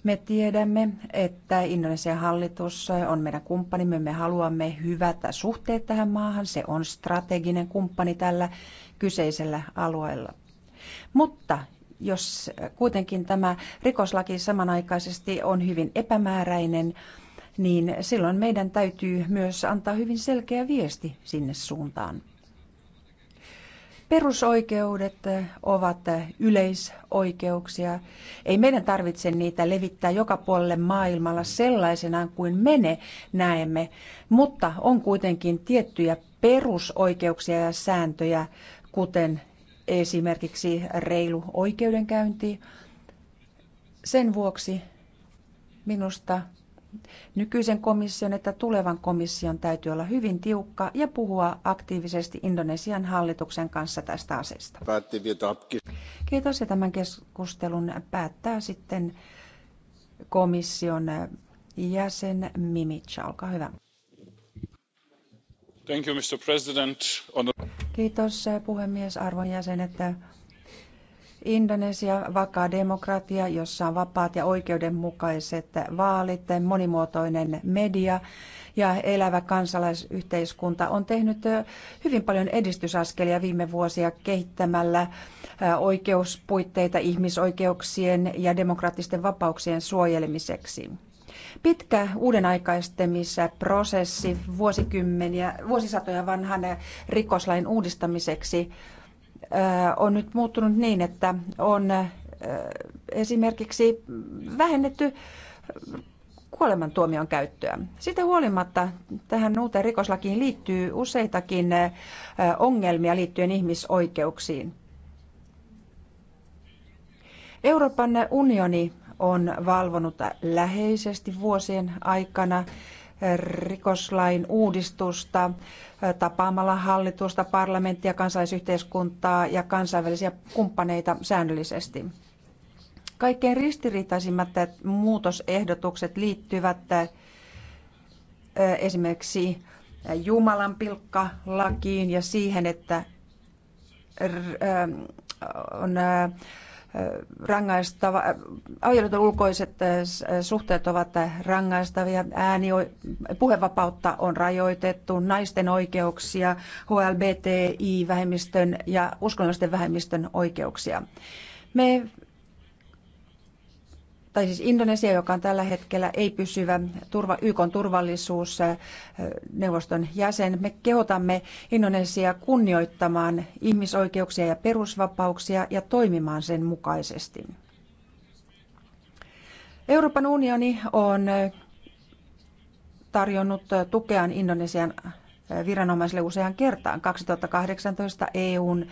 Me tiedämme, että Indonesian hallitus on meidän kumppanimme. Me haluamme hyvät suhteet tähän maahan. Se on strateginen kumppani tällä kyseisellä alueella. Mutta jos kuitenkin tämä rikoslaki samanaikaisesti on hyvin epämääräinen, niin silloin meidän täytyy myös antaa hyvin selkeä viesti sinne suuntaan. Perusoikeudet ovat yleisoikeuksia. Ei meidän tarvitse niitä levittää joka puolelle maailmalla sellaisenaan kuin me ne näemme, mutta on kuitenkin tiettyjä perusoikeuksia ja sääntöjä, kuten esimerkiksi reilu oikeudenkäynti. Sen vuoksi minusta nykyisen komission että tulevan komission täytyy olla hyvin tiukka ja puhua aktiivisesti Indonesian hallituksen kanssa tästä asiasta. Kiitos ja tämän keskustelun päättää sitten komission jäsen Mimic Olkaa hyvä. Thank you, Mr. President. On... Kiitos puhemies, arvon jäsenet. Indonesia, vakaa demokratia, jossa on vapaat ja oikeudenmukaiset vaalit, monimuotoinen media ja elävä kansalaisyhteiskunta on tehnyt hyvin paljon edistysaskelia viime vuosia kehittämällä oikeuspuitteita ihmisoikeuksien ja demokraattisten vapauksien suojelemiseksi. Pitkä prosessi vuosikymmeniä, vuosisatoja vanhan rikoslain uudistamiseksi on nyt muuttunut niin, että on esimerkiksi vähennetty kuolemantuomion käyttöä. Sitä huolimatta tähän uuteen rikoslakiin liittyy useitakin ongelmia liittyen ihmisoikeuksiin. Euroopan unioni on valvonut läheisesti vuosien aikana rikoslain uudistusta tapaamalla hallitusta, parlamenttia, kansalaisyhteiskuntaa ja kansainvälisiä kumppaneita säännöllisesti. Kaikkein ristiriitaisimmat muutosehdotukset liittyvät esimerkiksi Jumalan pilkkalakiin ja siihen, että on rangaistava, äh, avioliiton ulkoiset äh, äh, suhteet ovat rangaistavia, ääni, puhevapautta on rajoitettu, naisten oikeuksia, HLBTI-vähemmistön ja uskonnollisten vähemmistön oikeuksia. Me tai siis Indonesia, joka on tällä hetkellä ei pysyvä turva, YK turvallisuusneuvoston jäsen. Me kehotamme Indonesia kunnioittamaan ihmisoikeuksia ja perusvapauksia ja toimimaan sen mukaisesti. Euroopan unioni on tarjonnut tukea Indonesian viranomaisille usean kertaan. 2018 EUn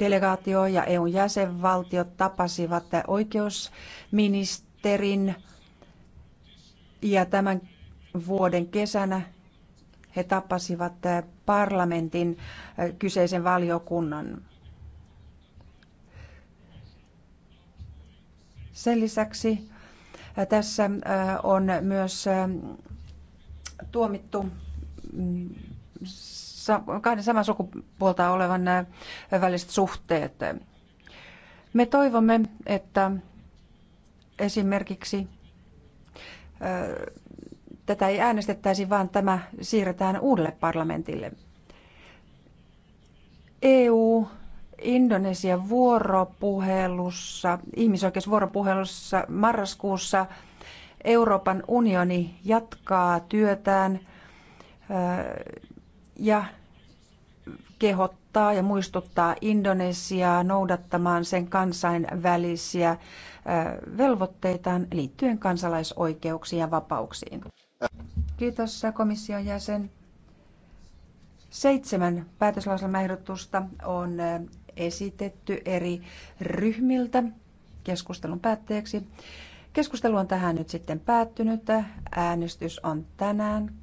delegaatio ja EUn jäsenvaltiot tapasivat oikeusministeri ministerin ja tämän vuoden kesänä he tapasivat eh, parlamentin eh, kyseisen valiokunnan. Sen lisäksi eh, tässä on myös tuomittu mm, kahden saman sukupuolta olevan väliset suhteet. Me toivomme, että esimerkiksi tätä ei äänestettäisi, vaan tämä siirretään uudelle parlamentille. EU Indonesian vuoropuhelussa, ihmisoikeusvuoropuhelussa marraskuussa Euroopan unioni jatkaa työtään ja kehottaa ja muistuttaa Indonesiaa noudattamaan sen kansainvälisiä velvoitteitaan liittyen kansalaisoikeuksiin ja vapauksiin. Kiitos komission jäsen. Seitsemän päätöslauselmaehdotusta on esitetty eri ryhmiltä keskustelun päätteeksi. Keskustelu on tähän nyt sitten päättynyt. Äänestys on tänään,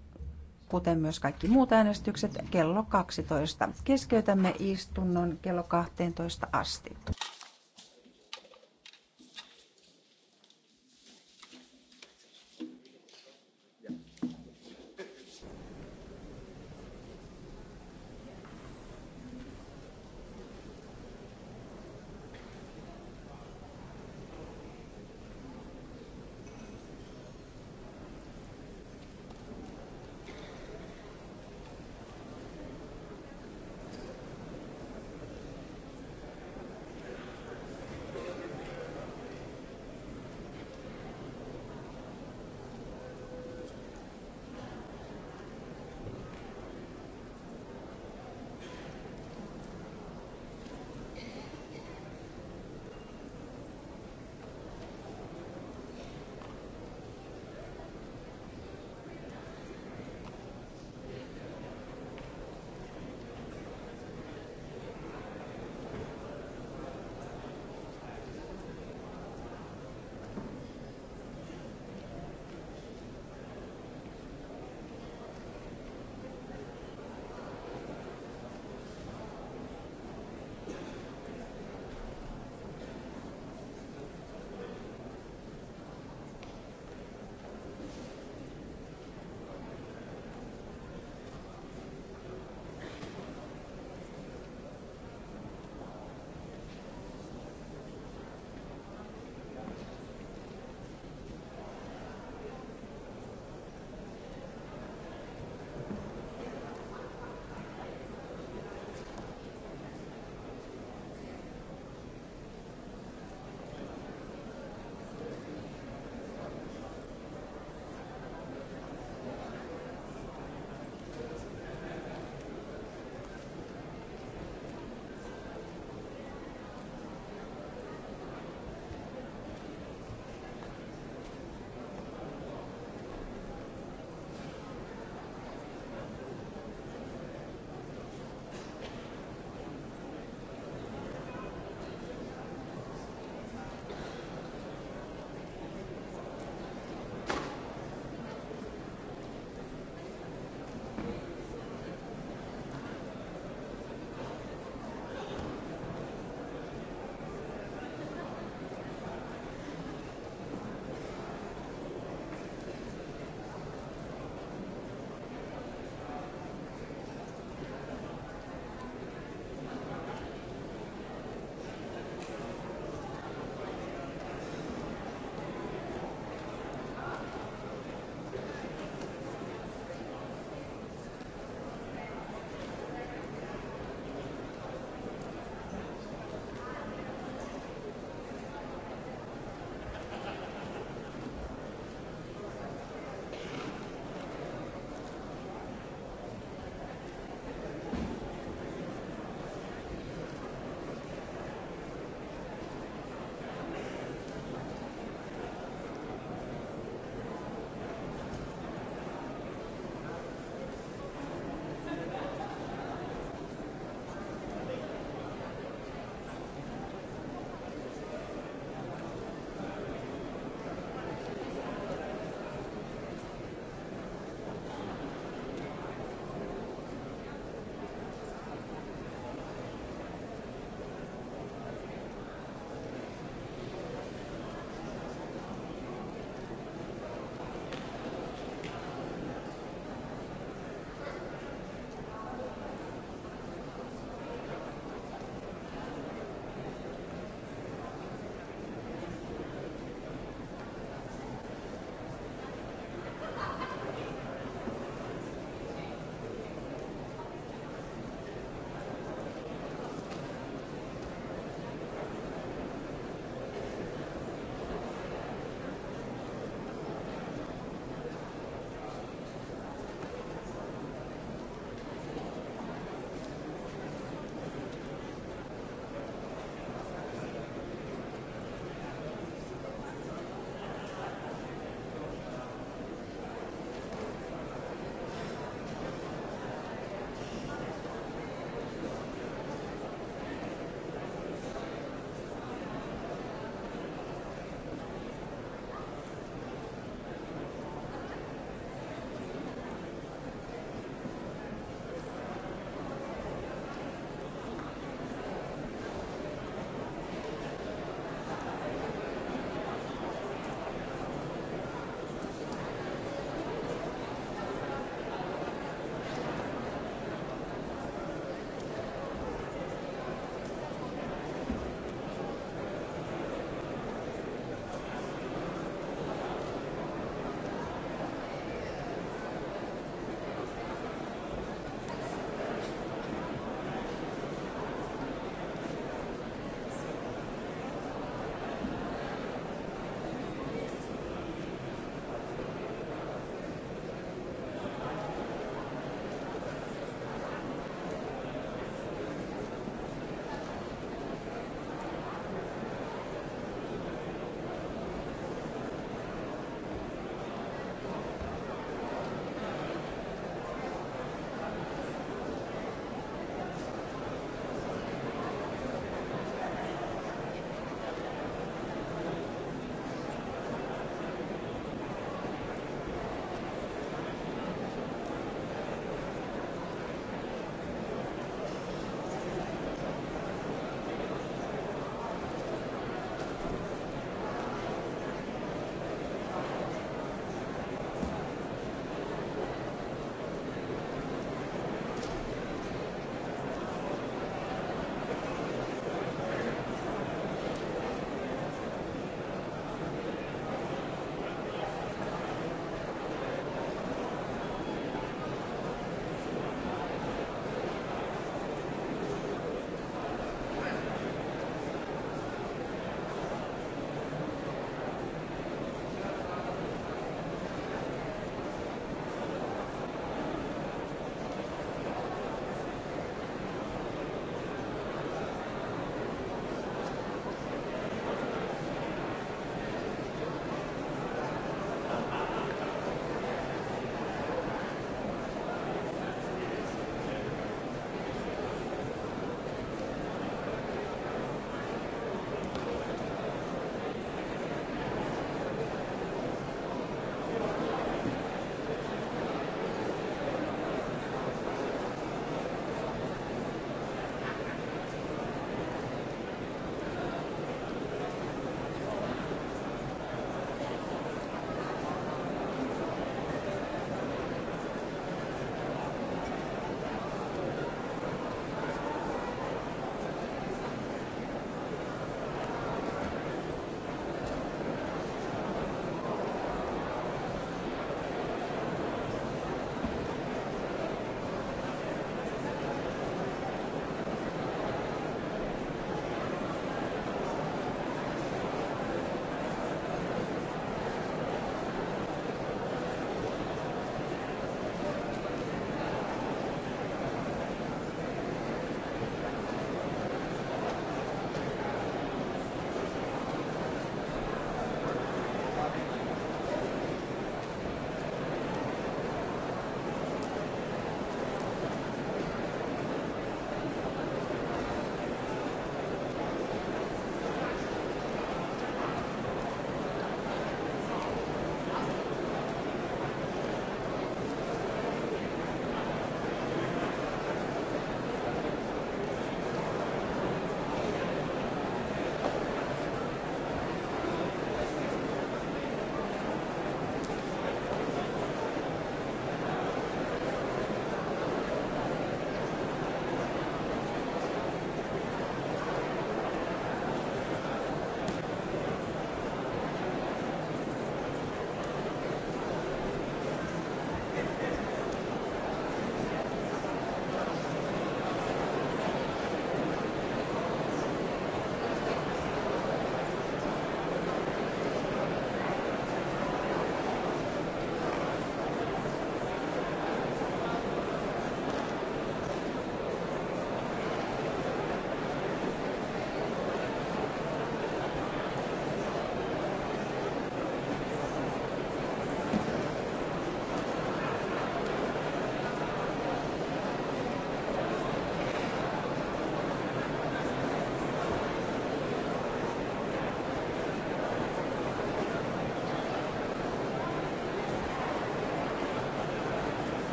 kuten myös kaikki muut äänestykset, kello 12. Keskeytämme istunnon kello 12 asti.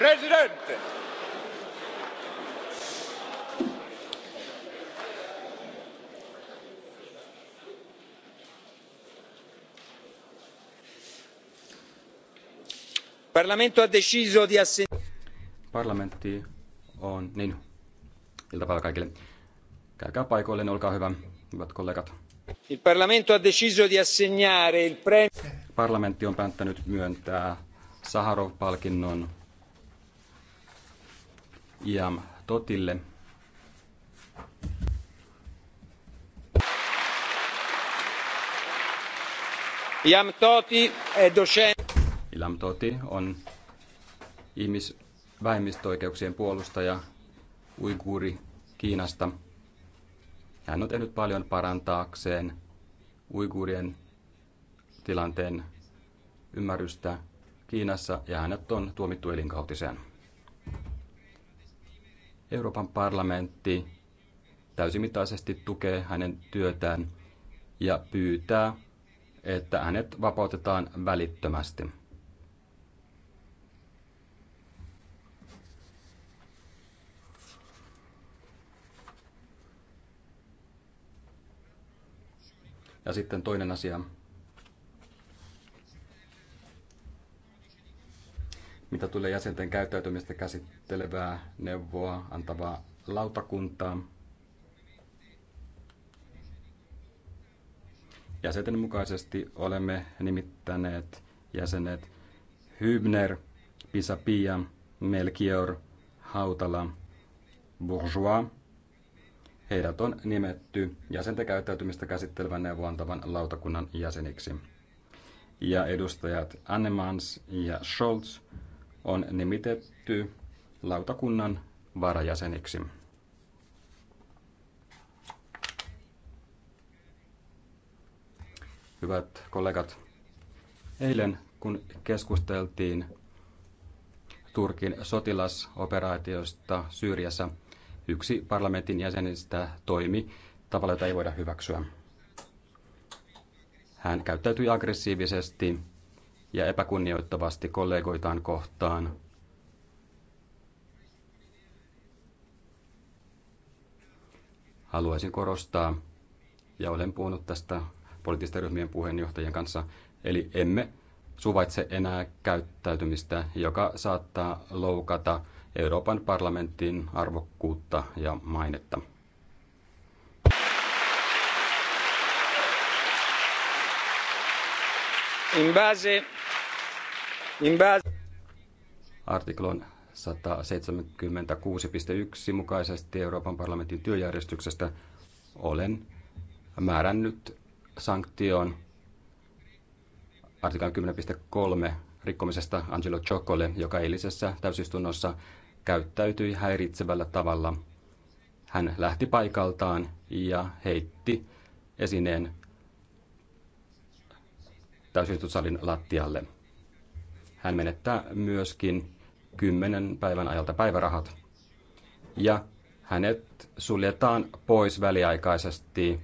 Presidente! Parlamento ha deciso di assegnare... Parlamentti on... Niin, iltapäivä kaikille. Käykää paikoilleen, niin olkaa hyvä, hyvät kollegat. Il Parlamento ha deciso di assegnare il premio... Parlamentti on päättänyt myöntää Saharov-palkinnon Iam Totille. Iam Toti, Ilam Toti on ihmisvähemmistöoikeuksien puolustaja Uiguri Kiinasta. Hän on tehnyt paljon parantaakseen Uigurien tilanteen ymmärrystä Kiinassa ja hänet on tuomittu elinkautiseen. Euroopan parlamentti täysimittaisesti tukee hänen työtään ja pyytää, että hänet vapautetaan välittömästi. Ja sitten toinen asia. mitä tulee jäsenten käyttäytymistä käsittelevää neuvoa antavaa lautakuntaa. Jäsenten mukaisesti olemme nimittäneet jäsenet Hübner, Pisapia, Melchior, Hautala, Bourgeois. Heidät on nimetty jäsenten käyttäytymistä käsittelevän neuvontavan lautakunnan jäseniksi. Ja edustajat Annemans ja Scholz on nimitetty lautakunnan varajäseniksi. Hyvät kollegat, eilen kun keskusteltiin Turkin sotilasoperaatiosta Syyriassa, yksi parlamentin jäsenistä toimi tavalla, jota ei voida hyväksyä. Hän käyttäytyi aggressiivisesti ja epäkunnioittavasti kollegoitaan kohtaan. Haluaisin korostaa, ja olen puhunut tästä poliittisten ryhmien puheenjohtajien kanssa, eli emme suvaitse enää käyttäytymistä, joka saattaa loukata Euroopan parlamentin arvokkuutta ja mainetta. In base, in base. Artiklon 176.1 mukaisesti Euroopan parlamentin työjärjestyksestä olen määrännyt sanktion artiklan 10.3 rikkomisesta Angelo Chocolle, joka eilisessä täysistunnossa käyttäytyi häiritsevällä tavalla. Hän lähti paikaltaan ja heitti esineen täysistutsalin lattialle. Hän menettää myöskin kymmenen päivän ajalta päivärahat ja hänet suljetaan pois väliaikaisesti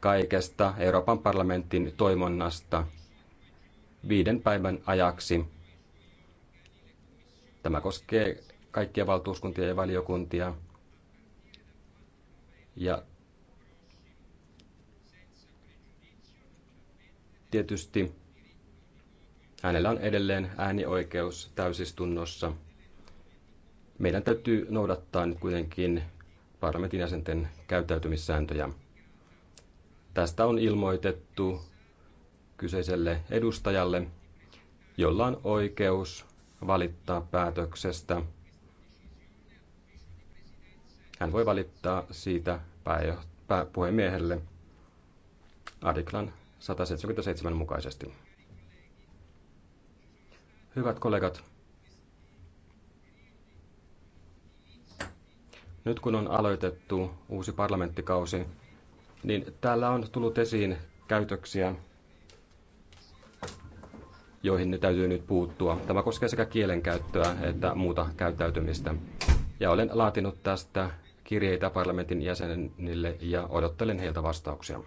kaikesta Euroopan parlamentin toimonnasta viiden päivän ajaksi. Tämä koskee kaikkia valtuuskuntia ja valiokuntia. Ja Tietysti hänellä on edelleen äänioikeus täysistunnossa. Meidän täytyy noudattaa nyt kuitenkin parlamentin jäsenten käyttäytymissääntöjä. Tästä on ilmoitettu kyseiselle edustajalle, jolla on oikeus valittaa päätöksestä. Hän voi valittaa siitä puhemiehelle artiklan 177 mukaisesti. Hyvät kollegat, nyt kun on aloitettu uusi parlamenttikausi, niin täällä on tullut esiin käytöksiä, joihin ne täytyy nyt puuttua. Tämä koskee sekä kielenkäyttöä että muuta käyttäytymistä. Ja olen laatinut tästä kirjeitä parlamentin jäsenille ja odottelen heiltä vastauksia.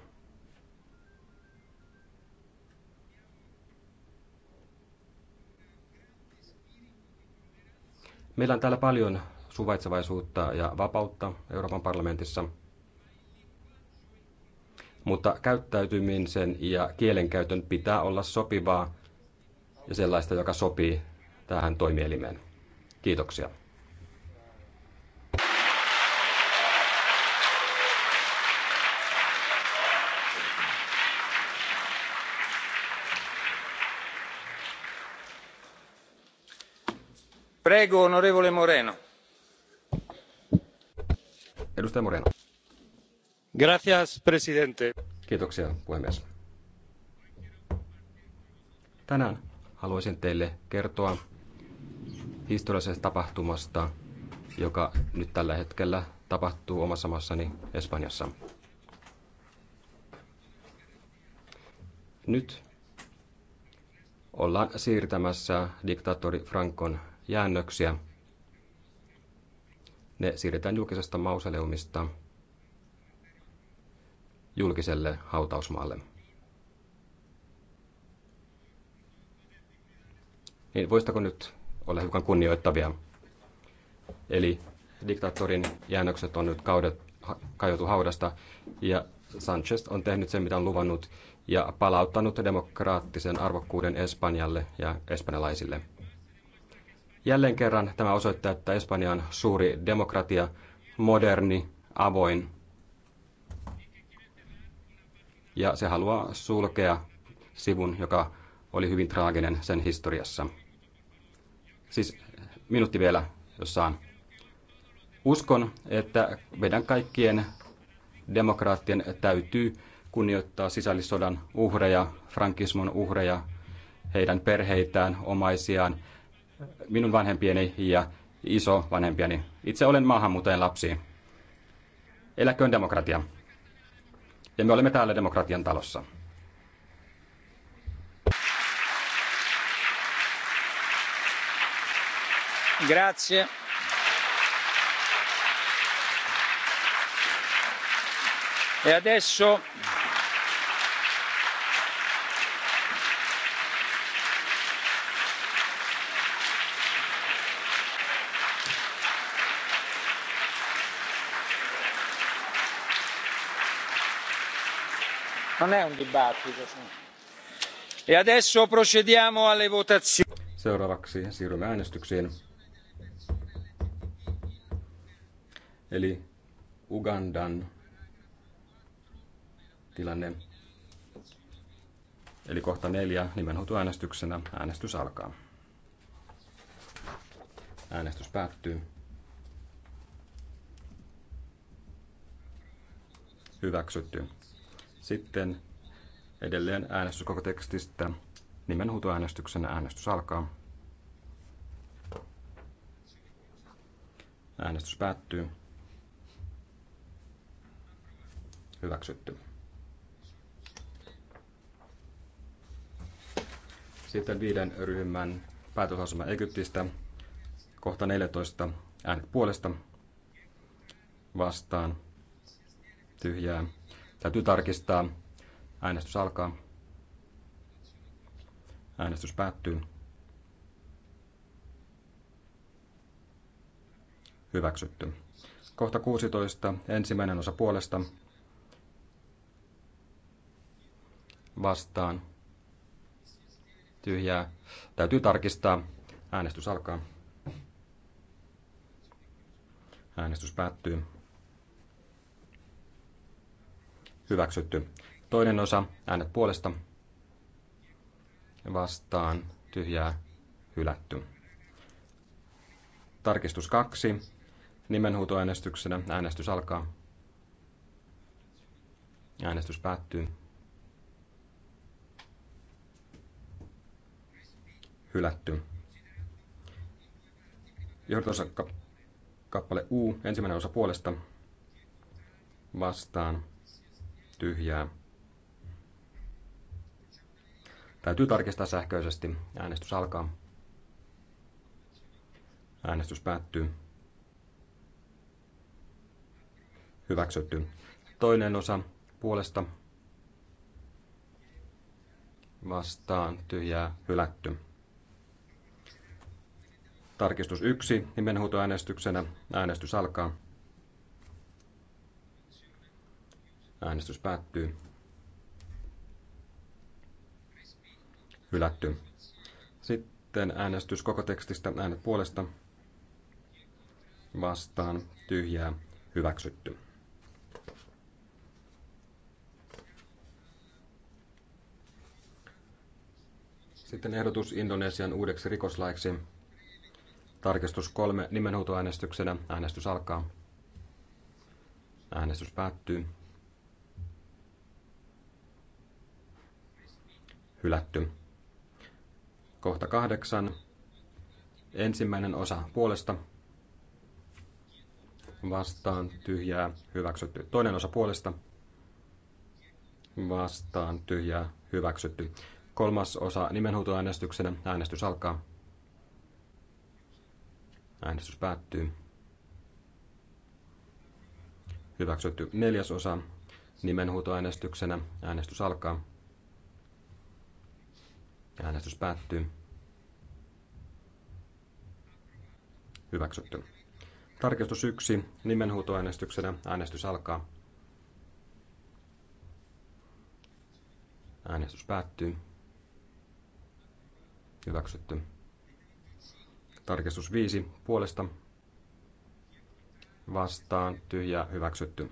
Meillä on täällä paljon suvaitsevaisuutta ja vapautta Euroopan parlamentissa, mutta käyttäytymisen ja kielenkäytön pitää olla sopivaa ja sellaista, joka sopii tähän toimielimeen. Kiitoksia. señor presidente. Kiitoksia, puhemies. Tänään haluaisin teille kertoa historiallisesta tapahtumasta, joka nyt tällä hetkellä tapahtuu omassa maassani Espanjassa. Nyt ollaan siirtämässä diktaattori Frankon jäännöksiä. Ne siirretään julkisesta mausoleumista julkiselle hautausmaalle. Niin voistako nyt olla hiukan kunnioittavia? Eli diktaattorin jäännökset on nyt kaudet, kajotu haudasta ja Sanchez on tehnyt sen, mitä on luvannut ja palauttanut demokraattisen arvokkuuden Espanjalle ja espanjalaisille. Jälleen kerran tämä osoittaa, että Espanja on suuri demokratia, moderni, avoin. Ja se haluaa sulkea sivun, joka oli hyvin traaginen sen historiassa. Siis minuutti vielä, jos saan. Uskon, että meidän kaikkien demokraattien täytyy kunnioittaa sisällissodan uhreja, frankismon uhreja, heidän perheitään, omaisiaan, minun vanhempieni ja iso vanhempiani. Itse olen maahanmuuttajan lapsi. Eläköön demokratia. Ja me olemme täällä demokratian talossa. Grazie. E adesso No, non è un dibattito. E adesso procediamo alle votazioni. Seuraavaksi siirrymme äänestykseen. Eli Ugandan tilanne. Eli kohta neljä äänestyksenä. äänestys alkaa. Äänestys päättyy. Hyväksytty. Sitten edelleen äänestys koko tekstistä. Nimenhuutoäänestyksen äänestys alkaa. Äänestys päättyy. Hyväksytty. Sitten viiden ryhmän päätösasema Egyptistä. Kohta 14 äänet puolesta vastaan tyhjää Täytyy tarkistaa. Äänestys alkaa. Äänestys päättyy. Hyväksytty. Kohta 16. Ensimmäinen osa puolesta. Vastaan. Tyhjää. Täytyy tarkistaa. Äänestys alkaa. Äänestys päättyy. Hyväksytty. Toinen osa, äänet puolesta. Vastaan, tyhjää, hylätty. Tarkistus kaksi. Nimenhuutoäänestyksenä äänestys alkaa. Äänestys päättyy. Hylätty. Johdotosa kappale U, ensimmäinen osa puolesta vastaan tyhjää. Täytyy tarkistaa sähköisesti. Äänestys alkaa. Äänestys päättyy. Hyväksytty. Toinen osa puolesta vastaan tyhjää hylätty. Tarkistus 1 nimenhuutoäänestyksenä. Äänestys alkaa. Äänestys päättyy. Hylätty. Sitten äänestys koko tekstistä äänet puolesta vastaan tyhjää hyväksytty. Sitten ehdotus Indonesian uudeksi rikoslaiksi. Tarkistus kolme nimenhuutoäänestyksenä. Äänestys alkaa. Äänestys päättyy. hylätty. Kohta kahdeksan. Ensimmäinen osa puolesta vastaan tyhjää hyväksytty. Toinen osa puolesta vastaan tyhjää hyväksytty. Kolmas osa nimenhuutoäänestyksenä. Äänestys alkaa. Äänestys päättyy. Hyväksytty neljäs osa nimenhuutoäänestyksenä. Äänestys alkaa. Äänestys päättyy. Hyväksytty. Tarkistus 1. Nimenhuutoäänestyksenä äänestys alkaa. Äänestys päättyy. Hyväksytty. Tarkistus 5. Puolesta. Vastaan. Tyhjä. Hyväksytty.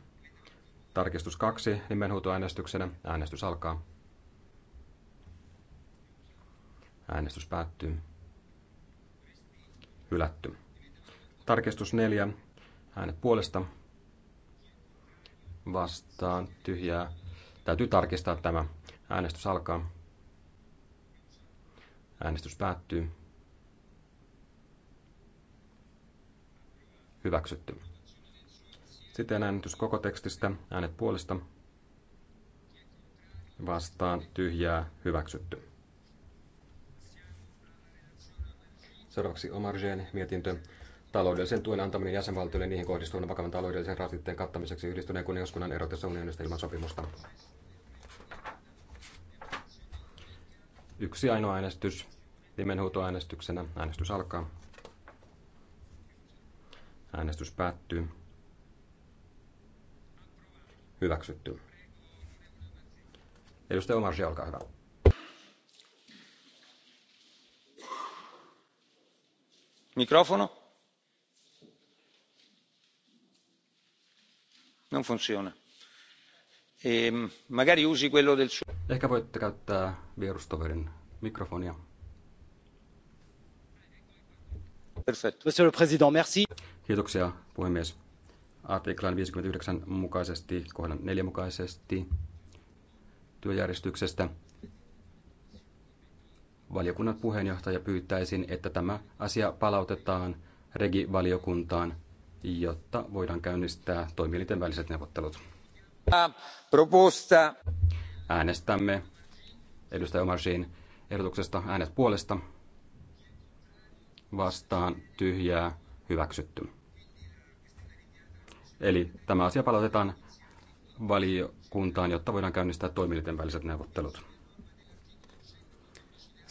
Tarkistus 2. Nimenhuutoäänestyksenä äänestys alkaa. Äänestys päättyy. Hylätty. Tarkistus 4. Äänet puolesta. Vastaan. Tyhjää. Täytyy tarkistaa tämä. Äänestys alkaa. Äänestys päättyy. Hyväksytty. Sitten äänestys koko tekstistä. Äänet puolesta. Vastaan. Tyhjää. Hyväksytty. Seuraavaksi Omarjeen mietintö. Taloudellisen tuen antaminen jäsenvaltioille niihin kohdistuvan vakavan taloudellisen rasitteen kattamiseksi yhdistyneen kuningaskunnan erotessa unionista ilman sopimusta. Yksi ainoa äänestys. Nimenhuutoäänestyksenä äänestys alkaa. Äänestys päättyy. Hyväksytty. Edustaja Omarsi, olkaa hyvä. Ehm, ehkä voitte käyttää vierustoverin mikrofonia. monsieur le président kiitoksia puhemies artiklan 59 mukaisesti kohdan 4 mukaisesti työjärjestyksestä valiokunnan puheenjohtaja pyytäisin, että tämä asia palautetaan regivaliokuntaan, jotta voidaan käynnistää toimielinten väliset neuvottelut. Proposta. Äänestämme edustaja Omarsin ehdotuksesta äänet puolesta vastaan tyhjää hyväksytty. Eli tämä asia palautetaan valiokuntaan, jotta voidaan käynnistää toimielinten väliset neuvottelut.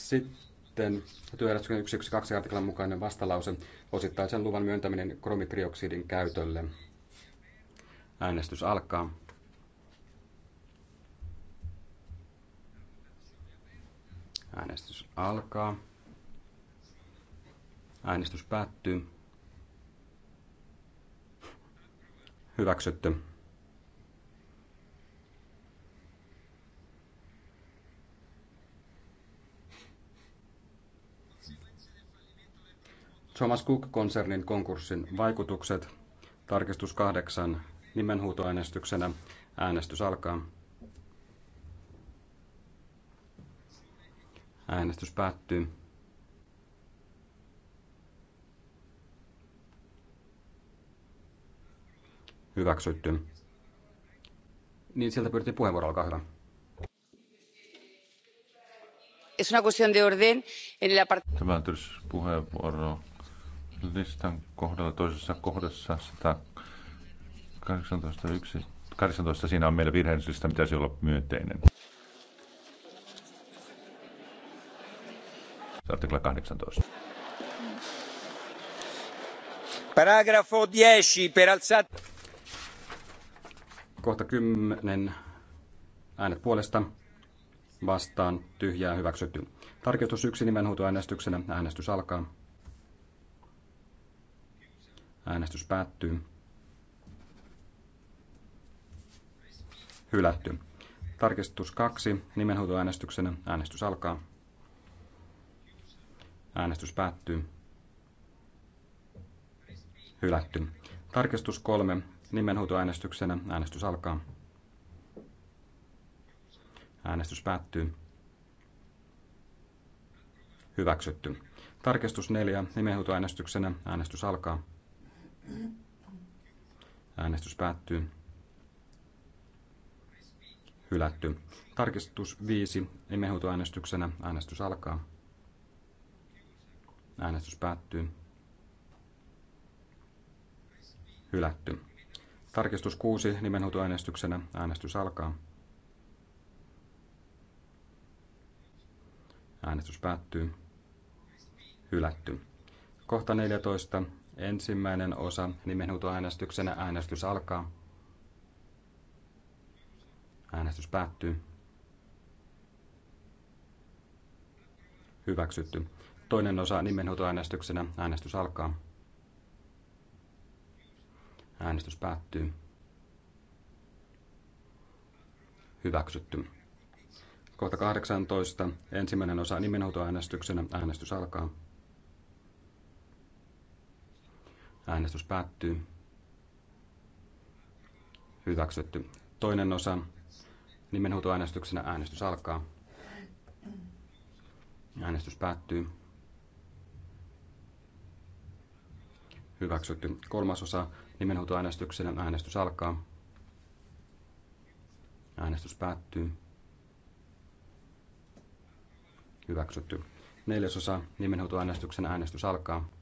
Sitten työjärjestyksen 112 artiklan mukainen vastalause osittaisen luvan myöntäminen kromitrioksidin käytölle. Äänestys alkaa. Äänestys alkaa. Äänestys päättyy. Hyväksytty. Thomas Cook-konsernin konkurssin vaikutukset. Tarkistus kahdeksan nimenhuutoäänestyksenä. Äänestys alkaa. Äänestys päättyy. Hyväksytty. Niin sieltä pyydettiin puheenvuoro, olkaa hyvä. Tämä on puheenvuoro listan kohdalla toisessa kohdassa 118.1. 18 siinä on meillä mitä se olla myönteinen. Artikla 18. Paragrafo 10 per alzat. Kohta 10 äänet puolesta vastaan tyhjää hyväksytty. Tarkistus yksi nimenhuutoäänestyksenä. Äänestys alkaa. Äänestys päättyy. Hylätty. Tarkistus 2. Nimenhuutoäänestyksenä. Äänestys alkaa. Äänestys päättyy. Hylätty. Tarkistus 3. Nimenhuutoäänestyksenä. Äänestys alkaa. Äänestys päättyy. Hyväksytty. Tarkistus 4. Nimenhuutoäänestyksenä. Äänestys alkaa. Äänestys päättyy. Hylätty. Tarkistus 5. äänestyksenä. Äänestys alkaa. Äänestys päättyy. Hylätty. Tarkistus 6. äänestyksenä. Äänestys alkaa. Äänestys päättyy. Hylätty. Kohta 14. Ensimmäinen osa nimenhuutoäänestyksenä äänestys alkaa. Äänestys päättyy. Hyväksytty. Toinen osa nimenhuutoäänestyksenä äänestys alkaa. Äänestys päättyy. Hyväksytty. Kohta 18. Ensimmäinen osa nimenhuutoäänestyksenä äänestys alkaa. Äänestys päättyy. Hyväksytty. Toinen osa. Nimenhuutoäänestyksenä äänestys alkaa. Äänestys päättyy. Hyväksytty. Kolmas osa. Nimenhuutoäänestyksenä äänestys alkaa. Äänestys päättyy. Hyväksytty. Neljäsosa. Nimenhuutoäänestyksen äänestys alkaa.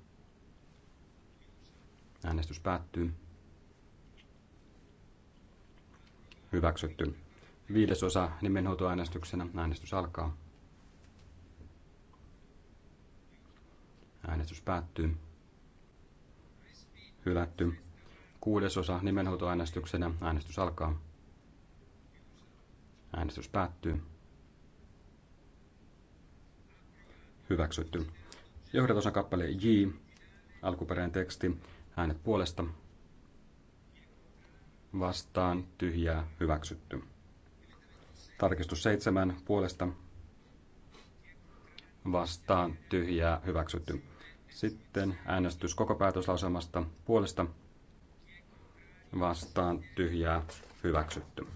Äänestys päättyy. Hyväksytty. Viides osa nimenhuutoäänestyksenä. Äänestys alkaa. Äänestys päättyy. Hylätty. osa nimenhuutoäänestyksenä. Äänestys alkaa. Äänestys päättyy. Hyväksytty. Johdatosan kappale J, alkuperäinen teksti, Äänet puolesta. Vastaan tyhjää hyväksytty. Tarkistus 7 puolesta. Vastaan tyhjää hyväksytty. Sitten äänestys koko päätöslauselmasta puolesta. Vastaan tyhjää hyväksytty.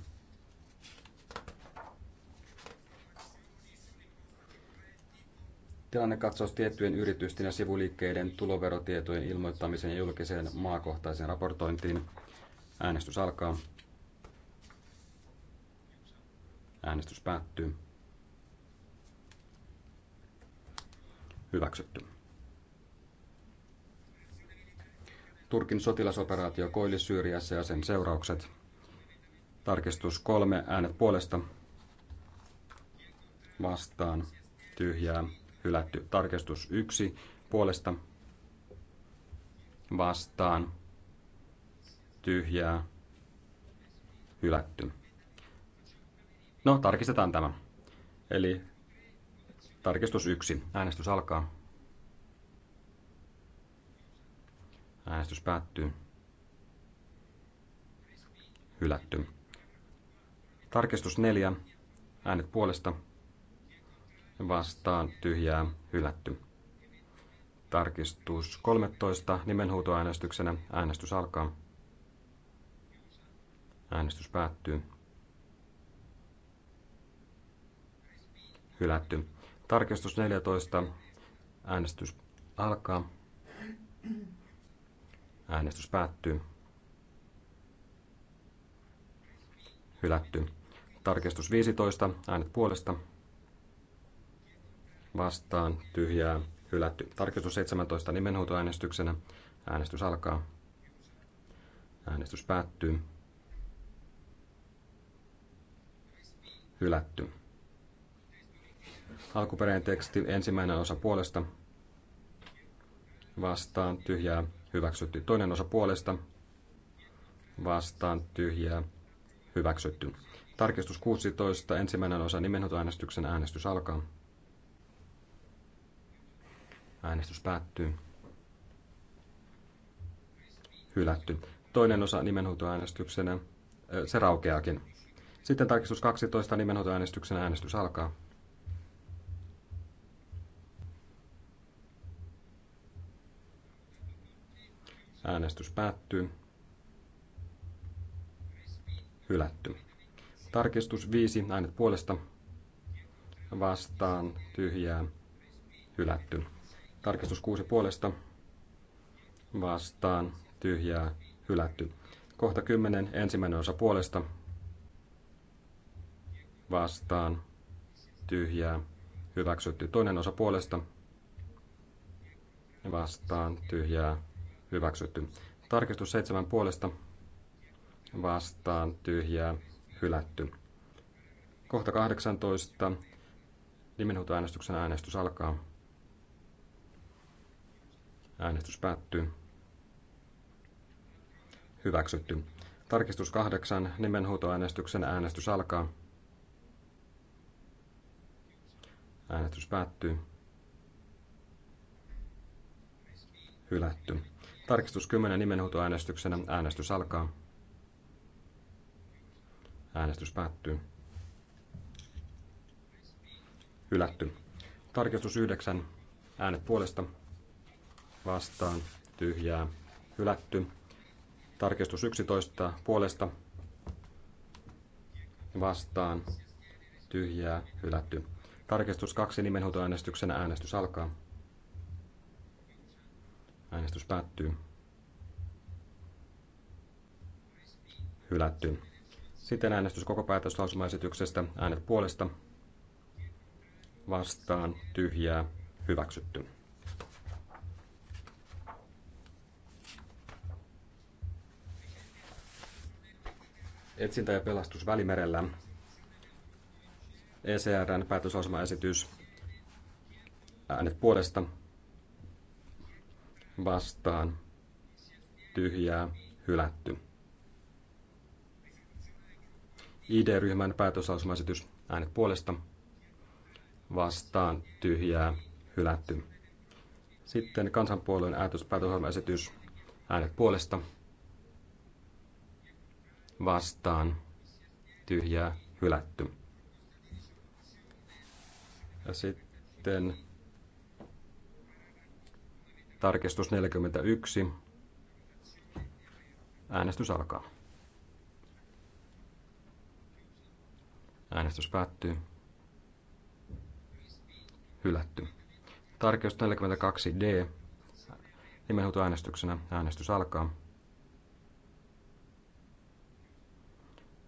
tilannekatsaus tiettyjen yritysten ja sivuliikkeiden tuloverotietojen ilmoittamiseen ja julkiseen maakohtaiseen raportointiin. Äänestys alkaa. Äänestys päättyy. Hyväksytty. Turkin sotilasoperaatio Koillis-Syyriassa ja sen seuraukset. Tarkistus kolme, äänet puolesta. Vastaan, tyhjää, hylätty. Tarkistus 1 puolesta vastaan tyhjää hylätty. No, tarkistetaan tämä. Eli tarkistus 1. Äänestys alkaa. Äänestys päättyy. Hylätty. Tarkistus 4. Äänet puolesta vastaan tyhjää hylätty. Tarkistus 13 nimenhuutoäänestyksenä. Äänestys alkaa. Äänestys päättyy. Hylätty. Tarkistus 14. Äänestys alkaa. Äänestys päättyy. Hylätty. Tarkistus 15. Äänet puolesta vastaan tyhjää hylätty. Tarkistus 17 nimenhuutoäänestyksenä. Äänestys alkaa. Äänestys päättyy. Hylätty. Alkuperäinen teksti ensimmäinen osa puolesta vastaan tyhjää hyväksytty. Toinen osa puolesta vastaan tyhjää hyväksytty. Tarkistus 16. Ensimmäinen osa nimenhoitoäänestyksen äänestys alkaa. Äänestys päättyy. Hylätty. Toinen osa nimenhuutoäänestyksenä. Se raukeakin. Sitten tarkistus 12 nimenhuutoäänestyksenä äänestys alkaa. Äänestys päättyy. Hylätty. Tarkistus 5. Äänet puolesta. Vastaan. Tyhjää. Hylätty. Tarkistus 6 puolesta vastaan tyhjää hylätty. Kohta 10 ensimmäinen osa puolesta vastaan tyhjää hyväksytty. Toinen osa puolesta vastaan tyhjää hyväksytty. Tarkistus 7 puolesta vastaan tyhjää hylätty. Kohta 18 nimenhuutoäänestyksen äänestys alkaa. Äänestys päättyy. Hyväksytty. Tarkistus kahdeksan Nimenhuutoäänestyksen äänestys alkaa. Äänestys päättyy. Hylätty. Tarkistus 10. Nimenhuutoäänestyksenä äänestys alkaa. Äänestys päättyy. Hylätty. Tarkistus 9. Äänet puolesta vastaan tyhjää hylätty. Tarkistus 11 puolesta vastaan tyhjää hylätty. Tarkistus 2 nimenhuutoäänestyksenä äänestys alkaa. Äänestys päättyy. Hylätty. Sitten äänestys koko päätöslausumaesityksestä. Äänet puolesta vastaan tyhjää hyväksytty. etsintä ja pelastus Välimerellä. ECRn päätösasemaesitys. Äänet puolesta vastaan tyhjää hylätty. ID-ryhmän päätösasemaesitys. Äänet puolesta vastaan tyhjää hylätty. Sitten kansanpuolueen äätöspäätösasemaesitys. Äänet puolesta vastaan tyhjää hylätty. Ja sitten tarkistus 41. Äänestys alkaa. Äänestys päättyy. Hylätty. Tarkistus 42D. Nimenhuutoäänestyksenä äänestys alkaa.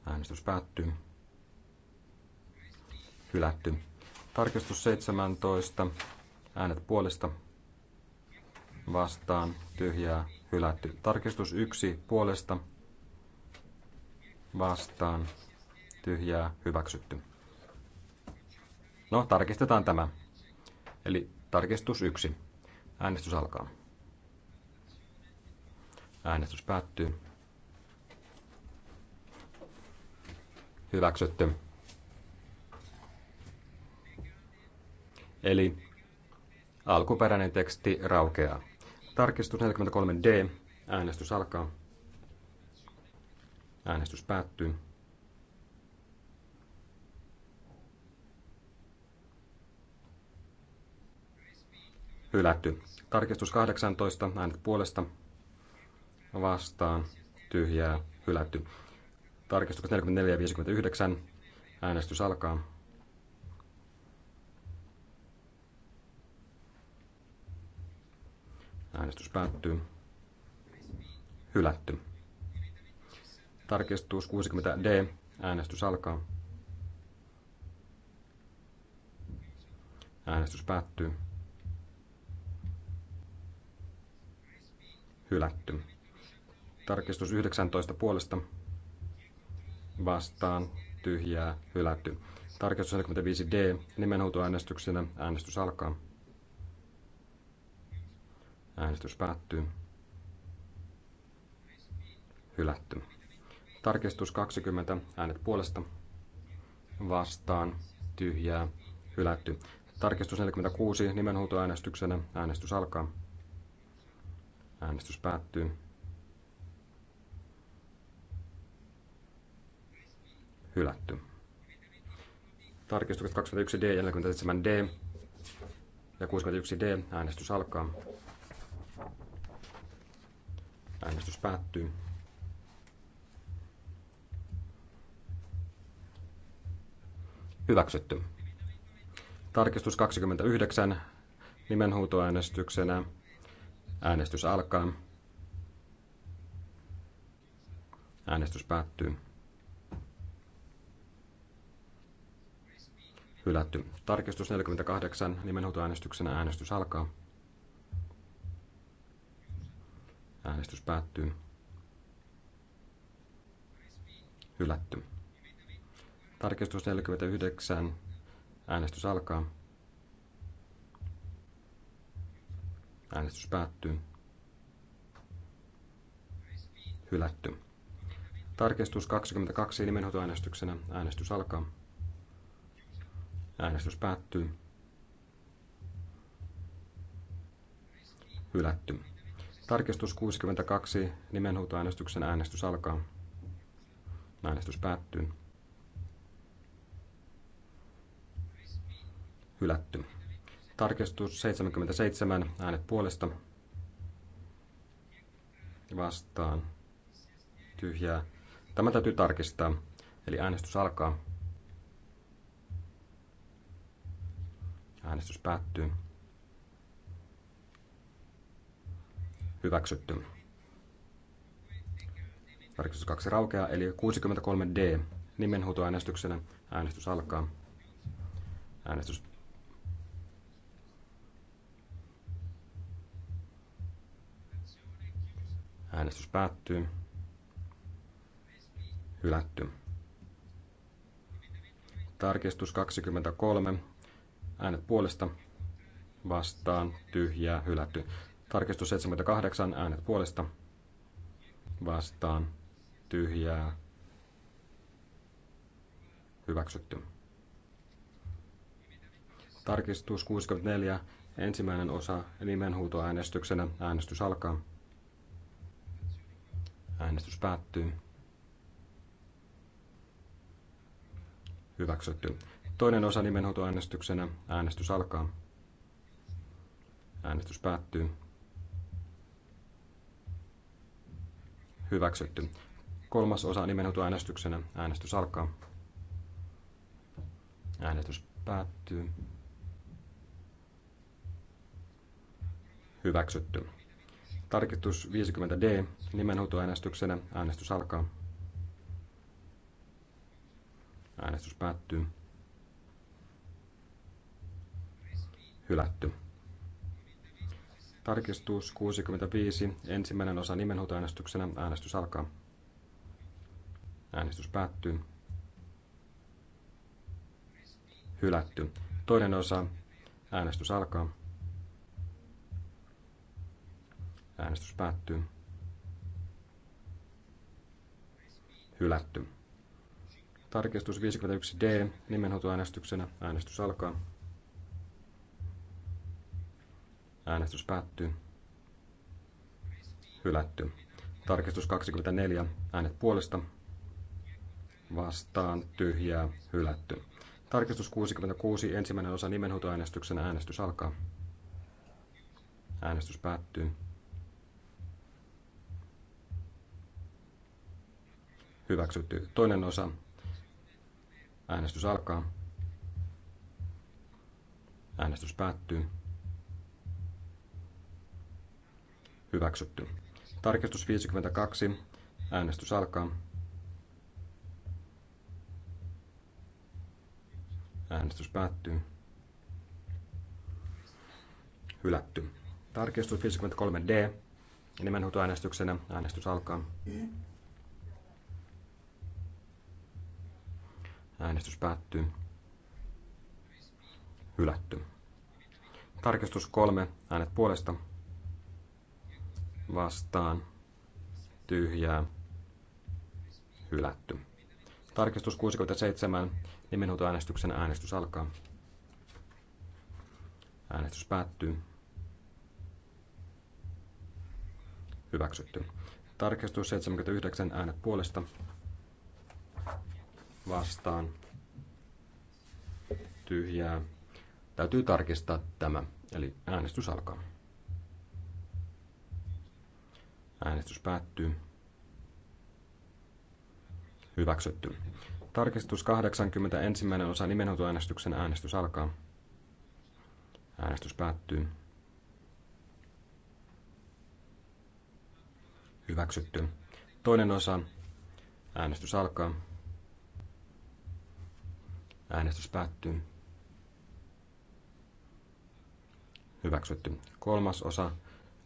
Äänestys päättyy. Hylätty. Tarkistus 17. Äänet puolesta. Vastaan. Tyhjää. Hylätty. Tarkistus 1. Puolesta. Vastaan. Tyhjää. Hyväksytty. No, tarkistetaan tämä. Eli tarkistus 1. Äänestys alkaa. Äänestys päättyy. hyväksytty. Eli alkuperäinen teksti raukeaa. Tarkistus 43d. Äänestys alkaa. Äänestys päättyy. Hylätty. Tarkistus 18. Äänet puolesta. Vastaan. Tyhjää. Hylätty. Tarkistukset 44 59. Äänestys alkaa. Äänestys päättyy. Hylätty. Tarkistus 60D. Äänestys alkaa. Äänestys päättyy. Hylätty. Tarkistus 19 puolesta vastaan tyhjää hylätty. Tarkistus 45D nimenhuutoäänestyksenä. Äänestys alkaa. Äänestys päättyy. Hylätty. Tarkistus 20. Äänet puolesta. Vastaan. Tyhjää. Hylätty. Tarkistus 46. Nimenhuutoäänestyksenä. Äänestys alkaa. Äänestys päättyy. hylätty. Tarkistukset 21D ja 47D ja 61D. Äänestys alkaa. Äänestys päättyy. Hyväksytty. Tarkistus 29 nimenhuutoäänestyksenä. Äänestys alkaa. Äänestys päättyy. Hylätty. Tarkistus 48. Nimenhuutoäänestyksenä äänestys alkaa. Äänestys päättyy. Hylätty. Tarkistus 49. Äänestys alkaa. Äänestys päättyy. Hylätty. Tarkistus 22 nimenhoitoäänestyksenä. Äänestys alkaa. Äänestys päättyy. Hylätty. Tarkistus 62. Nimenhuutoäänestyksen äänestys alkaa. Äänestys päättyy. Hylätty. Tarkistus 77. Äänet puolesta. Vastaan. Tyhjää. Tämä täytyy tarkistaa. Eli äänestys alkaa. Äänestys päättyy. Hyväksytty. Tarkistus 2 raukeaa, eli 63D nimenhuutoäänestyksenä. Äänestys alkaa. Äänestys Äänestys päättyy. Hylätty. Tarkistus 23 äänet puolesta vastaan tyhjää hylätty. Tarkistus 78 äänet puolesta vastaan tyhjää hyväksytty. Tarkistus 64 ensimmäinen osa nimenhuutoäänestyksenä. Äänestys alkaa. Äänestys päättyy. Hyväksytty. Toinen osa nimenhuutoäänestyksenä. Äänestys alkaa. Äänestys päättyy. Hyväksytty. Kolmas osa nimenhuutoäänestyksenä. Äänestys alkaa. Äänestys päättyy. Hyväksytty. Tarkistus 50D. Nimenhuutoäänestyksenä. Äänestys alkaa. Äänestys päättyy. hylätty. Tarkistus 65, ensimmäinen osa nimenhuutoäänestyksenä. Äänestys alkaa. Äänestys päättyy. Hylätty. Toinen osa. Äänestys alkaa. Äänestys päättyy. Hylätty. Tarkistus 51D. Nimenhuutoäänestyksenä. Äänestys alkaa. Äänestys päättyy. Hylätty. Tarkistus 24. Äänet puolesta. Vastaan. Tyhjää. Hylätty. Tarkistus 66. Ensimmäinen osa nimenhuutoäänestyksen äänestys alkaa. Äänestys päättyy. Hyväksytty. Toinen osa. Äänestys alkaa. Äänestys päättyy. Hyväksytty. Tarkistus 52. Äänestys alkaa. Äänestys päättyy. Hylätty. Tarkistus 53D. Nimenhuutoäänestyksenä äänestys alkaa. Äänestys päättyy. Hylätty. Tarkistus 3. Äänet puolesta vastaan tyhjää hylätty. Tarkistus 67. Nimenhuutoäänestyksen äänestys alkaa. Äänestys päättyy. Hyväksytty. Tarkistus 79. Äänet puolesta. Vastaan. Tyhjää. Täytyy tarkistaa tämä. Eli äänestys alkaa. Äänestys päättyy. Hyväksytty. Tarkistus 81. osa nimenhoitoäänestyksen äänestys alkaa. Äänestys päättyy. Hyväksytty. Toinen osa. Äänestys alkaa. Äänestys päättyy. Hyväksytty. Kolmas osa.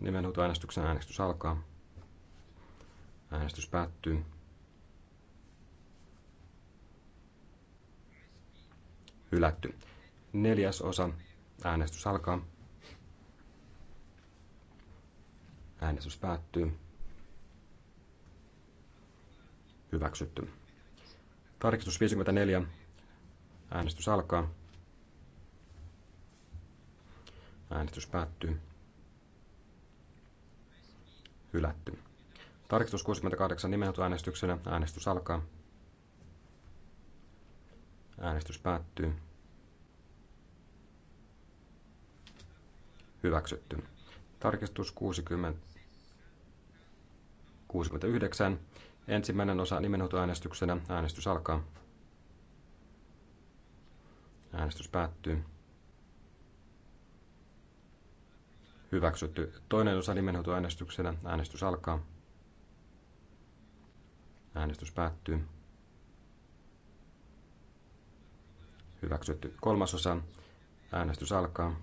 Nimenhuutoäänestyksen äänestys alkaa. Äänestys päättyy. Hylätty. Neljäs osa. Äänestys alkaa. Äänestys päättyy. Hyväksytty. Tarkistus 54. Äänestys alkaa. Äänestys päättyy. Hylätty. Tarkistus 68 äänestyksenä. Äänestys alkaa. Äänestys päättyy. Hyväksytty. Tarkistus 60, 69. Ensimmäinen osa äänestyksenä. Äänestys alkaa. Äänestys päättyy. Hyväksytty. Toinen osa nimenhoitoäänestyksenä. Äänestys alkaa. Äänestys päättyy. Hyväksytty kolmasosa. Äänestys alkaa.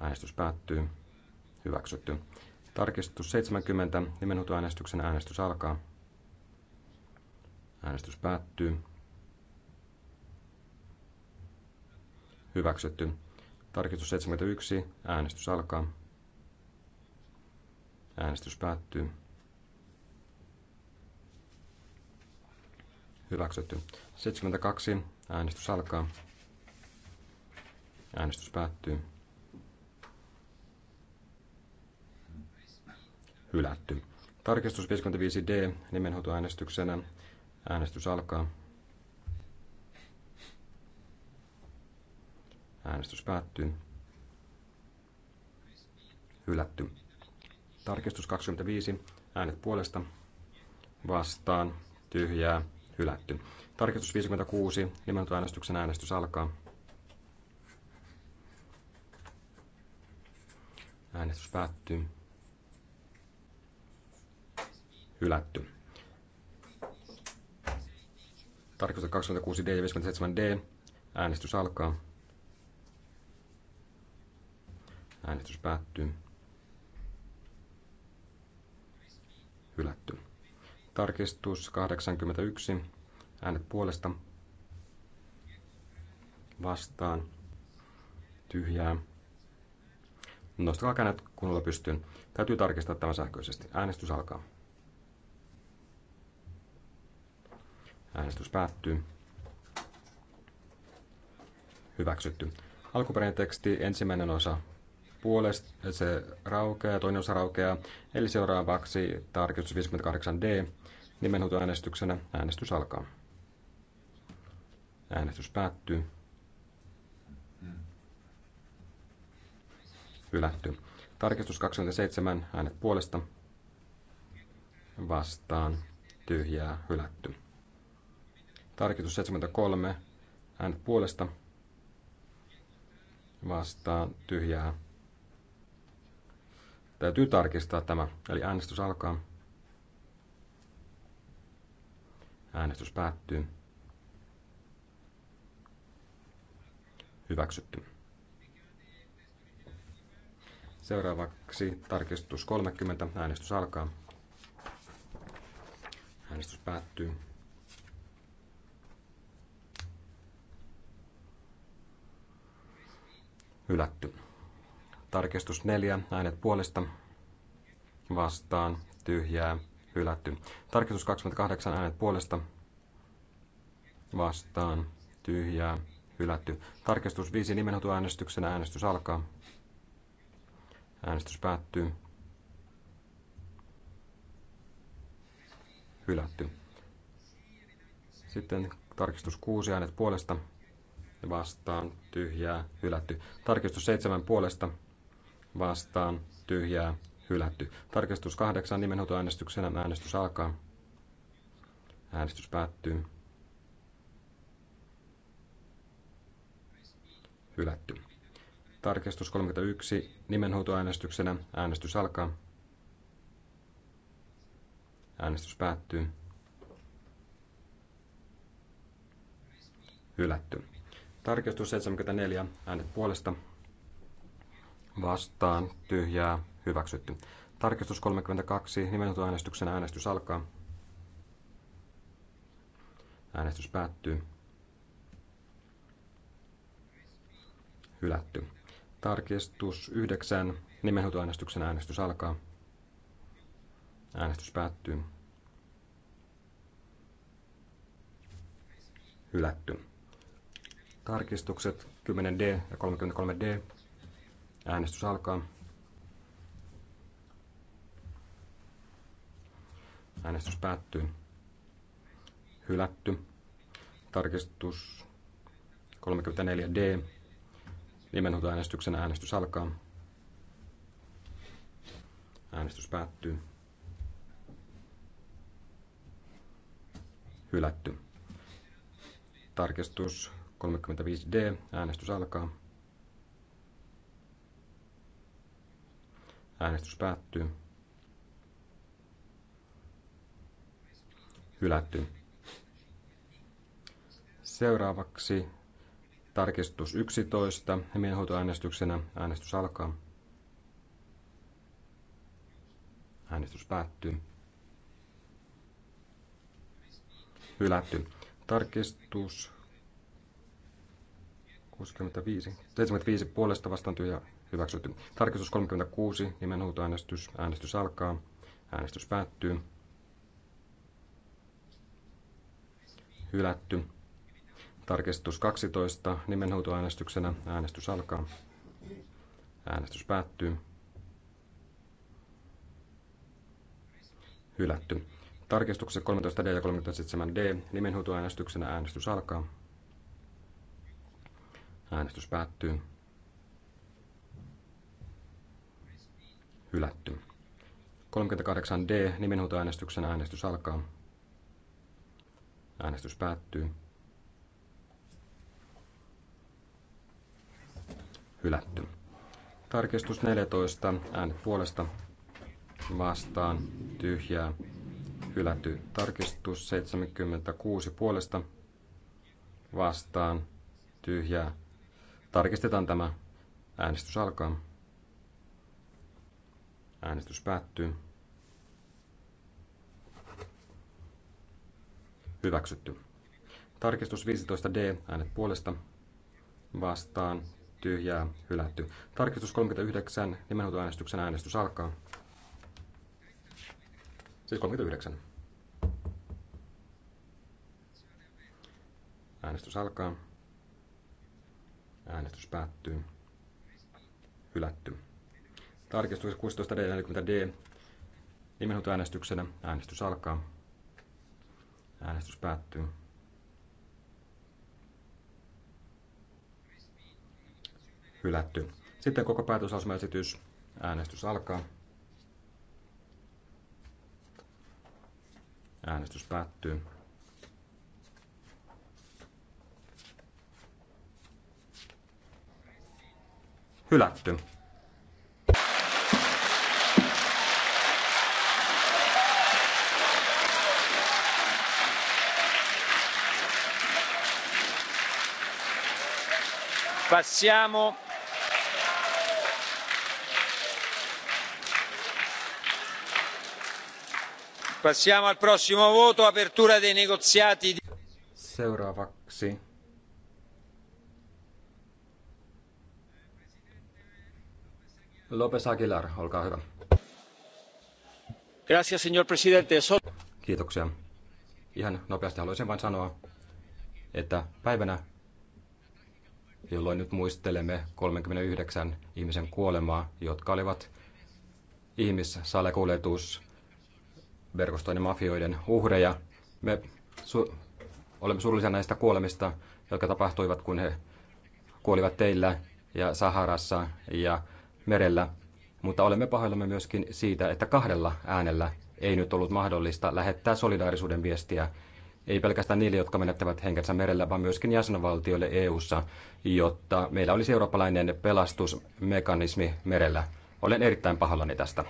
Äänestys päättyy. Hyväksytty. Tarkistus 70. äänestyksen äänestys alkaa. Äänestys päättyy. Hyväksytty. Tarkistus 71. Äänestys alkaa. Äänestys päättyy. Hyväksytty. 72. Äänestys alkaa. Äänestys päättyy. Hylätty. Tarkistus 55D nimenhoitoäänestyksenä. Äänestys alkaa. Äänestys päättyy. Hylätty. Tarkistus 25. Äänet puolesta. Vastaan. Tyhjää. Hylätty. Tarkistus 56. äänestyksen äänestys alkaa. Äänestys päättyy. Hylätty. Tarkistus 26D ja 57D. Äänestys alkaa. Äänestys päättyy. Hylätty. Tarkistus 81. Äänet puolesta. Vastaan. Tyhjää. Nostakaa kädet kunnolla pystyyn. Täytyy tarkistaa tämä sähköisesti. Äänestys alkaa. Äänestys päättyy. Hyväksytty. Alkuperäinen teksti, ensimmäinen osa puolesta, se raukeaa, toinen osa raukeaa. Eli seuraavaksi tarkistus 58d äänestyksenä Äänestys alkaa. Äänestys päättyy. Hylätty. Tarkistus 27, äänet puolesta. Vastaan. Tyhjää, hylätty. Tarkistus 73, äänet puolesta. Vastaan, tyhjää, Täytyy tarkistaa tämä, eli äänestys alkaa. Äänestys päättyy. Hyväksytty. Seuraavaksi tarkistus 30. Äänestys alkaa. Äänestys päättyy. Hylätty. Tarkistus 4. Äänet puolesta vastaan tyhjää hylätty. Tarkistus 28. Äänet puolesta vastaan tyhjää hylätty. Tarkistus 5. Nimenhoitoäänestyksenä äänestys alkaa. Äänestys päättyy. Hylätty. Sitten tarkistus 6. Äänet puolesta vastaan tyhjää hylätty. Tarkistus 7. Puolesta vastaan tyhjää hylätty. Tarkistus kahdeksan nimenhoitoäänestyksenä äänestys alkaa. Äänestys päättyy. Hylätty. Tarkistus 31 nimenhoitoäänestyksenä äänestys alkaa. Äänestys päättyy. Hylätty. Tarkistus 74. Äänet puolesta vastaan tyhjää hyväksytty. Tarkistus 32, äänestyksen äänestys alkaa. Äänestys päättyy. Hylätty. Tarkistus 9, äänestyksen äänestys alkaa. Äänestys päättyy. Hylätty. Tarkistukset 10D ja 33D Äänestys alkaa. Äänestys päättyy. Hylätty. Tarkistus 34D. Nimenhuutoäänestyksen äänestys alkaa. Äänestys päättyy. Hylätty. Tarkistus 35D. Äänestys alkaa. Äänestys päättyy. Hylätty. Seuraavaksi tarkistus 11 mienhoitoäänestyksenä. Äänestys alkaa. Äänestys päättyy. Hylätty. Tarkistus 65. 75 puolesta vastaan tyhjä hyväksytty. Tarkistus 36, nimenhuutoäänestys, äänestys alkaa, äänestys päättyy. Hylätty. Tarkistus 12, nimenhuutoäänestyksenä, äänestys alkaa, äänestys päättyy. Hylätty. Tarkistukset 13D ja 37D nimenhuutoäänestyksenä äänestys alkaa. Äänestys päättyy. hylätty. 38D nimenhuutoäänestyksen äänestys alkaa. Äänestys päättyy. Hylätty. Tarkistus 14. Äänet puolesta. Vastaan. Tyhjää. Hylätty. Tarkistus 76 puolesta. Vastaan. Tyhjää. Tarkistetaan tämä. Äänestys alkaa. Äänestys päättyy. Hyväksytty. Tarkistus 15d, äänet puolesta, vastaan, tyhjää, hylätty. Tarkistus 39, nimenhuutoäänestyksen äänestys alkaa. Siis 39. Äänestys alkaa. Äänestys päättyy. Hylätty tarkistuksessa 16D40D. Nimenhuutoäänestyksenä. Äänestys alkaa. Äänestys päättyy. Hylätty. Sitten koko päätösasmaesitys. Äänestys alkaa. Äänestys päättyy. Hylätty. passiamo passiamo al prossimo voto apertura dei negoziati seuraavaksi Lopes Aguilar, olkaa hyvä. Gracias, señor presidente. So... Kiitoksia. Ihan nopeasti haluaisin vain sanoa, että päivänä, jolloin nyt muistelemme 39 ihmisen kuolemaa, jotka olivat ihmissalakuljetus, verkostojen ja mafioiden uhreja. Me su- olemme surullisia näistä kuolemista, jotka tapahtuivat, kun he kuolivat teillä ja Saharassa ja merellä, mutta olemme pahoillamme myöskin siitä, että kahdella äänellä ei nyt ollut mahdollista lähettää solidaarisuuden viestiä ei pelkästään niille, jotka menettävät henkensä merellä, vaan myöskin jäsenvaltioille EU:ssa, jotta meillä olisi eurooppalainen pelastusmekanismi merellä. Olen erittäin pahallani tästä.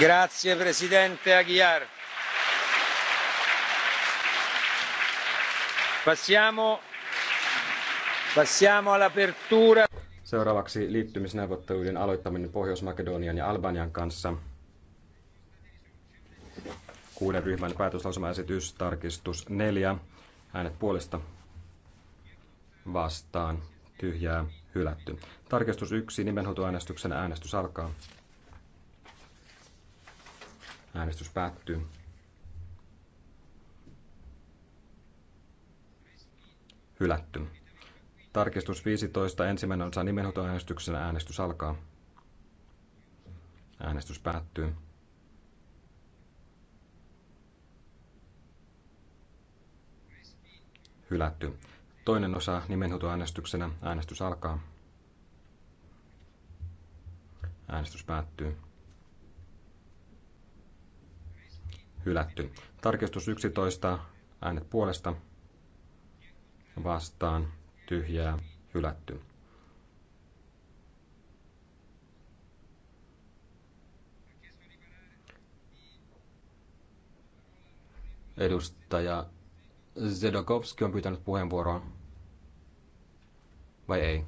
Grazie, presidente Aguiar. Passiamo, passiamo all'apertura. Seuraavaksi liittymisneuvotteluiden aloittaminen Pohjois-Makedonian ja Albanian kanssa kuuden ryhmän päätöslausumaesitys, tarkistus neljä, äänet puolesta vastaan, tyhjää, hylätty. Tarkistus yksi, nimenhoitoäänestyksen äänestys alkaa. Äänestys päättyy. Hylätty. Tarkistus 15, ensimmäinen osa nimenhoitoäänestyksen äänestys alkaa. Äänestys päättyy. hylätty. Toinen osa nimenhuutoäänestyksenä. Äänestys alkaa. Äänestys päättyy. Hylätty. Tarkistus 11. Äänet puolesta. Vastaan. Tyhjää. Hylätty. Edustaja Zedokovski on pyytänyt puheenvuoroa. Vai ei?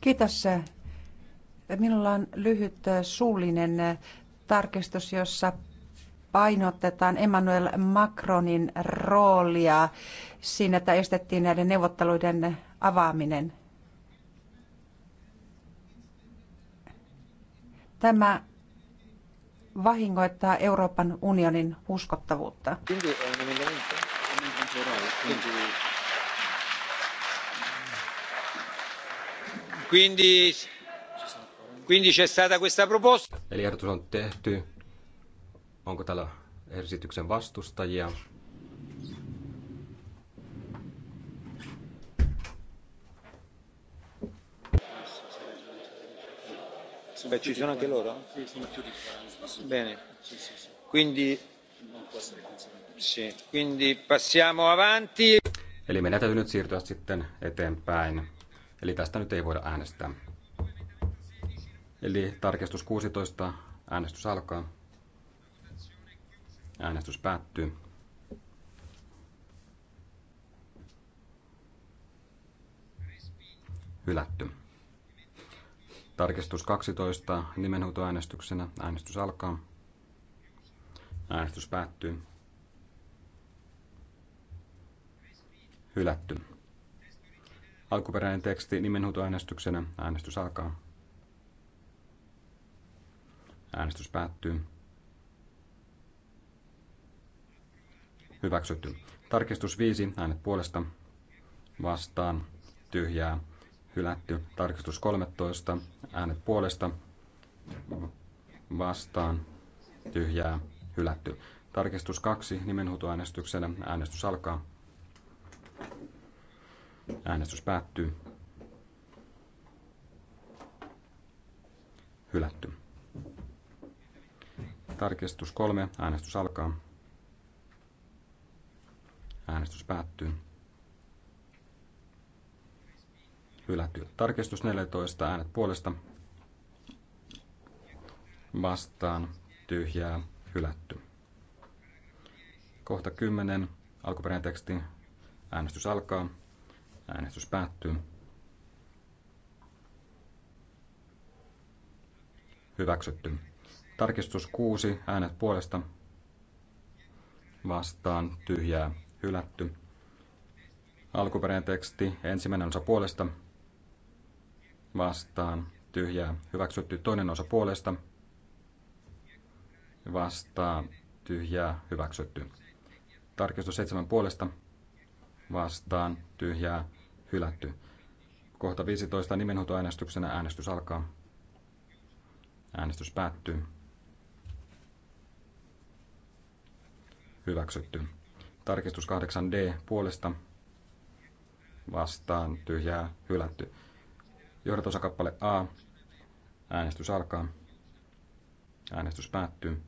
Kiitos. Minulla on lyhyt suullinen tarkistus, jossa painotetaan Emmanuel Macronin roolia siinä, että estettiin näiden neuvotteluiden avaaminen. Tämä vahingoittaa Euroopan unionin uskottavuutta. Eli ehdotus on tehty. Onko täällä esityksen vastustajia? Sono Beh, ci sono anche loro? Sì, sono più di 40. Bene. Sì, sì, sì. Quindi, sì. Quindi passiamo avanti. Eli meidän täytyy nyt siirtyä sitten eteenpäin. Eli tästä nyt ei voida äänestää. Eli tarkistus 16, äänestys alkaa. Äänestys päättyy. Hylätty. Tarkistus 12 nimenhuutoäänestyksenä. Äänestys alkaa. Äänestys päättyy. Hylätty. Alkuperäinen teksti nimenhuutoäänestyksenä. Äänestys alkaa. Äänestys päättyy. Hyväksytty. Tarkistus 5. Äänet puolesta. Vastaan. Tyhjää hylätty. Tarkistus 13, äänet puolesta, vastaan, tyhjää, hylätty. Tarkistus 2, nimenhuutoäänestyksenä, äänestys alkaa. Äänestys päättyy. Hylätty. Tarkistus 3, äänestys alkaa. Äänestys päättyy. hylätty. Tarkistus 14, äänet puolesta vastaan, tyhjää, hylätty. Kohta 10, alkuperäinen teksti, äänestys alkaa, äänestys päättyy. Hyväksytty. Tarkistus 6, äänet puolesta, vastaan, tyhjää, hylätty. Alkuperäinen teksti, ensimmäinen osa puolesta, vastaan tyhjää hyväksytty. Toinen osa puolesta vastaa tyhjää hyväksytty. Tarkistus seitsemän puolesta vastaan tyhjää hylätty. Kohta 15 nimenhuutoäänestyksenä äänestys alkaa. Äänestys päättyy. Hyväksytty. Tarkistus 8D puolesta vastaan tyhjää hylätty. Johdatusakappale A. Äänestys alkaa. Äänestys päättyy.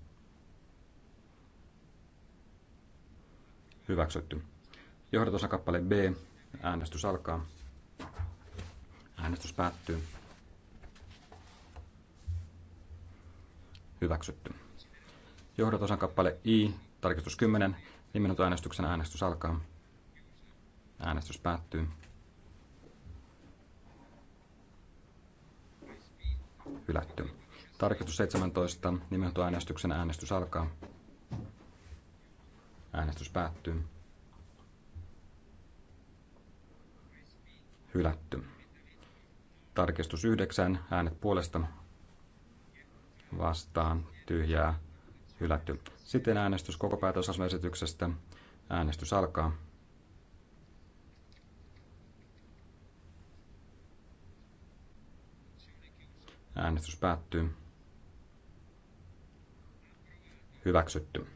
Hyväksytty. Johdatusakappale B. Äänestys alkaa. Äänestys päättyy. Hyväksytty. Johdatosan I, tarkistus 10. äänestyksen äänestys alkaa. Äänestys päättyy. hylätty. Tarkistus 17, äänestyksen äänestys alkaa. Äänestys päättyy. Hylätty. Tarkistus 9, äänet puolesta vastaan tyhjää hylätty. Sitten äänestys koko päätösasmaesityksestä. Äänestys alkaa. Äänestys päättyy. Hyväksytty.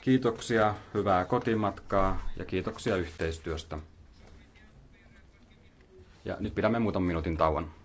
Kiitoksia, hyvää kotimatkaa ja kiitoksia yhteistyöstä. Ja nyt pidämme muutaman minuutin tauon.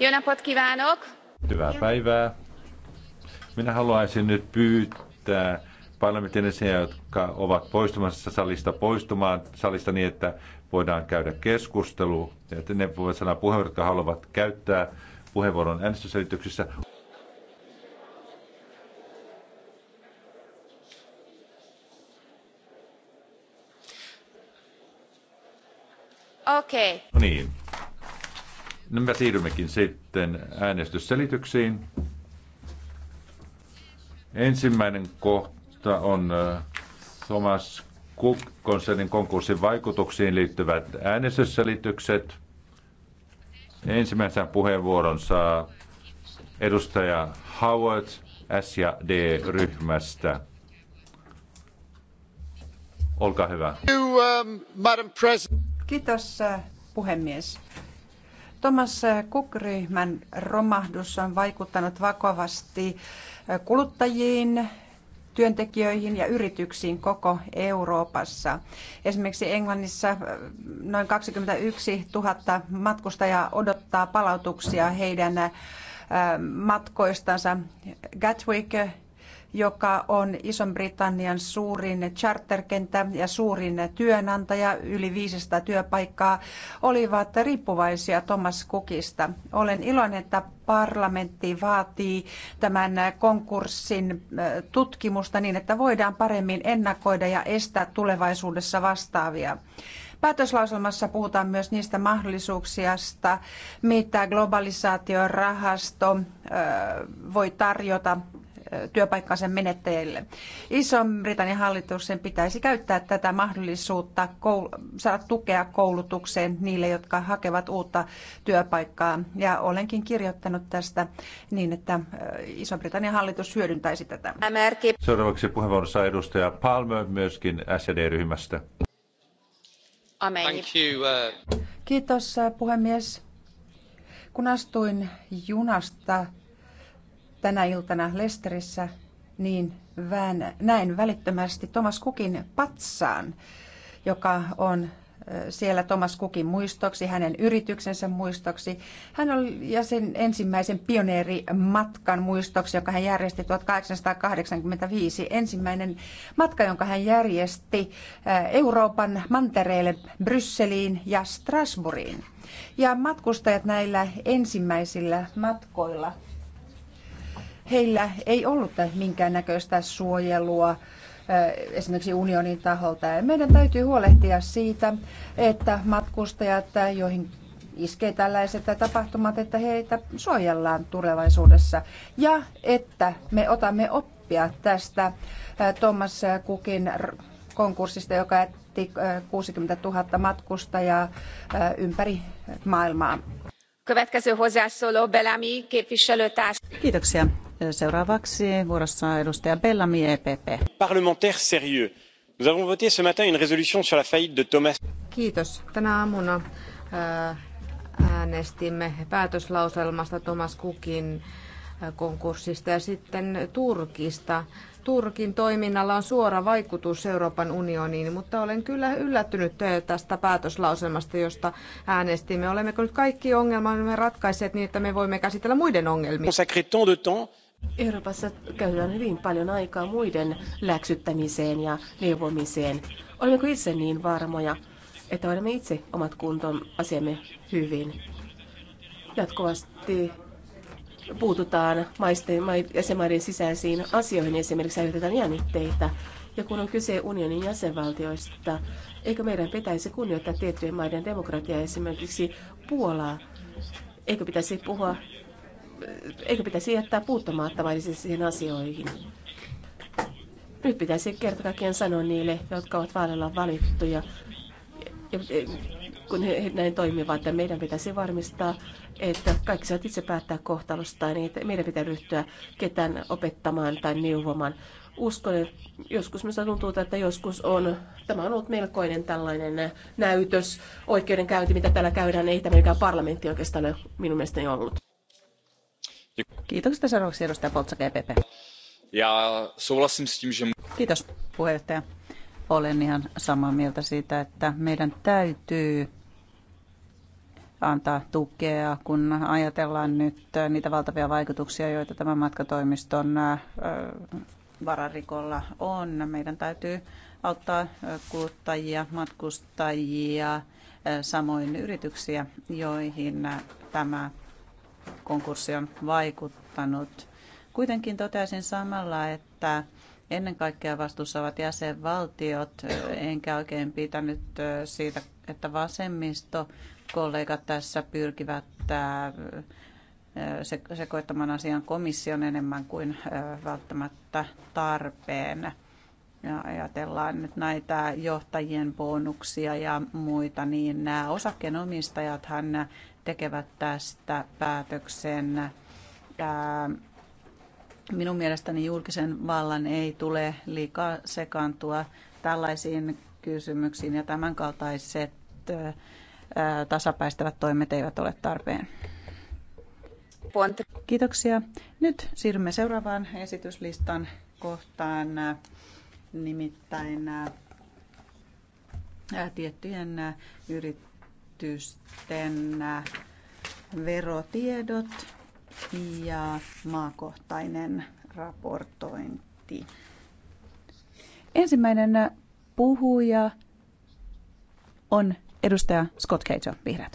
Jó napot kívánok! Hyvää päivää. Minä haluaisin nyt pyytää parlamentin jotka ovat poistumassa salista, poistumaan salista niin, että voidaan käydä keskustelu. Ja että ne voivat sanoa puheenvuorot, jotka haluavat käyttää puheenvuoron äänestysselityksissä. Okei. Okay. No me siirrymmekin sitten äänestysselityksiin. Ensimmäinen kohta on äh, Thomas Cook-konsernin konkurssin vaikutuksiin liittyvät äänestysselitykset. Ensimmäisen puheenvuoron saa edustaja Howard S- ja D-ryhmästä. Olkaa hyvä. Um, Kiitos äh, puhemies Thomas Cook-ryhmän romahdus on vaikuttanut vakavasti kuluttajiin, työntekijöihin ja yrityksiin koko Euroopassa. Esimerkiksi Englannissa äh, noin 21 000 matkustajaa odottaa palautuksia heidän äh, matkoistansa. Gatwick joka on Ison-Britannian suurin charterkenttä ja suurin työnantaja, yli 500 työpaikkaa, olivat riippuvaisia Thomas Cookista. Olen iloinen, että parlamentti vaatii tämän konkurssin äh, tutkimusta niin, että voidaan paremmin ennakoida ja estää tulevaisuudessa vastaavia. Päätöslauselmassa puhutaan myös niistä mahdollisuuksista, mitä globalisaatiorahasto äh, voi tarjota työpaikkansa menettäjille. Iso-Britannian hallituksen pitäisi käyttää tätä mahdollisuutta saada tukea koulutukseen niille, jotka hakevat uutta työpaikkaa. Ja olenkin kirjoittanut tästä niin, että Iso-Britannian hallitus hyödyntäisi tätä. Seuraavaksi puheenvuorossa edustaja Palmer myöskin SED-ryhmästä. Amen. Uh, Kiitos puhemies. Kun astuin junasta tänä iltana Lesterissä, niin vään, näin välittömästi Thomas Kukin patsaan, joka on siellä Thomas Cookin muistoksi, hänen yrityksensä muistoksi. Hän oli ja sen ensimmäisen pioneerimatkan muistoksi, joka hän järjesti 1885. Ensimmäinen matka, jonka hän järjesti Euroopan mantereille Brysseliin ja Strasbourgiin. Ja matkustajat näillä ensimmäisillä matkoilla heillä ei ollut minkäännäköistä suojelua esimerkiksi unionin taholta. Ja meidän täytyy huolehtia siitä, että matkustajat, joihin iskee tällaiset tapahtumat, että heitä suojellaan tulevaisuudessa. Ja että me otamme oppia tästä Thomas Cookin konkurssista, joka jätti 60 000 matkustajaa ympäri maailmaa. E parlementaire Kiitoksia. sérieux. Nous avons voté ce matin une résolution sur la faillite de Thomas. Kiitos. Tänä aamuna äh, äänestimme päätöslauselmasta Thomas Cookin äh, konkurssista ja sitten Turkista. Turkin toiminnalla on suora vaikutus Euroopan unioniin, mutta olen kyllä yllättynyt tästä päätöslauselmasta, josta äänestimme. Olemmeko nyt kaikki ongelmamme ratkaisseet niin, että me voimme käsitellä muiden ongelmia? Euroopassa käydään hyvin paljon aikaa muiden läksyttämiseen ja neuvomiseen. Olemmeko itse niin varmoja, että olemme itse omat kuntoon asiamme hyvin? Jatkuvasti puututaan maisten, jäsenmaiden sisäisiin asioihin, esimerkiksi säilytetään jännitteitä. Ja kun on kyse unionin jäsenvaltioista, eikö meidän pitäisi kunnioittaa tiettyjen maiden demokratiaa, esimerkiksi Puolaa? Eikö pitäisi puhua, eikö pitäisi jättää puuttumatta vain siihen asioihin? Nyt pitäisi kerta kaikkiaan sanoa niille, jotka ovat vaaleilla valittuja, kun he, he näin toimivat, että meidän pitäisi varmistaa, että kaikki saavat itse päättää kohtalostaan, niin että meidän pitää ryhtyä ketään opettamaan tai neuvomaan. Uskon, että joskus minusta tuntuu, että joskus on, tämä on ollut melkoinen tällainen näytös, oikeudenkäynti, mitä täällä käydään, ei tämä mikään parlamentti oikeastaan minun mielestäni ollut. Kiitoksia seuraavaksi edustaja Poltsa GPP. Ja souhlasím s Kiitos puheenjohtaja. Olen ihan samaa mieltä siitä, että meidän täytyy antaa tukea, kun ajatellaan nyt äh, niitä valtavia vaikutuksia, joita tämän matkatoimiston äh, äh, vararikolla on. Meidän täytyy auttaa kuluttajia, matkustajia, samoin yrityksiä, joihin tämä konkurssi on vaikuttanut. Kuitenkin toteaisin samalla, että ennen kaikkea vastuussa ovat jäsenvaltiot, enkä oikein pitänyt siitä että vasemmisto kollegat tässä pyrkivät sekoittamaan asian komission enemmän kuin välttämättä tarpeen. Ja ajatellaan nyt näitä johtajien bonuksia ja muita, niin nämä osakkeenomistajathan tekevät tästä päätöksen. Minun mielestäni julkisen vallan ei tule liikaa sekaantua tällaisiin kysymyksiin ja tämänkaltaiset tasapäistävät toimet eivät ole tarpeen. Kiitoksia. Nyt siirrymme seuraavaan esityslistan kohtaan, nimittäin tiettyjen yritysten verotiedot ja maakohtainen raportointi. Ensimmäinen puhuja on Edustaja Scott Cato, Vihreät.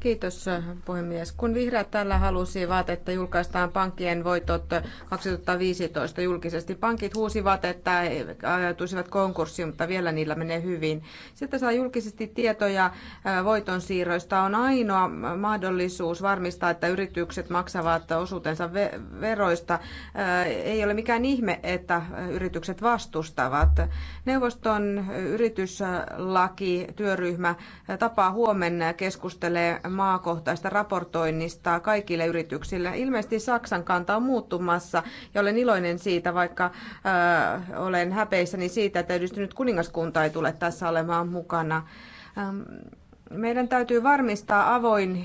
Kiitos puhemies. Kun Vihreät tällä halusivat, että julkaistaan pankkien voitot 2015 julkisesti, pankit huusivat, että ajatuisivat konkurssiin, mutta vielä niillä menee hyvin. Sieltä saa julkisesti tietoja voitonsiirroista. On ainoa mahdollisuus varmistaa, että yritykset maksavat osuutensa veroista. Ei ole mikään ihme, että yritykset vastustavat. Neuvoston yrityslaki työ työryhmä tapaa huomenna keskustelee maakohtaista raportoinnista kaikille yrityksille. Ilmeisesti Saksan kanta on muuttumassa ja olen iloinen siitä, vaikka äh, olen häpeissäni siitä, että yhdistynyt kuningaskunta ei tule tässä olemaan mukana. Ähm, meidän täytyy varmistaa avoin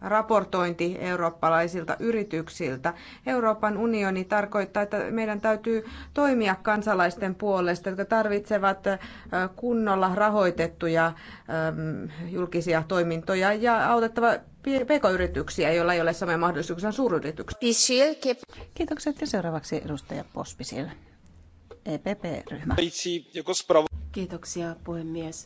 raportointi eurooppalaisilta yrityksiltä. Euroopan unioni tarkoittaa, että meidän täytyy toimia kansalaisten puolesta, jotka tarvitsevat kunnolla rahoitettuja julkisia toimintoja ja autettava pk-yrityksiä, joilla ei ole samoja mahdollisuuksia suuryrityksiä. Kiitokset ja seuraavaksi edustaja Pospisil, EPP-ryhmä. Kiitoksia puhemies.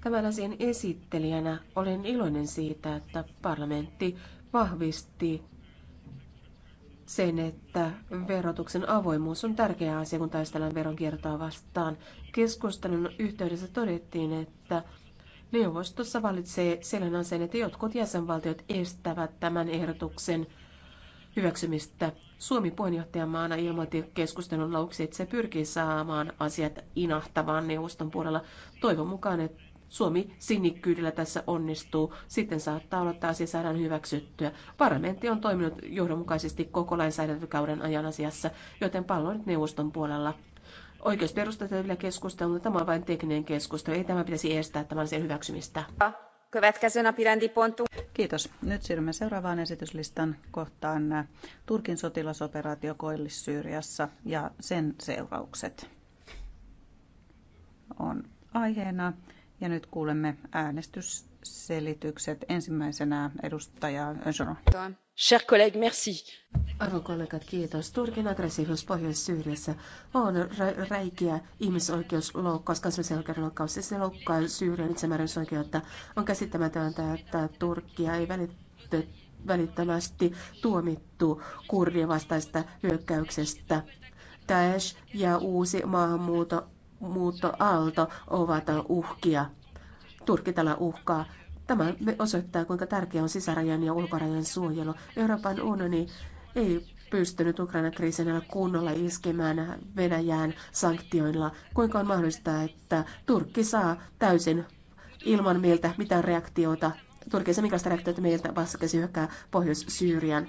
Tämän asian esittelijänä olen iloinen siitä, että parlamentti vahvisti sen, että verotuksen avoimuus on tärkeä asia, kun taistellaan veronkiertoa vastaan. Keskustelun yhteydessä todettiin, että neuvostossa valitsee sellainen asenne, että jotkut jäsenvaltiot estävät tämän ehdotuksen hyväksymistä. Suomi puheenjohtajamaana ilmoitti keskustelun lauksi, että se pyrkii saamaan asiat inahtavan neuvoston puolella. Toivon mukaan, että Suomi sinnikkyydellä tässä onnistuu. Sitten saattaa olla, että asia saadaan hyväksyttyä. Parlamentti on toiminut johdonmukaisesti koko lainsäädäntökauden ajan asiassa, joten pallo nyt neuvoston puolella. Oikeusperusta vielä keskustelu, mutta tämä on vain tekninen keskustelu. Ei tämä pitäisi estää tämän sen hyväksymistä. Kiitos. Nyt siirrymme seuraavaan esityslistan kohtaan Turkin sotilasoperaatio Koillis-Syyriassa ja sen seuraukset on aiheena ja nyt kuulemme äänestysselitykset. Ensimmäisenä edustaja Önsono. Cher collègue, merci. kollegat, kiitos. Turkin aggressiivisuus Pohjois-Syyriassa on rä- räikeä ihmisoikeusloukkaus, kansallisen ja se loukkaa Syyrian itsemääräämisoikeutta. On käsittämätöntä, että Turkkia ei välitty, välittömästi tuomittu kurdien vastaista hyökkäyksestä. Daesh ja uusi maahanmuuto muuttoaalto ovat uhkia. Turkki tällä uhkaa. Tämä osoittaa, kuinka tärkeä on sisärajan ja ulkorajan suojelu. Euroopan unioni ei pystynyt Ukrainan kriisin kunnolla iskemään Venäjään sanktioilla. Kuinka on mahdollista, että Turkki saa täysin ilman meiltä mitään reaktiota Turkissa minkälaista reaktiota meiltä vastasi hyökkää Pohjois-Syyrian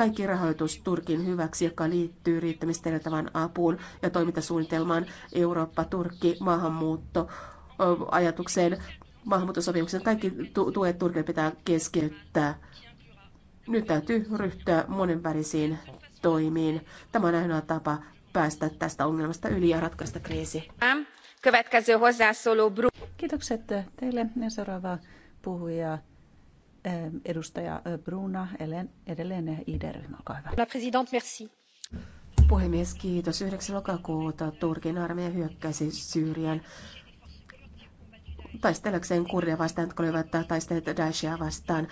kaikki rahoitus Turkin hyväksi, joka liittyy riittämisteltävän apuun ja toimintasuunnitelmaan Eurooppa-Turkki-maahanmuutto ajatukseen maahanmuuttosopimuksen kaikki tuet Turkille pitää keskeyttää. Nyt täytyy ryhtyä monenvärisiin toimiin. Tämä on ainoa tapa päästä tästä ongelmasta yli ja ratkaista kriisi. Kiitokset teille ja seuraavaa Edustaja Bruna, edelleen ID-ryhmä, olkaa hyvä. La présidente, merci. Puhemies, kiitos. 9. lokakuuta Turkin armeija hyökkäsi Syyrian taistellakseen kurdia vastaan, jotka olivat taistelleet Daeshia vastaan.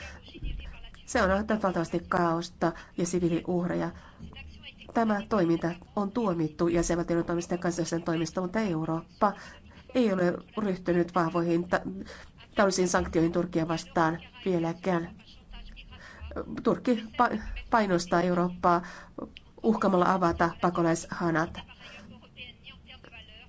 Se on aiheuttanut valtavasti kaaosta ja siviiliuhreja. Tämä toiminta on tuomittu jäsenvaltioiden toimista ja kansallisten toimista, mutta Eurooppa ei ole ryhtynyt vahvoihin tällaisiin sanktioihin Turkia vastaan vieläkään. Turkki painostaa Eurooppaa uhkamalla avata pakolaishanat.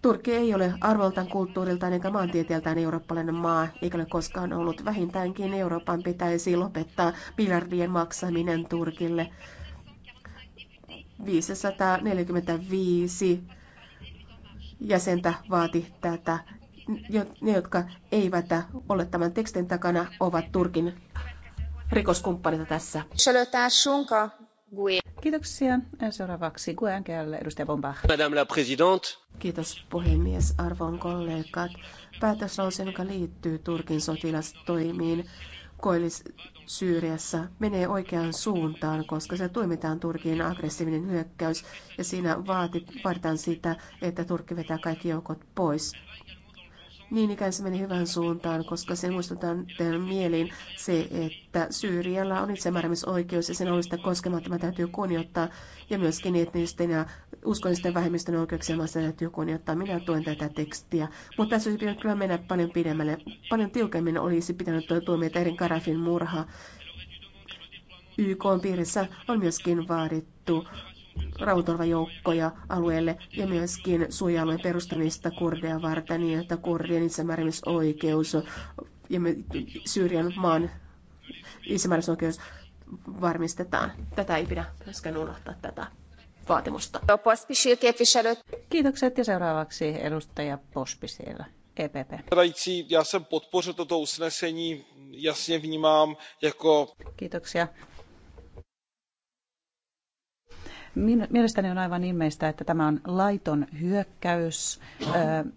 Turkki ei ole arvoltaan kulttuuriltaan eikä maantieteeltään eurooppalainen maa, eikä ole koskaan ollut. Vähintäänkin Euroopan pitäisi lopettaa miljardien maksaminen Turkille. 545 jäsentä vaati tätä ne, jotka eivät ole tämän tekstin takana, ovat Turkin rikoskumppanita tässä. Kiitoksia. Seuraavaksi Guenkelle, edustaja Bomba. Madame la présidente. Kiitos puhemies, arvon kollegat. Päätöslause, joka liittyy Turkin sotilastoimiin Koillis-Syyriassa, menee oikeaan suuntaan, koska se toimitaan Turkin aggressiivinen hyökkäys ja siinä vaaditaan sitä, että Turkki vetää kaikki joukot pois niin ikään se meni hyvään suuntaan, koska se muistutaan teidän mieliin se, että Syyrialla on itsemääräämisoikeus ja sen alueellista koskemattomuutta täytyy kunnioittaa ja myöskin etnisten ja uskonnollisten vähemmistön oikeuksia maassa täytyy kunnioittaa. Minä tuen tätä tekstiä, mutta tässä olisi pitänyt kyllä mennä paljon pidemmälle. Paljon tiukemmin olisi pitänyt tuomita Erin Karafin murha. YK on piirissä on myöskin vaadittu rauhanturvajoukkoja alueelle ja myöskin suoja-alueen perustamista kurdeja varten, niin että kurdien itsemääräämisoikeus ja Syyrian maan itsemääräämisoikeus varmistetaan. Tätä ei pidä myöskään unohtaa tätä vaatimusta. Kiitokset ja seuraavaksi edustaja Pospisil. E EPP. Kiitoksia Mielestäni on aivan ilmeistä, että tämä on laiton hyökkäys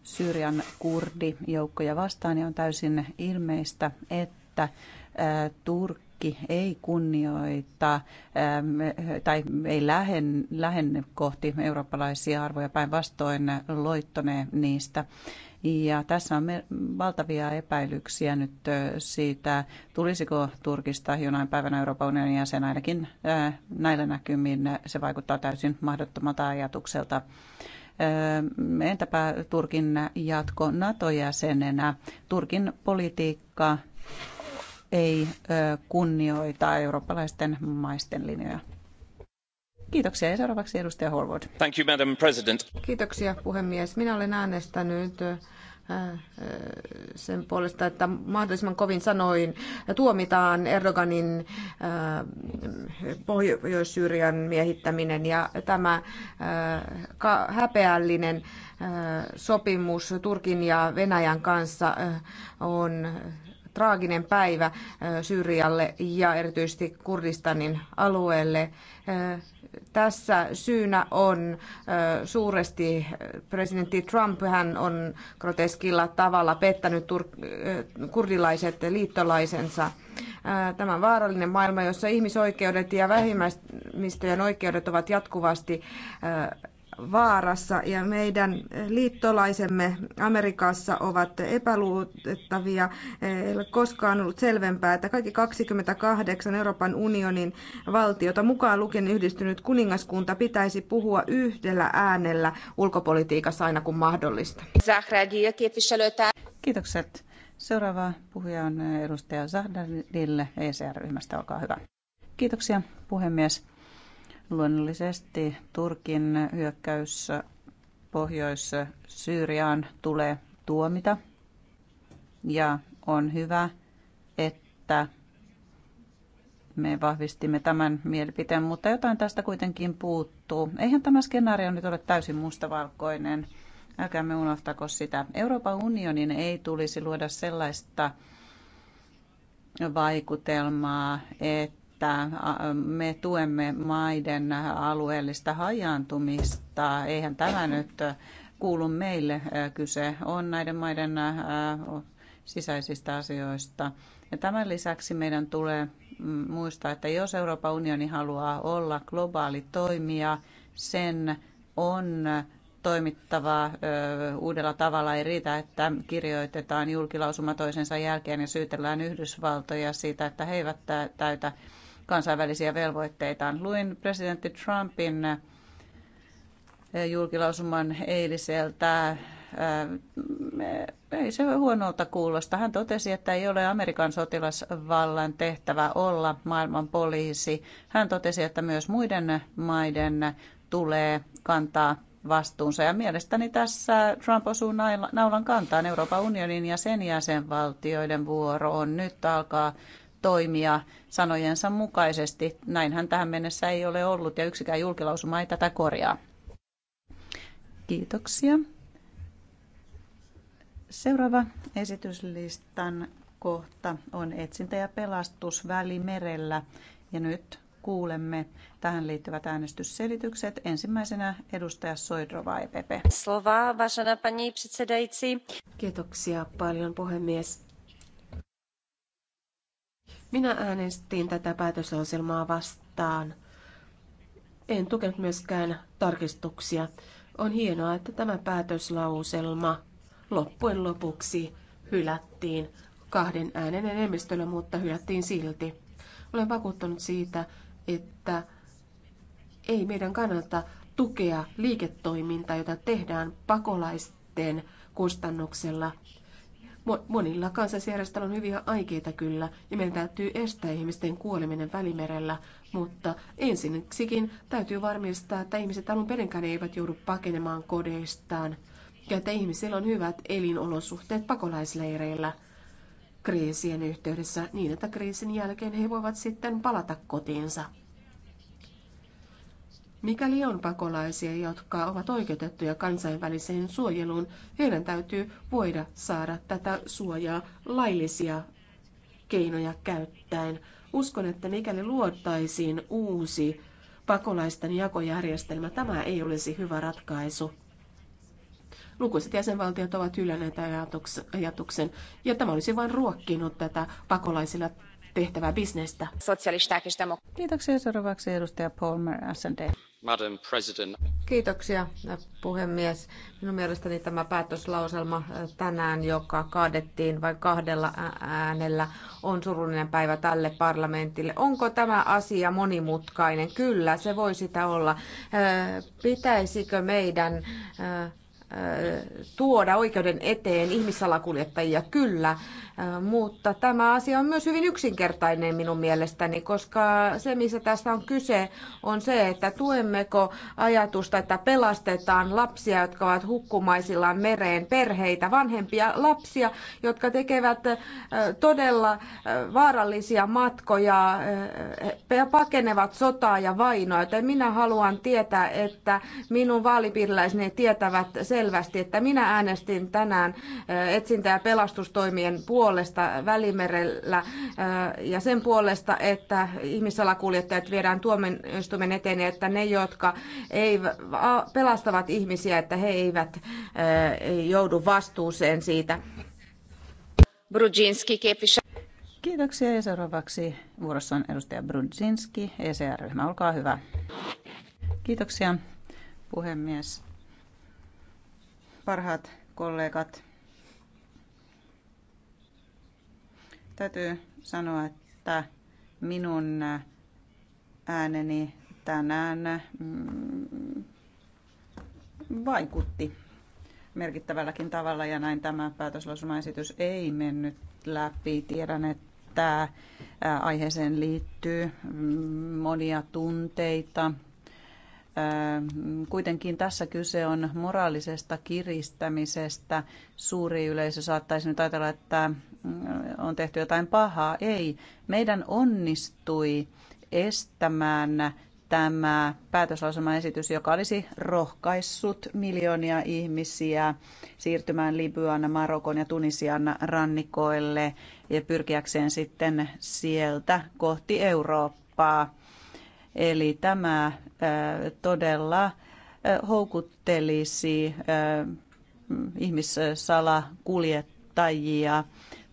Syyrian kurdijoukkoja vastaan ja on täysin ilmeistä, että Turkki ei kunnioita tai ei lähen, lähenne kohti eurooppalaisia arvoja, päinvastoin loittonee niistä. Ja tässä on valtavia epäilyksiä nyt siitä, tulisiko Turkista jonain päivänä Euroopan unionin jäsen ainakin näillä näkymin. Se vaikuttaa täysin mahdottomalta ajatukselta. Entäpä Turkin jatko NATO-jäsenenä? Turkin politiikka ei kunnioita eurooppalaisten maisten linjoja. Kiitoksia. Ja seuraavaksi edustaja Holwood. Thank you, Madam President. Kiitoksia, puhemies. Minä olen äänestänyt äh, äh, sen puolesta, että mahdollisimman kovin sanoin tuomitaan Erdoganin äh, Pohjois-Syyrian miehittäminen ja tämä häpeällinen sopimus Turkin ja Venäjän kanssa on traaginen päivä Syyrialle ja erityisesti Kurdistanin alueelle. Tässä syynä on suuresti presidentti Trump. Hän on groteskilla tavalla pettänyt kurdilaiset liittolaisensa. Tämä vaarallinen maailma, jossa ihmisoikeudet ja vähimmäistöjen oikeudet ovat jatkuvasti vaarassa ja meidän liittolaisemme Amerikassa ovat epäluotettavia. Ei ole koskaan ollut selvempää, että kaikki 28 Euroopan unionin valtiota mukaan lukien yhdistynyt kuningaskunta pitäisi puhua yhdellä äänellä ulkopolitiikassa aina kun mahdollista. Kiitokset. Seuraava puhuja on edustaja Zahdadille ECR-ryhmästä. Olkaa hyvä. Kiitoksia puhemies. Luonnollisesti Turkin hyökkäys Pohjois-Syyriaan tulee tuomita. Ja on hyvä, että me vahvistimme tämän mielipiteen, mutta jotain tästä kuitenkin puuttuu. Eihän tämä skenaario nyt ole täysin mustavalkoinen. Älkäämme unohtako sitä. Euroopan unionin ei tulisi luoda sellaista vaikutelmaa, että että me tuemme maiden alueellista hajaantumista. Eihän tämä nyt kuulu meille. Kyse on näiden maiden sisäisistä asioista. Ja tämän lisäksi meidän tulee mm, muistaa, että jos Euroopan unioni haluaa olla globaali toimija, sen on toimittava uudella tavalla. Ei riitä, että kirjoitetaan julkilausuma toisensa jälkeen ja syytellään Yhdysvaltoja siitä, että he eivät täytä kansainvälisiä velvoitteitaan. Luin presidentti Trumpin eh, julkilausuman eiliseltä. Eh, ei se huonolta kuulosta. Hän totesi, että ei ole Amerikan sotilasvallan tehtävä olla maailman poliisi. Hän totesi, että myös muiden maiden tulee kantaa vastuunsa. Ja mielestäni tässä Trump osuu naulan kantaan. Euroopan unionin ja sen jäsenvaltioiden vuoro on nyt alkaa toimia sanojensa mukaisesti. Näinhän tähän mennessä ei ole ollut ja yksikään julkilausuma ei tätä korjaa. Kiitoksia. Seuraava esityslistan kohta on etsintä ja pelastus välimerellä. Ja nyt kuulemme tähän liittyvät äänestysselitykset. Ensimmäisenä edustaja Soidrova EPP. Slova, vážená paní Kiitoksia paljon puhemies. Minä äänestin tätä päätöslauselmaa vastaan. En tukenut myöskään tarkistuksia. On hienoa, että tämä päätöslauselma loppujen lopuksi hylättiin kahden äänen enemmistöllä, mutta hylättiin silti. Olen vakuuttunut siitä, että ei meidän kannata tukea liiketoimintaa, jota tehdään pakolaisten kustannuksella – Monilla kansallisjärjestöillä on hyviä aikeita kyllä, ja meidän täytyy estää ihmisten kuoleminen välimerellä, mutta ensiksikin täytyy varmistaa, että ihmiset alun perinkään eivät joudu pakenemaan kodeistaan, ja että ihmisillä on hyvät elinolosuhteet pakolaisleireillä kriisien yhteydessä niin, että kriisin jälkeen he voivat sitten palata kotiinsa. Mikäli on pakolaisia, jotka ovat oikeutettuja kansainväliseen suojeluun, heidän täytyy voida saada tätä suojaa laillisia keinoja käyttäen. Uskon, että mikäli luottaisiin uusi pakolaisten jakojärjestelmä, tämä ei olisi hyvä ratkaisu. Lukuiset jäsenvaltiot ovat hylänneet ajatuksen, ja tämä olisi vain ruokkinut tätä pakolaisilla tehtävää bisnestä. Kiitoksia seuraavaksi edustaja Palmer, SND. Kiitoksia puhemies. Minun mielestäni tämä päätöslauselma tänään, joka kaadettiin vain kahdella äänellä, on surullinen päivä tälle parlamentille. Onko tämä asia monimutkainen? Kyllä, se voi sitä olla. Pitäisikö meidän tuoda oikeuden eteen ihmissalakuljettajia, kyllä, mutta tämä asia on myös hyvin yksinkertainen minun mielestäni, koska se, missä tässä on kyse, on se, että tuemmeko ajatusta, että pelastetaan lapsia, jotka ovat hukkumaisillaan mereen, perheitä, vanhempia lapsia, jotka tekevät todella vaarallisia matkoja, pakenevat sotaa ja vainoa, joten minä haluan tietää, että minun vaalipiiriläiseni tietävät se, selvästi, että minä äänestin tänään äh, etsintä- ja pelastustoimien puolesta Välimerellä äh, ja sen puolesta, että ihmissalakuljettajat viedään tuomioistuimen eteen, että ne, jotka ei pelastavat ihmisiä, että he eivät äh, joudu vastuuseen siitä. Brudzinski Kiitoksia ja seuraavaksi vuorossa on edustaja Brudzinski, ECR-ryhmä. Olkaa hyvä. Kiitoksia puhemies parhaat kollegat. Täytyy sanoa, että minun ääneni tänään mm, vaikutti merkittävälläkin tavalla ja näin tämä päätöslausumaesitys ei mennyt läpi. Tiedän, että aiheeseen liittyy mm, monia tunteita, Kuitenkin tässä kyse on moraalisesta kiristämisestä. Suuri yleisö saattaisi nyt ajatella, että on tehty jotain pahaa. Ei. Meidän onnistui estämään tämä päätöslauselmaesitys, joka olisi rohkaissut miljoonia ihmisiä siirtymään Libyan, Marokon ja Tunisian rannikoille ja pyrkiäkseen sitten sieltä kohti Eurooppaa. Eli tämä todella houkuttelisi ihmissalakuljettajia.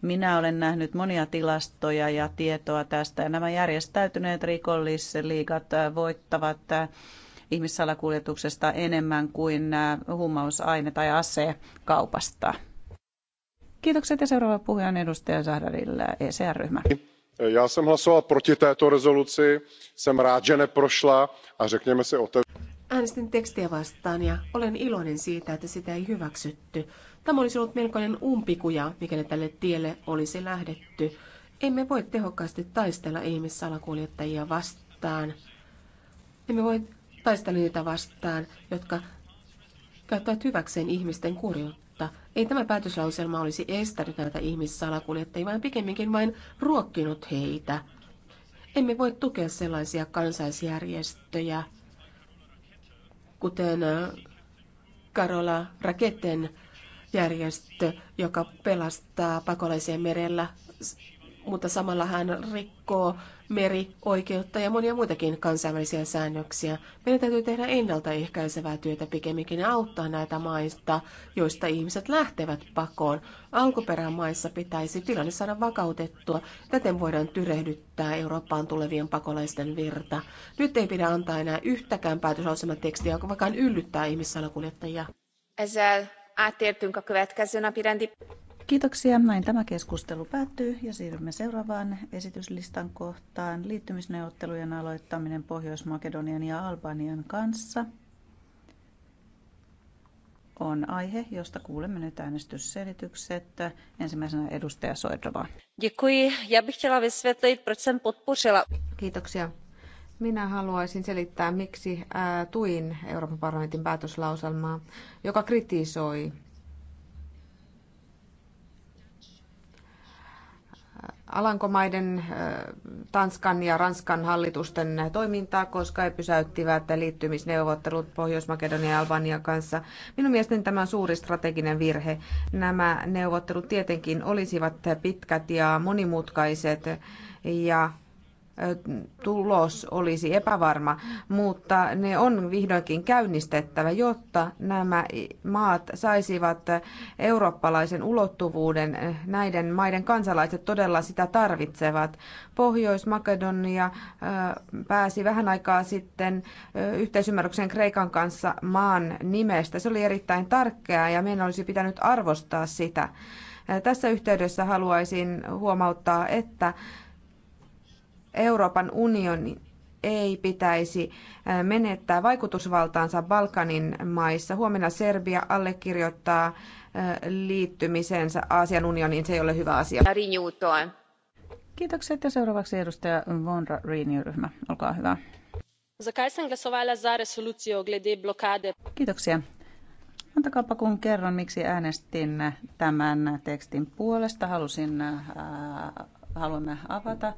Minä olen nähnyt monia tilastoja ja tietoa tästä. Nämä järjestäytyneet rikollisliigat voittavat ihmissalakuljetuksesta enemmän kuin huumausaine- tai asekaupasta. Kiitokset ja seuraava puhuja on edustaja Zahdarille ECR-ryhmä já jsem hlasoval proti této rezoluci jsem rád že neprošla a řekněme si otevřeně Äänestin tekstiä vastaan ja olen iloinen siitä, että sitä ei hyväksytty. Tämä olisi ollut melkoinen umpikuja, mikäli tälle tielle olisi lähdetty. Emme voi tehokkaasti taistella ihmissalakuljettajia vastaan. Emme voi taistella niitä vastaan, jotka käyttävät hyväkseen ihmisten kurjuutta mutta Ei tämä päätöslauselma olisi estänyt näitä ihmissalakuljettajia, vaan pikemminkin vain ruokkinut heitä. Emme voi tukea sellaisia kansaisjärjestöjä, kuten Karola äh, Raketen järjestö, joka pelastaa pakolaisia merellä, mutta samalla hän rikkoo merioikeutta ja monia muitakin kansainvälisiä säännöksiä. Meidän täytyy tehdä ennaltaehkäisevää työtä pikemminkin auttaa näitä maista, joista ihmiset lähtevät pakoon. Alkuperämaissa pitäisi tilanne saada vakautettua, täten voidaan tyrehdyttää Eurooppaan tulevien pakolaisten virta. Nyt ei pidä antaa enää yhtäkään tekstiä, joka vaikka yllyttää ihmissalakuljettajia. Ezzel a következő napi Kiitoksia. Näin tämä keskustelu päättyy ja siirrymme seuraavaan esityslistan kohtaan. Liittymisneuvottelujen aloittaminen Pohjois-Makedonian ja Albanian kanssa on aihe, josta kuulemme nyt äänestysselitykset. Ensimmäisenä edustaja Soidrova. Kiitoksia. Minä haluaisin selittää, miksi tuin Euroopan parlamentin päätöslauselmaa, joka kritisoi Alankomaiden, Tanskan ja Ranskan hallitusten toimintaa, koska he pysäyttivät liittymisneuvottelut Pohjois-Makedonian ja Albania kanssa. Minun mielestäni tämä on suuri strateginen virhe. Nämä neuvottelut tietenkin olisivat pitkät ja monimutkaiset ja tulos olisi epävarma, mutta ne on vihdoinkin käynnistettävä, jotta nämä maat saisivat eurooppalaisen ulottuvuuden. Näiden maiden kansalaiset todella sitä tarvitsevat. Pohjois-Makedonia pääsi vähän aikaa sitten yhteisymmärryksen Kreikan kanssa maan nimestä. Se oli erittäin tärkeää ja meidän olisi pitänyt arvostaa sitä. Tässä yhteydessä haluaisin huomauttaa, että Euroopan unionin ei pitäisi menettää vaikutusvaltaansa Balkanin maissa. Huomenna Serbia allekirjoittaa liittymisensä Aasian unioniin. Se ei ole hyvä asia. Kiitokset ja seuraavaksi edustaja Vonra Renew-ryhmä. Olkaa hyvä. Kiitoksia. Antakaapa kun kerron, miksi äänestin tämän tekstin puolesta. Halusin, äh, haluamme avata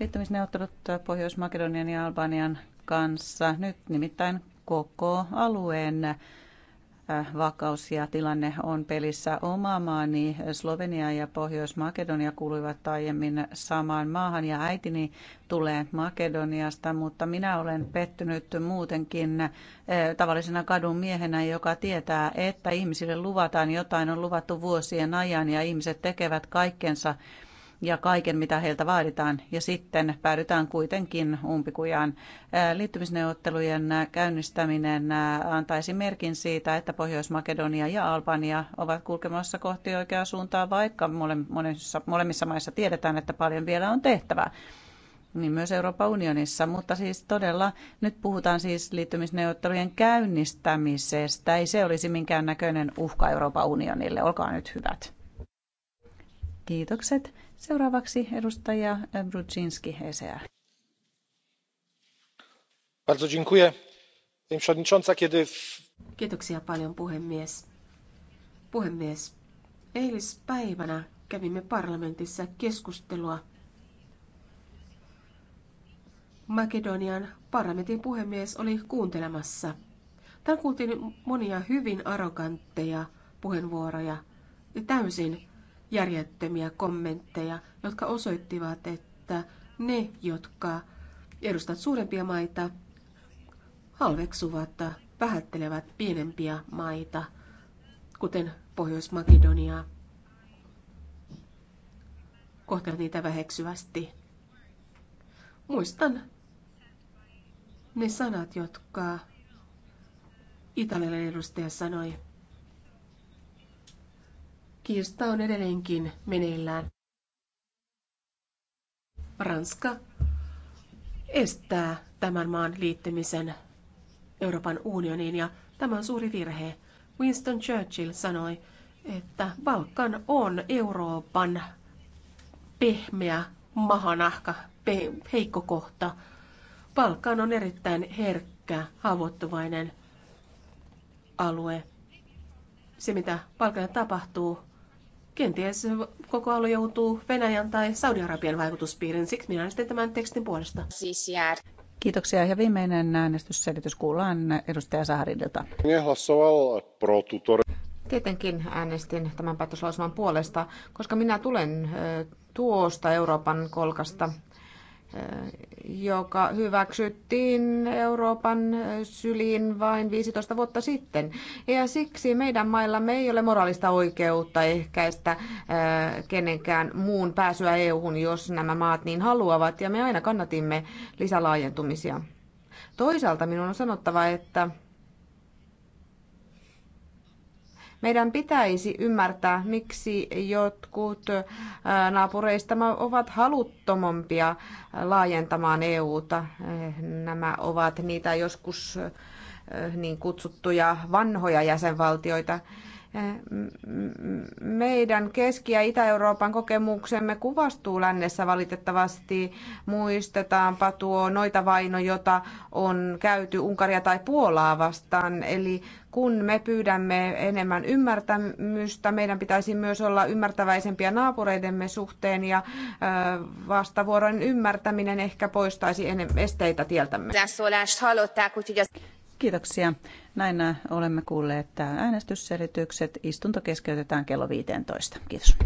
liittymisneuvottelut Pohjois-Makedonian ja Albanian kanssa. Nyt nimittäin koko alueen äh, vakaus ja tilanne on pelissä oma maani. Äh, Slovenia ja Pohjois-Makedonia kuuluivat aiemmin samaan maahan ja äitini tulee Makedoniasta, mutta minä olen pettynyt muutenkin äh, tavallisena kadun miehenä, joka tietää, että ihmisille luvataan jotain, on luvattu vuosien ajan ja ihmiset tekevät kaikkensa ja kaiken, mitä heiltä vaaditaan, ja sitten päädytään kuitenkin umpikujaan. Liittymisneuvottelujen käynnistäminen antaisi merkin siitä, että Pohjois-Makedonia ja Albania ovat kulkemassa kohti oikeaa suuntaa, vaikka molemmissa, molemmissa maissa tiedetään, että paljon vielä on tehtävää niin myös Euroopan unionissa, mutta siis todella nyt puhutaan siis liittymisneuvottelujen käynnistämisestä. Ei se olisi minkäännäköinen uhka Euroopan unionille. Olkaa nyt hyvät. Kiitokset. Seuraavaksi edustaja Brudzinski, ECR. Bardzo dziękuję. Pani przewodnicząca, kiedy... Kiitoksia paljon puhemies. Puhemies, eilispäivänä kävimme parlamentissa keskustelua Makedonian parlamentin puhemies oli kuuntelemassa. Täällä kuultiin monia hyvin arrogantteja puheenvuoroja ja täysin järjettömiä kommentteja, jotka osoittivat, että ne, jotka edustavat suurempia maita, halveksuvat, vähättelevät pienempiä maita, kuten Pohjois-Makedoniaa, kohtelevat niitä väheksyvästi. Muistan ne sanat, jotka italialainen edustaja sanoi Kiista on edelleenkin meneillään. Ranska estää tämän maan liittymisen Euroopan unioniin ja tämä on suuri virhe. Winston Churchill sanoi, että Balkan on Euroopan pehmeä mahanahka, pe- heikko kohta. Balkan on erittäin herkkä, haavoittuvainen alue. Se, mitä Balkanilla tapahtuu, Kenties koko alue joutuu Venäjän tai Saudi-Arabian vaikutuspiirin, siksi minä äänestin tämän tekstin puolesta. Siis jää. Kiitoksia ja viimeinen äänestysselitys kuullaan edustaja Saharilta. Tietenkin äänestin tämän päätöslausuman puolesta, koska minä tulen tuosta Euroopan kolkasta joka hyväksyttiin Euroopan syliin vain 15 vuotta sitten. Ja siksi meidän maillamme ei ole moraalista oikeutta ehkäistä äh, kenenkään muun pääsyä EU-hun, jos nämä maat niin haluavat, ja me aina kannatimme lisälaajentumisia. Toisaalta minun on sanottava, että Meidän pitäisi ymmärtää, miksi jotkut naapureista ovat haluttomampia laajentamaan EUta. Eh, nämä ovat niitä joskus niin kutsuttuja vanhoja jäsenvaltioita. Meidän Keski- ja Itä-Euroopan kokemuksemme kuvastuu lännessä valitettavasti. Muistetaanpa tuo noita vaino, jota on käyty Unkaria tai Puolaa vastaan. Eli kun me pyydämme enemmän ymmärtämystä, meidän pitäisi myös olla ymmärtäväisempiä naapureidemme suhteen ja vastavuoron ymmärtäminen ehkä poistaisi esteitä tieltämme. Kiitoksia. Näin olemme kuulleet äänestysselitykset. Istunto keskeytetään kello 15. Kiitos.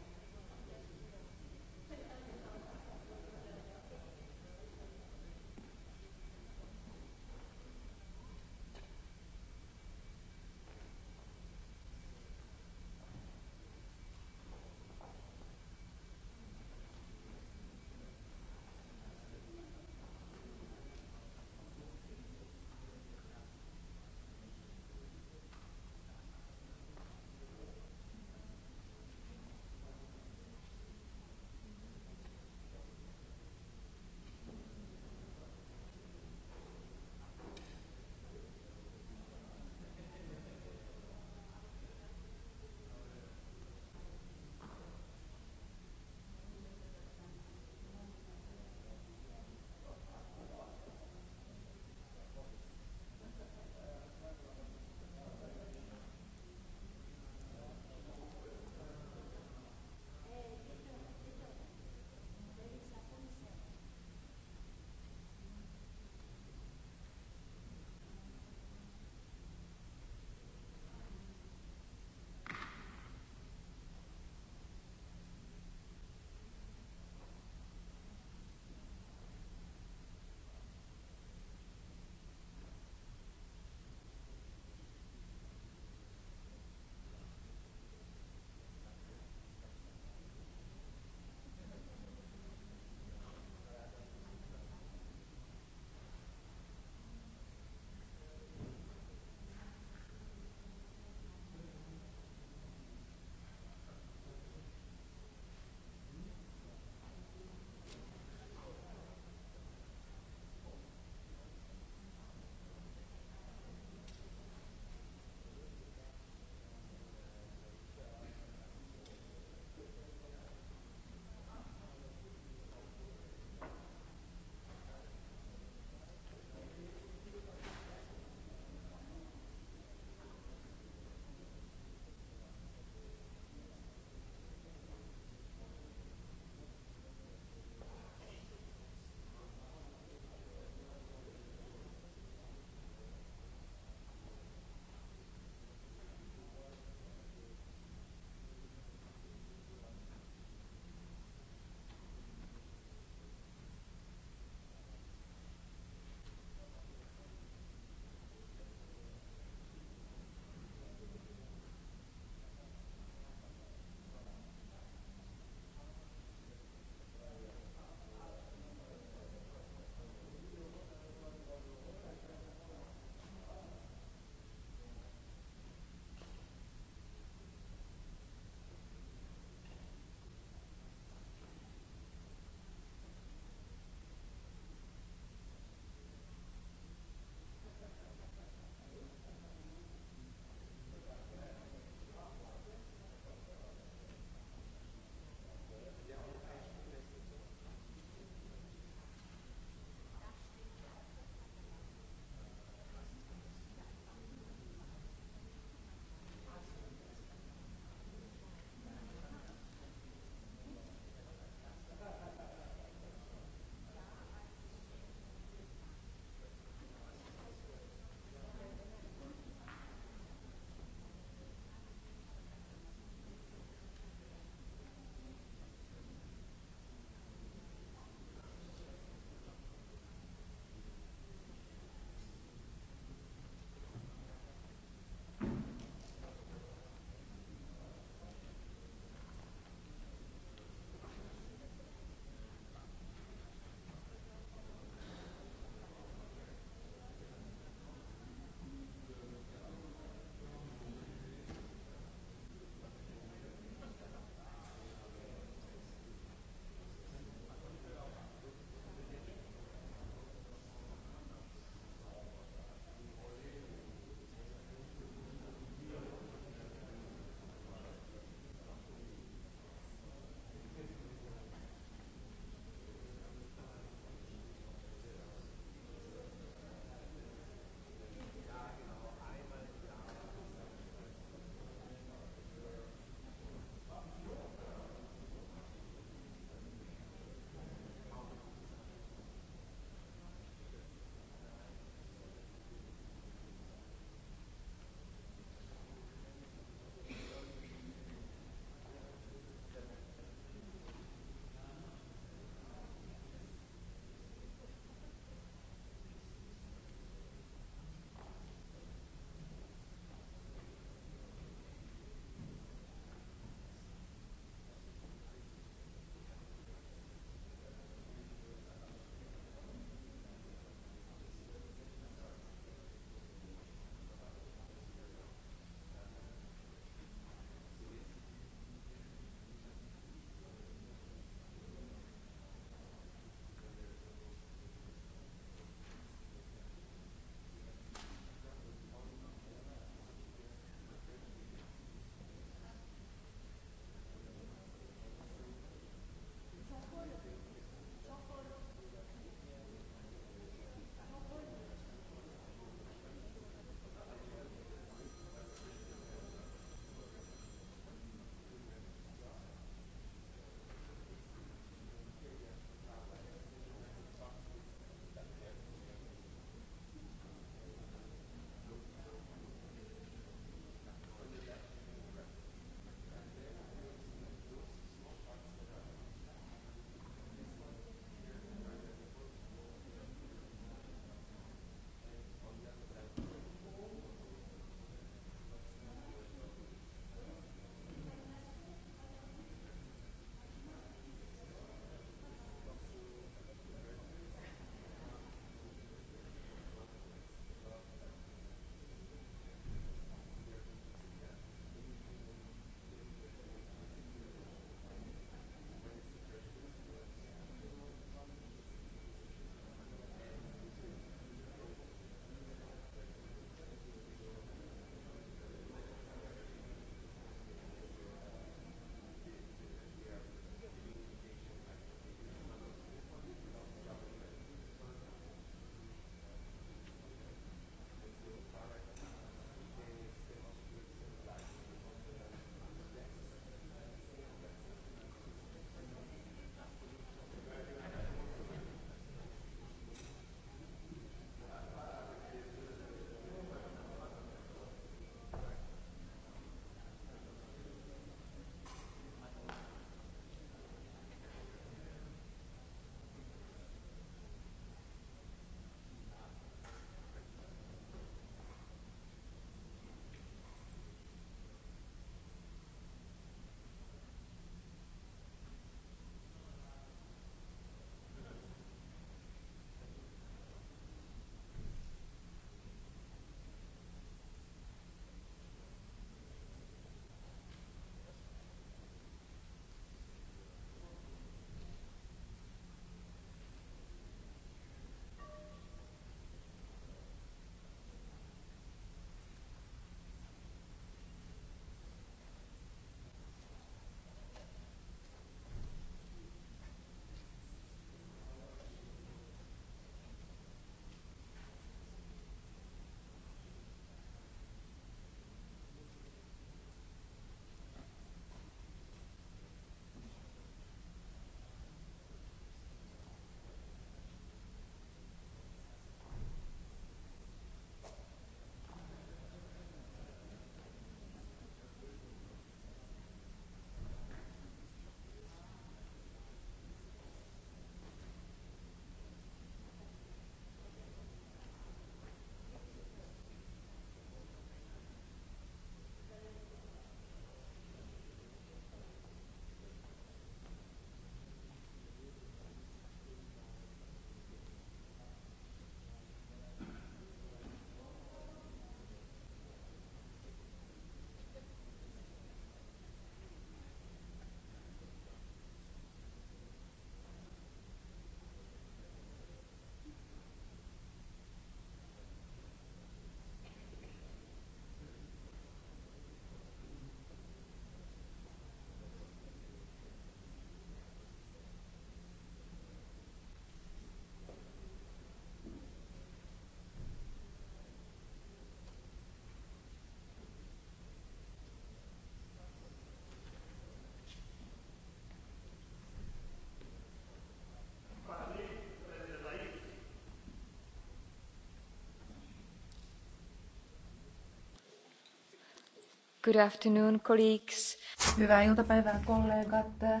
Good afternoon, colleagues. Hyvää iltapäivää, kollegat.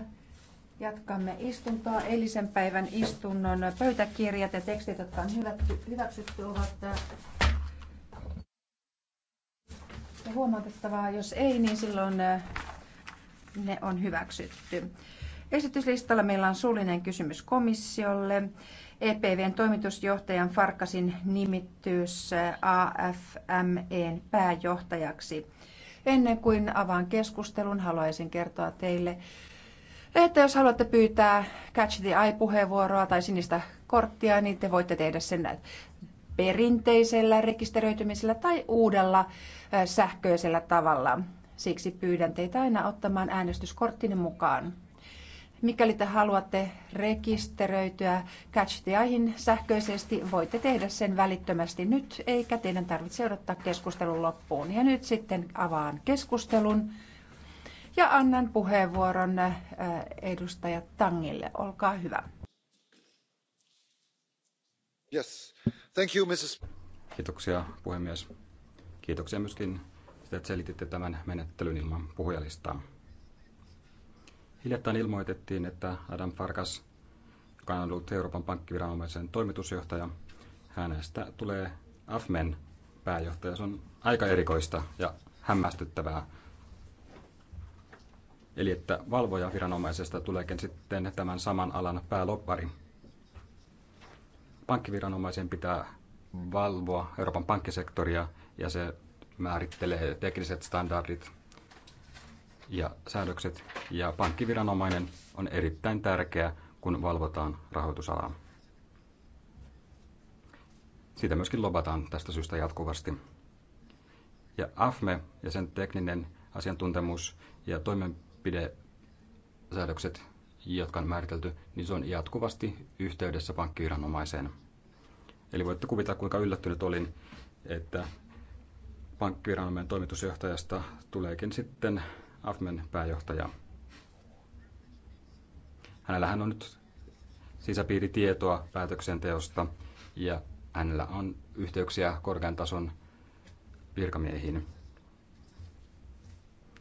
Jatkamme istuntoa. Eilisen päivän istunnon pöytäkirjat ja tekstit, jotka on hyväksytty, ovat äh, huomautettavaa. Jos ei, niin silloin äh, ne on hyväksytty. Esityslistalla meillä on suullinen kysymys komissiolle. EPVn toimitusjohtajan Farkasin nimitys äh, AFMEn pääjohtajaksi. Ennen kuin avaan keskustelun, haluaisin kertoa teille, että jos haluatte pyytää Catch the Eye-puheenvuoroa tai sinistä korttia, niin te voitte tehdä sen perinteisellä rekisteröitymisellä tai uudella sähköisellä tavalla. Siksi pyydän teitä aina ottamaan äänestyskorttinen mukaan. Mikäli te haluatte rekisteröityä Catch the Eyein sähköisesti, voitte tehdä sen välittömästi nyt, eikä teidän tarvitse odottaa keskustelun loppuun. Ja nyt sitten avaan keskustelun ja annan puheenvuoron äh, edustaja Tangille. Olkaa hyvä. Yes. Thank you, Mrs. Kiitoksia puhemies. Kiitoksia myöskin, että selititte tämän menettelyn ilman puhujalistaa. Hiljattain ilmoitettiin, että Adam Farkas, joka on ollut Euroopan pankkiviranomaisen toimitusjohtaja, hänestä tulee AFMEN pääjohtaja. Se on aika erikoista ja hämmästyttävää. Eli että valvoja viranomaisesta tuleekin sitten tämän saman alan pääloppari. Pankkiviranomaisen pitää valvoa Euroopan pankkisektoria ja se määrittelee tekniset standardit ja säädökset, ja pankkiviranomainen on erittäin tärkeä, kun valvotaan rahoitusalaa. Siitä myöskin lobataan tästä syystä jatkuvasti. Ja AFME ja sen tekninen asiantuntemus ja toimenpidesäädökset, jotka on määritelty, niin se on jatkuvasti yhteydessä pankkiviranomaiseen. Eli voitte kuvitella, kuinka yllättynyt olin, että pankkiviranomainen toimitusjohtajasta tuleekin sitten AFMen pääjohtaja. Hänellähän on nyt sisäpiiritietoa päätöksenteosta ja hänellä on yhteyksiä korkean tason virkamiehiin.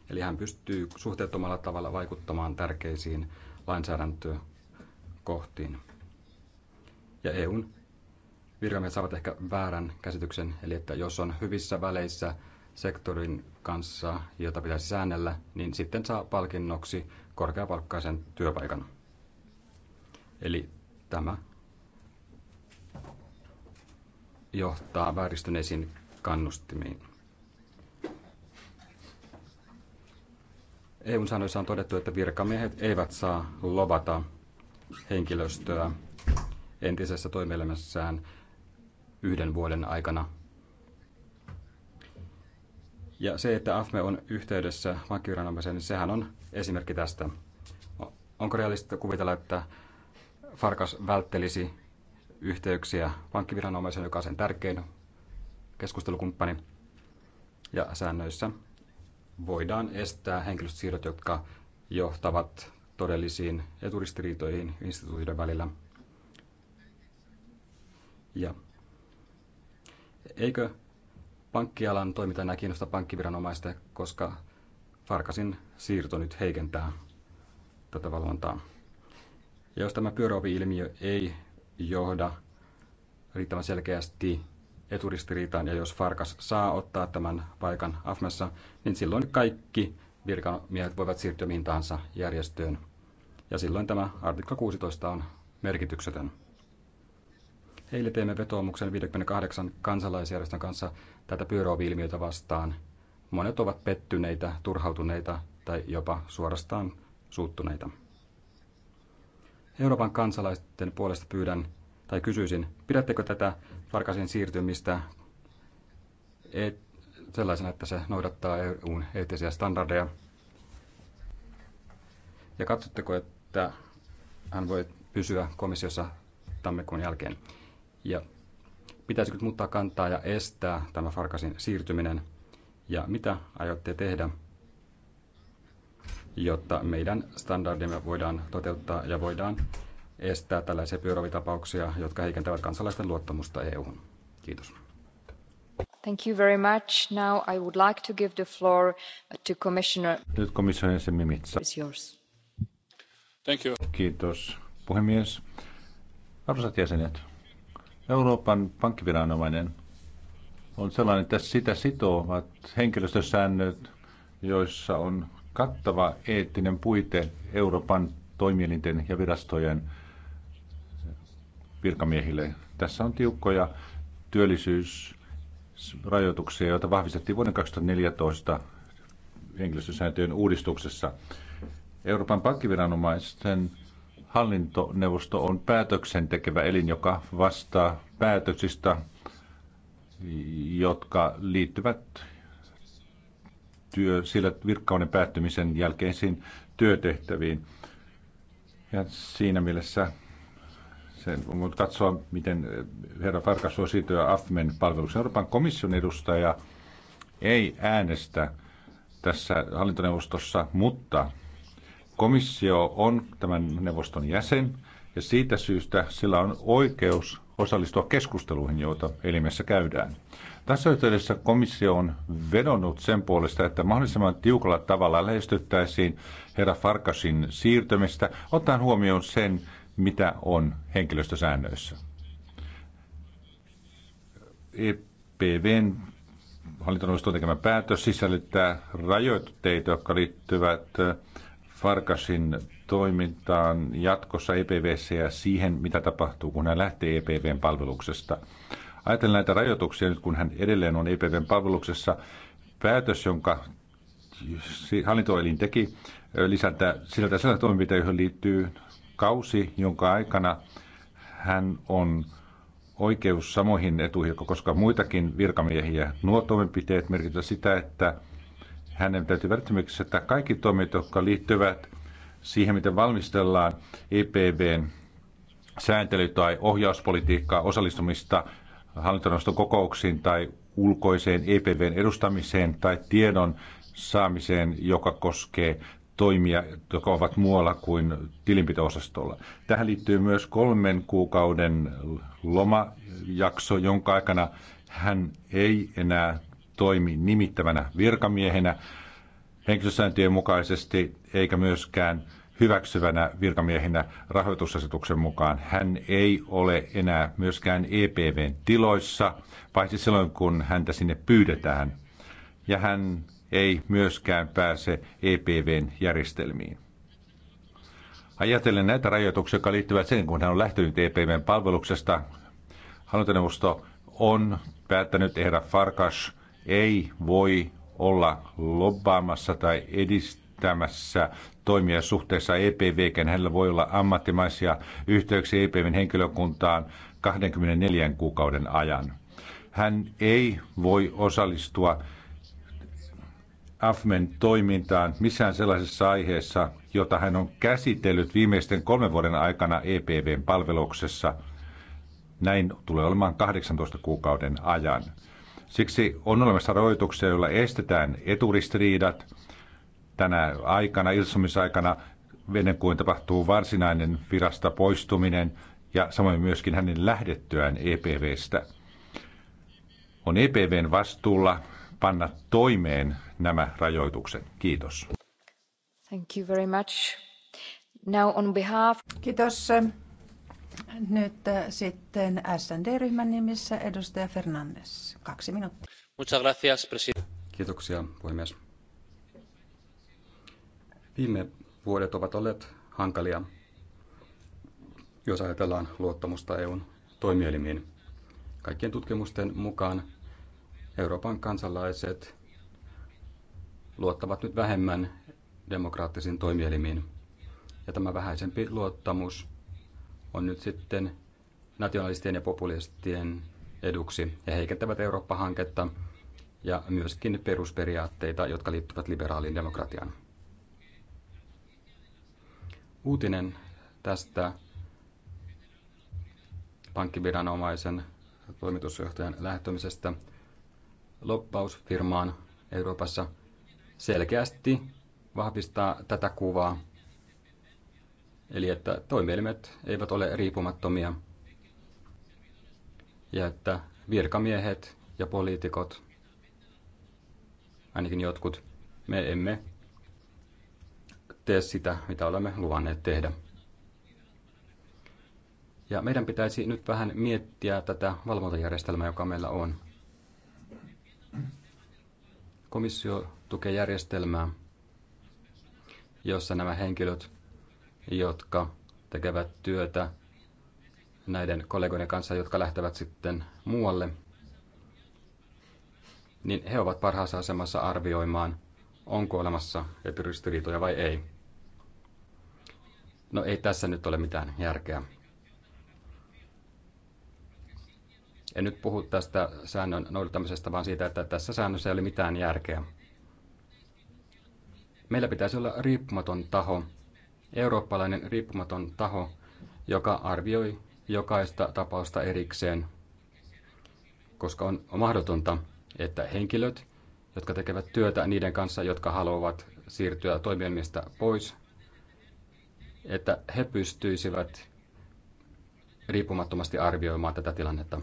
Eli hän pystyy suhteettomalla tavalla vaikuttamaan tärkeisiin lainsäädäntökohtiin. Ja EUn virkamiehet saavat ehkä väärän käsityksen, eli että jos on hyvissä väleissä – sektorin kanssa, jota pitäisi säännellä, niin sitten saa palkinnoksi korkeapalkkaisen työpaikan. Eli tämä johtaa vääristyneisiin kannustimiin. EUn säännöissä on todettu, että virkamiehet eivät saa lobata henkilöstöä entisessä toimielimessään yhden vuoden aikana ja se, että AFME on yhteydessä vankiviranomaiseen, niin sehän on esimerkki tästä. Onko realistista kuvitella, että Farkas välttelisi yhteyksiä pankkiviranomaisen, joka on sen tärkein keskustelukumppani. Ja säännöissä voidaan estää henkilöstösiirrot, jotka johtavat todellisiin eturistiriitoihin instituutioiden välillä. Ja eikö pankkialan toiminta enää kiinnosta pankkiviranomaista, koska Farkasin siirto nyt heikentää tätä valvontaa. Ja jos tämä pyöräovi-ilmiö ei johda riittävän selkeästi eturistiriitaan, ja jos Farkas saa ottaa tämän paikan AFMessa, niin silloin kaikki virkamiehet voivat siirtyä mihin tahansa järjestöön. Ja silloin tämä artikla 16 on merkityksetön. Heille teemme vetoomuksen 58 kansalaisjärjestön kanssa tätä pyöräovi ilmiötä vastaan. Monet ovat pettyneitä, turhautuneita tai jopa suorastaan suuttuneita. Euroopan kansalaisten puolesta pyydän tai kysyisin, pidättekö tätä Farkasin siirtymistä et, sellaisena, että se noudattaa EUn eettisiä standardeja? Ja katsotteko, että hän voi pysyä komissiossa tammikuun jälkeen? Ja pitäisikö muuttaa kantaa ja estää tämä Farkasin siirtyminen? Ja mitä aiotte tehdä, jotta meidän standardimme voidaan toteuttaa ja voidaan estää tällaisia pyörovitapauksia, jotka heikentävät kansalaisten luottamusta EU:hun? Kiitos. Thank you very much. Now I would like to give the floor to Commissioner. Nyt komission jäsen Mimitsa. It's yours. Thank you. Kiitos puhemies. Arvoisat jäsenet, Euroopan pankkiviranomainen on sellainen, että sitä sitovat henkilöstösäännöt, joissa on kattava eettinen puite Euroopan toimielinten ja virastojen virkamiehille. Tässä on tiukkoja työllisyysrajoituksia, joita vahvistettiin vuoden 2014 henkilöstösääntöjen uudistuksessa. Euroopan pankkiviranomaisten hallintoneuvosto on päätöksentekevä elin, joka vastaa päätöksistä, jotka liittyvät työ, sillä virkkauden päättymisen jälkeisiin työtehtäviin. Ja siinä mielessä sen, mutta katsoa, miten herra Farkas voi siirtyä AFMEN palveluksen. Euroopan komission edustaja ei äänestä tässä hallintoneuvostossa, mutta Komissio on tämän neuvoston jäsen ja siitä syystä sillä on oikeus osallistua keskusteluihin, joita elimessä käydään. Tässä yhteydessä komissio on vedonnut sen puolesta, että mahdollisimman tiukalla tavalla lähestyttäisiin herra Farkasin siirtymistä, ottaen huomioon sen, mitä on henkilöstösäännöissä. EPVn hallintoneuvoston tekemä päätös sisällyttää rajoitteita, jotka liittyvät Farkasin toimintaan jatkossa EPVssä ja siihen, mitä tapahtuu, kun hän lähtee EPVn palveluksesta. Ajatellen näitä rajoituksia nyt, kun hän edelleen on EPVn palveluksessa, päätös, jonka hallintoelin teki, lisätä sillä tässä toimenpite, johon liittyy kausi, jonka aikana hän on oikeus samoihin etuihin, koska muitakin virkamiehiä. Nuo toimenpiteet merkitsevät sitä, että hänen täytyy välttämättä, että kaikki toimet, jotka liittyvät siihen, miten valmistellaan EPV:n sääntely- tai ohjauspolitiikkaa, osallistumista hallintoneuvoston kokouksiin tai ulkoiseen EPVn edustamiseen tai tiedon saamiseen, joka koskee toimia, jotka ovat muualla kuin tilinpito-osastolla. Tähän liittyy myös kolmen kuukauden lomajakso, jonka aikana hän ei enää toimi nimittävänä virkamiehenä henkilösääntöjen mukaisesti eikä myöskään hyväksyvänä virkamiehenä rahoitusasetuksen mukaan. Hän ei ole enää myöskään EPVn tiloissa, paitsi silloin kun häntä sinne pyydetään. Ja hän ei myöskään pääse EPVn järjestelmiin. Ajatellen näitä rajoituksia, jotka liittyvät sen, kun hän on lähtenyt EPVn palveluksesta, hallintoneuvosto on päättänyt ehdä Farkas ei voi olla lobbaamassa tai edistämässä toimia suhteessa EPVkään. Hänellä voi olla ammattimaisia yhteyksiä EPVn henkilökuntaan 24 kuukauden ajan. Hän ei voi osallistua AFMEN toimintaan missään sellaisessa aiheessa, jota hän on käsitellyt viimeisten kolmen vuoden aikana EPVn palveluksessa. Näin tulee olemaan 18 kuukauden ajan. Siksi on olemassa rajoituksia, joilla estetään eturistiriidat tänä aikana, ilsumisaikana, ennen kuin tapahtuu varsinainen virasta poistuminen ja samoin myöskin hänen lähdettyään EPVstä. On EPVn vastuulla panna toimeen nämä rajoitukset. Kiitos. Thank you very much. Now on behalf... Kiitos. Nyt äh, sitten SND-ryhmän nimissä edustaja Fernandes. Kaksi minuuttia. Muchas gracias, Kiitoksia, puhemies. Viime vuodet ovat olleet hankalia, jos ajatellaan luottamusta EUn toimielimiin. Kaikkien tutkimusten mukaan Euroopan kansalaiset luottavat nyt vähemmän demokraattisiin toimielimiin. Ja tämä vähäisempi luottamus – on nyt sitten nationalistien ja populistien eduksi ja heikentävät Eurooppa-hanketta ja myöskin perusperiaatteita, jotka liittyvät liberaaliin demokratiaan. Uutinen tästä pankkiviranomaisen toimitusjohtajan lähtömisestä loppausfirmaan Euroopassa selkeästi vahvistaa tätä kuvaa Eli että toimielimet eivät ole riippumattomia ja että virkamiehet ja poliitikot, ainakin jotkut, me emme tee sitä, mitä olemme luvanneet tehdä. Ja meidän pitäisi nyt vähän miettiä tätä valvontajärjestelmää, joka meillä on. Komissio tukee järjestelmää, jossa nämä henkilöt jotka tekevät työtä näiden kollegoiden kanssa, jotka lähtevät sitten muualle, niin he ovat parhaassa asemassa arvioimaan, onko olemassa epiristiriitoja vai ei. No ei tässä nyt ole mitään järkeä. En nyt puhu tästä säännön noudattamisesta, vaan siitä, että tässä säännössä ei ole mitään järkeä. Meillä pitäisi olla riippumaton taho, eurooppalainen riippumaton taho, joka arvioi jokaista tapausta erikseen, koska on mahdotonta, että henkilöt, jotka tekevät työtä niiden kanssa, jotka haluavat siirtyä toimielimistä pois, että he pystyisivät riippumattomasti arvioimaan tätä tilannetta.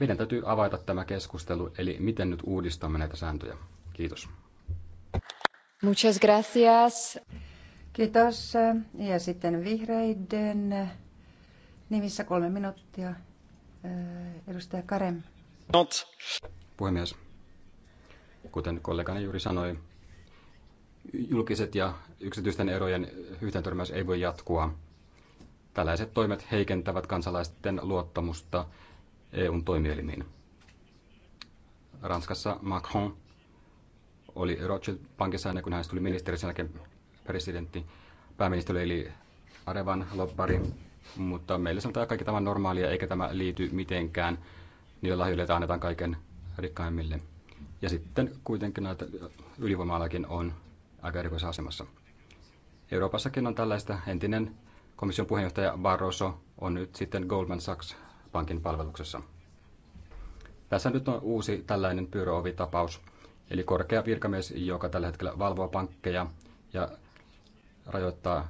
Meidän täytyy avata tämä keskustelu, eli miten nyt uudistamme näitä sääntöjä. Kiitos. Muchas gracias. Kiitos. Ja sitten vihreiden nimissä kolme minuuttia. Äh, edustaja Karem. Not. Puhemies, kuten kollegani juuri sanoi, julkiset ja yksityisten erojen yhteentörmäys ei voi jatkua. Tällaiset toimet heikentävät kansalaisten luottamusta EUn toimielimiin. Ranskassa Macron oli Rothschild-pankissa ennen kuin hän tuli ministeri, sen jälkeen presidentti, pääministeri eli Arevan Loppari, mutta meille sanotaan että kaikki tämä normaalia, eikä tämä liity mitenkään niille lahjoille, joita annetaan kaiken rikkaimmille. Ja sitten kuitenkin näitä ylivoimaalakin on aika erikoisessa asemassa. Euroopassakin on tällaista. Entinen komission puheenjohtaja Barroso on nyt sitten Goldman Sachs-pankin palveluksessa. Tässä nyt on uusi tällainen pyöröovitapaus, eli korkea virkamies, joka tällä hetkellä valvoo pankkeja ja rajoittaa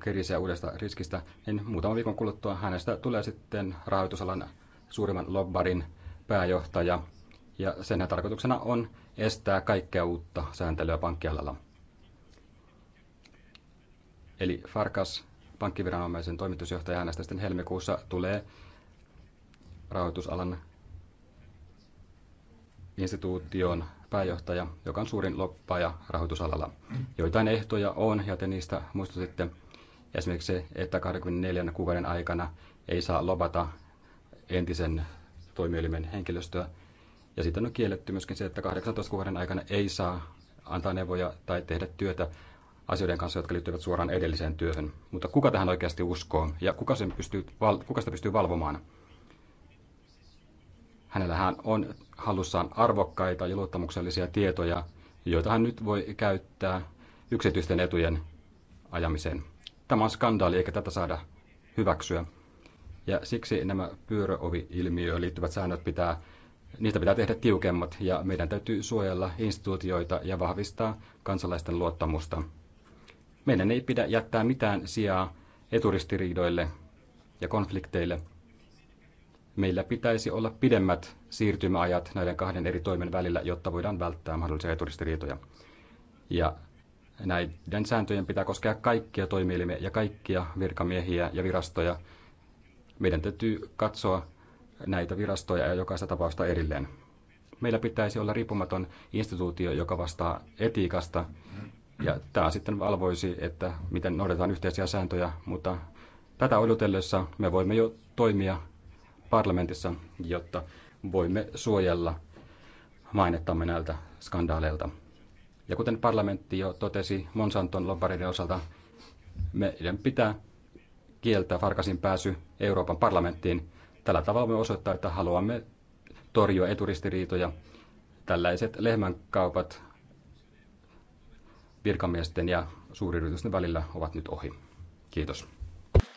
kriisiä uudesta riskistä, niin muutaman viikon kuluttua hänestä tulee sitten rahoitusalan suurimman lobbarin pääjohtaja, ja sen tarkoituksena on estää kaikkea uutta sääntelyä pankkialalla. Eli Farkas, pankkiviranomaisen toimitusjohtaja, hänestä sitten helmikuussa tulee rahoitusalan instituution pääjohtaja, joka on suurin loppaaja rahoitusalalla. Joitain ehtoja on, ja te niistä muistutitte. Esimerkiksi se, että 24 kuukauden aikana ei saa lobata entisen toimielimen henkilöstöä. Ja sitten on kielletty myöskin se, että 18 kuukauden aikana ei saa antaa neuvoja tai tehdä työtä asioiden kanssa, jotka liittyvät suoraan edelliseen työhön. Mutta kuka tähän oikeasti uskoo ja kuka, sen pystyy, kuka sitä pystyy valvomaan? Hänellähän on hallussaan arvokkaita ja luottamuksellisia tietoja, joita hän nyt voi käyttää yksityisten etujen ajamiseen. Tämä on skandaali, eikä tätä saada hyväksyä. Ja siksi nämä pyöröovi-ilmiöön liittyvät säännöt pitää, niistä pitää tehdä tiukemmat ja meidän täytyy suojella instituutioita ja vahvistaa kansalaisten luottamusta. Meidän ei pidä jättää mitään sijaa eturistiriidoille ja konflikteille – meillä pitäisi olla pidemmät siirtymäajat näiden kahden eri toimen välillä, jotta voidaan välttää mahdollisia eturistiriitoja. Ja näiden sääntöjen pitää koskea kaikkia toimielimiä ja kaikkia virkamiehiä ja virastoja. Meidän täytyy katsoa näitä virastoja ja jokaista tapausta erilleen. Meillä pitäisi olla riippumaton instituutio, joka vastaa etiikasta, ja tämä sitten valvoisi, että miten noudatetaan yhteisiä sääntöjä, mutta tätä odotellessa me voimme jo toimia parlamentissa, jotta voimme suojella mainettamme näiltä skandaaleilta. Ja kuten parlamentti jo totesi Monsanton lobbareiden osalta, meidän pitää kieltää Farkasin pääsy Euroopan parlamenttiin. Tällä tavalla me osoittaa, että haluamme torjua eturistiriitoja. Tällaiset lehmänkaupat virkamiesten ja suuryritysten välillä ovat nyt ohi. Kiitos.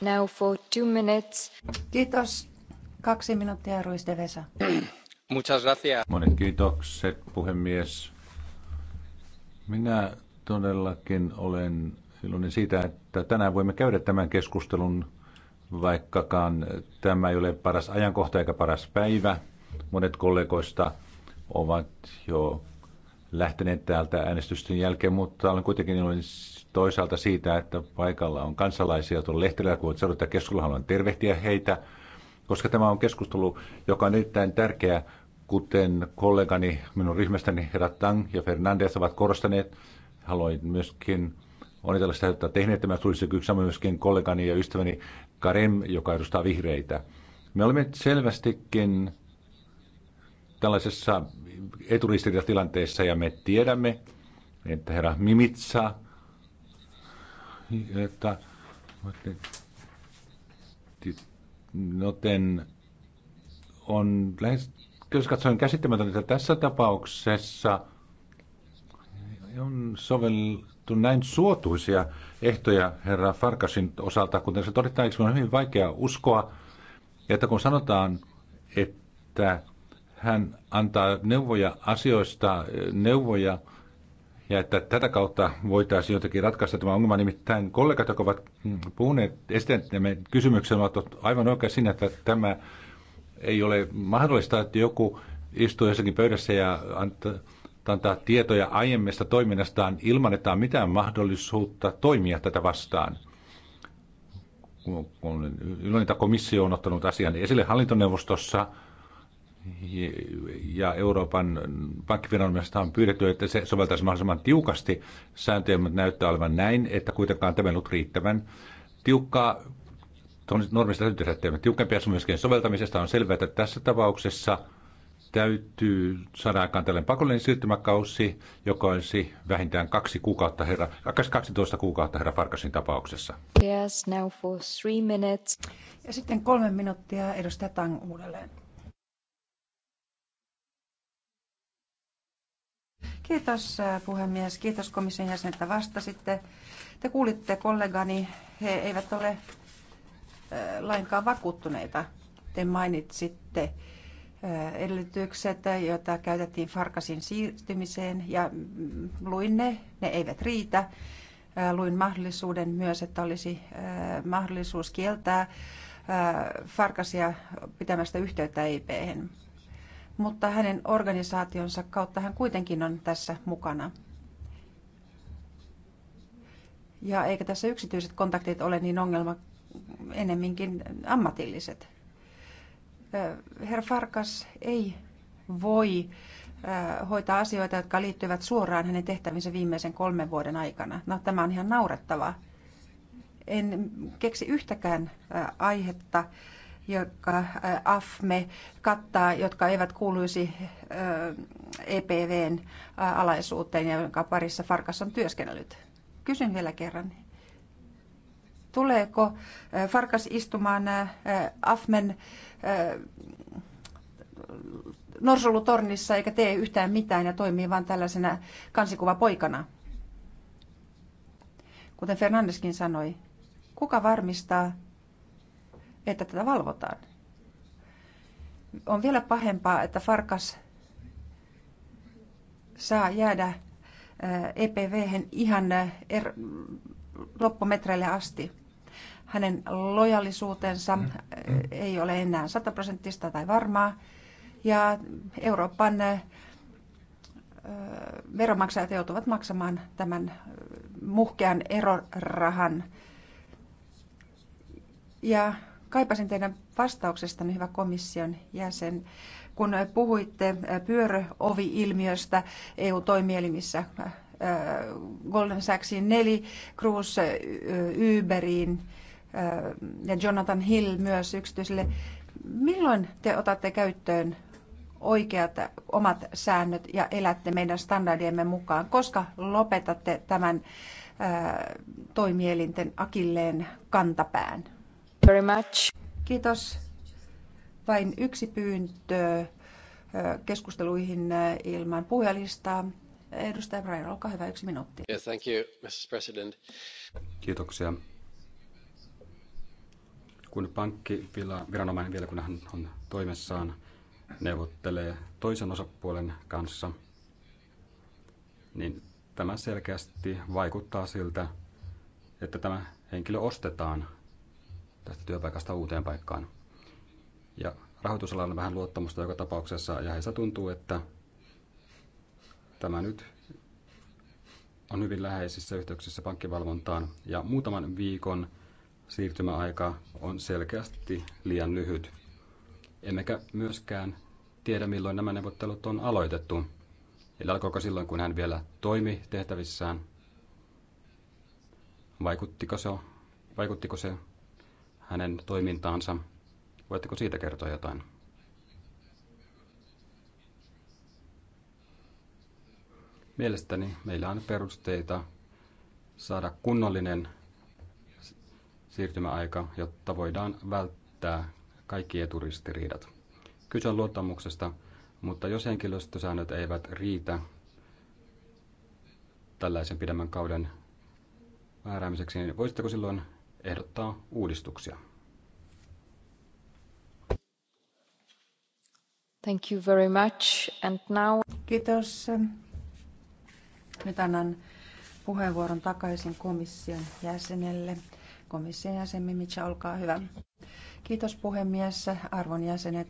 Now for two minutes. Kiitos. Kaksi minuuttia, Ruiz de Vesa. Muchas gracias. Monet kiitokset, puhemies. Minä todellakin olen iloinen siitä, että tänään voimme käydä tämän keskustelun, vaikkakaan tämä ei ole paras ajankohta eikä paras päivä. Monet kollegoista ovat jo lähteneet täältä äänestysten jälkeen, mutta olen kuitenkin iloinen toisaalta siitä, että paikalla on kansalaisia tuolla lehterillä, kun voit seurata keskustelua, haluan tervehtiä heitä – koska tämä on keskustelu, joka on erittäin tärkeä, kuten kollegani minun ryhmästäni Tang ja Fernandez ovat korostaneet. Haluan myöskin onnitella sitä, että tehneet tämä tulisi samoin myöskin kollegani ja ystäväni Karem, joka edustaa vihreitä. Me olemme selvästikin tällaisessa eturistiriitatilanteessa ja me tiedämme, että herra Mimitsa, että Joten on lähes, jos katsoin käsittämätöntä, että tässä tapauksessa on sovellettu näin suotuisia ehtoja herra Farkasin osalta, kuten se todetaan, on hyvin vaikea uskoa, että kun sanotaan, että hän antaa neuvoja asioista, neuvoja ja että tätä kautta voitaisiin jotenkin ratkaista tämä ongelma. Nimittäin kollegat, jotka ovat puhuneet esittämämme kysymyksen, ovat aivan oikein siinä, että tämä ei ole mahdollista, että joku istuu jossakin pöydässä ja antaa, tietoja aiemmista toiminnastaan ilman, että on mitään mahdollisuutta toimia tätä vastaan. kun komissio on ottanut asian esille hallintoneuvostossa – ja Euroopan pankkiviranomaisesta on pyydetty, että se soveltaisi mahdollisimman tiukasti sääntöjä, mutta näyttää olevan näin, että kuitenkaan tämä ei ollut riittävän tiukkaa normista täytyy tehdä Tiukempia myöskin soveltamisesta on selvää, että tässä tapauksessa täytyy saada aikaan tällainen pakollinen siirtymäkausi, joka olisi vähintään kaksi kuukautta herra, 12 kuukautta herra Farkasin tapauksessa. Yes, now for three minutes. Ja sitten kolme minuuttia edustaja Tang uudelleen. Kiitos puhemies, kiitos komission jäsen, että vastasitte. Te kuulitte kollegani, he eivät ole lainkaan vakuuttuneita. Te mainitsitte edellytykset, joita käytettiin Farkasin siirtymiseen ja mm, luin ne, ne eivät riitä. Luin mahdollisuuden myös, että olisi mahdollisuus kieltää Farkasia pitämästä yhteyttä IP:hen. E hen mutta hänen organisaationsa kautta hän kuitenkin on tässä mukana. Ja eikä tässä yksityiset kontaktit ole niin ongelma, enemminkin ammatilliset. Herr Farkas ei voi hoitaa asioita, jotka liittyvät suoraan hänen tehtävinsä viimeisen kolmen vuoden aikana. No, tämä on ihan naurettavaa. En keksi yhtäkään aihetta, jotka äh, AFME kattaa, jotka eivät kuuluisi äh, EPVn äh, alaisuuteen ja jonka parissa Farkas on työskennellyt. Kysyn vielä kerran. Tuleeko Farkas istumaan AFMEn norsulutornissa eikä tee yhtään mitään ja toimii vain tällaisena kansikuvapoikana? Kuten Fernandeskin sanoi, kuka varmistaa, että tätä valvotaan. On vielä pahempaa, että Farkas saa jäädä EPV eh, e ihan eh, er, loppumetreille asti. Hänen lojallisuutensa eh, ei ole enää sataprosenttista tai varmaa. Ja Euroopan veronmaksajat joutuvat maksamaan tämän muhkean erorahan. Ja Kaipasin teidän vastauksestanne, hyvä komission jäsen, kun puhuitte pyöröovi-ilmiöstä EU-toimielimissä äh, Golden Sachsin neli, Cruz äh, Uberiin äh, ja Jonathan Hill myös yksityisille. Milloin te otatte käyttöön oikeat omat säännöt ja elätte meidän standardiemme mukaan? Koska lopetatte tämän toimielinten akilleen kantapään? very much. Kiitos. Vain yksi pyyntö keskusteluihin ilman puhujalistaa. Edustaja Breyer, olkaa hyvä, yksi minuutti. Yeah, thank you, Mrs. President. Kiitoksia. Kun pankkiviranomainen vielä, kun hän on toimessaan, neuvottelee toisen osapuolen kanssa, niin tämä selkeästi vaikuttaa siltä, että tämä henkilö ostetaan tästä työpaikasta uuteen paikkaan. Ja rahoitusalalla on vähän luottamusta joka tapauksessa, ja heissä tuntuu, että tämä nyt on hyvin läheisissä yhteyksissä pankkivalvontaan, ja muutaman viikon siirtymäaika on selkeästi liian lyhyt. Emmekä myöskään tiedä, milloin nämä neuvottelut on aloitettu. Eli alkoiko silloin, kun hän vielä toimi tehtävissään? Vaikuttiko se, vaikuttiko se hänen toimintaansa. Voitteko siitä kertoa jotain? Mielestäni meillä on perusteita saada kunnollinen siirtymäaika, jotta voidaan välttää kaikki eturistiriidat. Kyse on luottamuksesta, mutta jos henkilöstösäännöt eivät riitä tällaisen pidemmän kauden määräämiseksi, niin voisitteko silloin ehdottaa uudistuksia. Thank you very much. And now... Kiitos. Nyt annan puheenvuoron takaisin komission jäsenelle. Komission jäsen Mimitsa, olkaa hyvä. Kiitos puhemies, arvon jäsenet.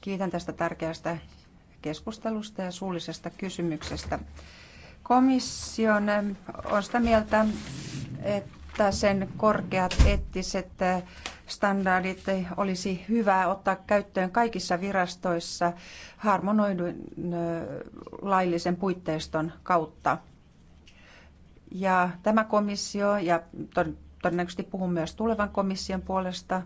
Kiitän tästä tärkeästä keskustelusta ja suullisesta kysymyksestä. Komission on sitä mieltä, että sen korkeat eettiset eh, standardit olisi hyvä ottaa käyttöön kaikissa virastoissa harmonoidun eh, laillisen puitteiston kautta. Ja tämä komissio, ja todennäköisesti puhun myös tulevan komission puolesta,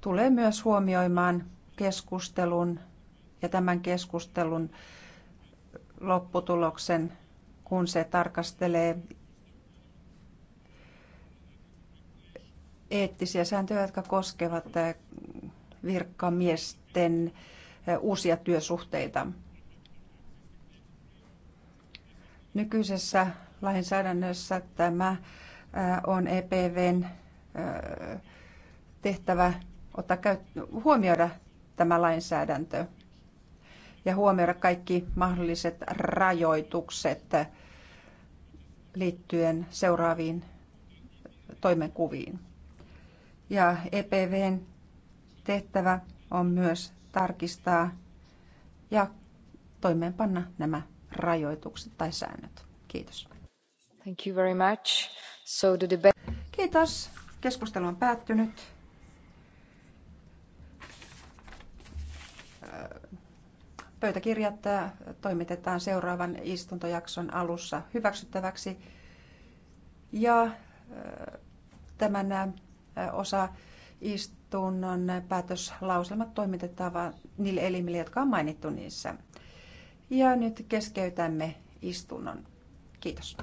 tulee myös huomioimaan keskustelun ja tämän keskustelun lopputuloksen, kun se tarkastelee eettisiä sääntöjä, jotka koskevat eh, virkkamiesten eh, uusia työsuhteita. Nykyisessä lainsäädännössä tämä eh, on EPVn tehtävä ottaa käyt- huomioida tämä lainsäädäntö ja huomioida kaikki mahdolliset rajoitukset liittyen seuraaviin toimenkuviin. Ja EPVn tehtävä on myös tarkistaa ja toimeenpanna nämä rajoitukset tai säännöt. Kiitos. Thank you very much. So the debate... Kiitos. Keskustelu on päättynyt. Pöytäkirjat äh, toimitetaan seuraavan istuntojakson alussa hyväksyttäväksi. Ja äh, tämän äh, osa istunnon päätöslauselmat toimitetaan niille elimille, jotka on mainittu niissä. Ja nyt keskeytämme istunnon. Kiitos.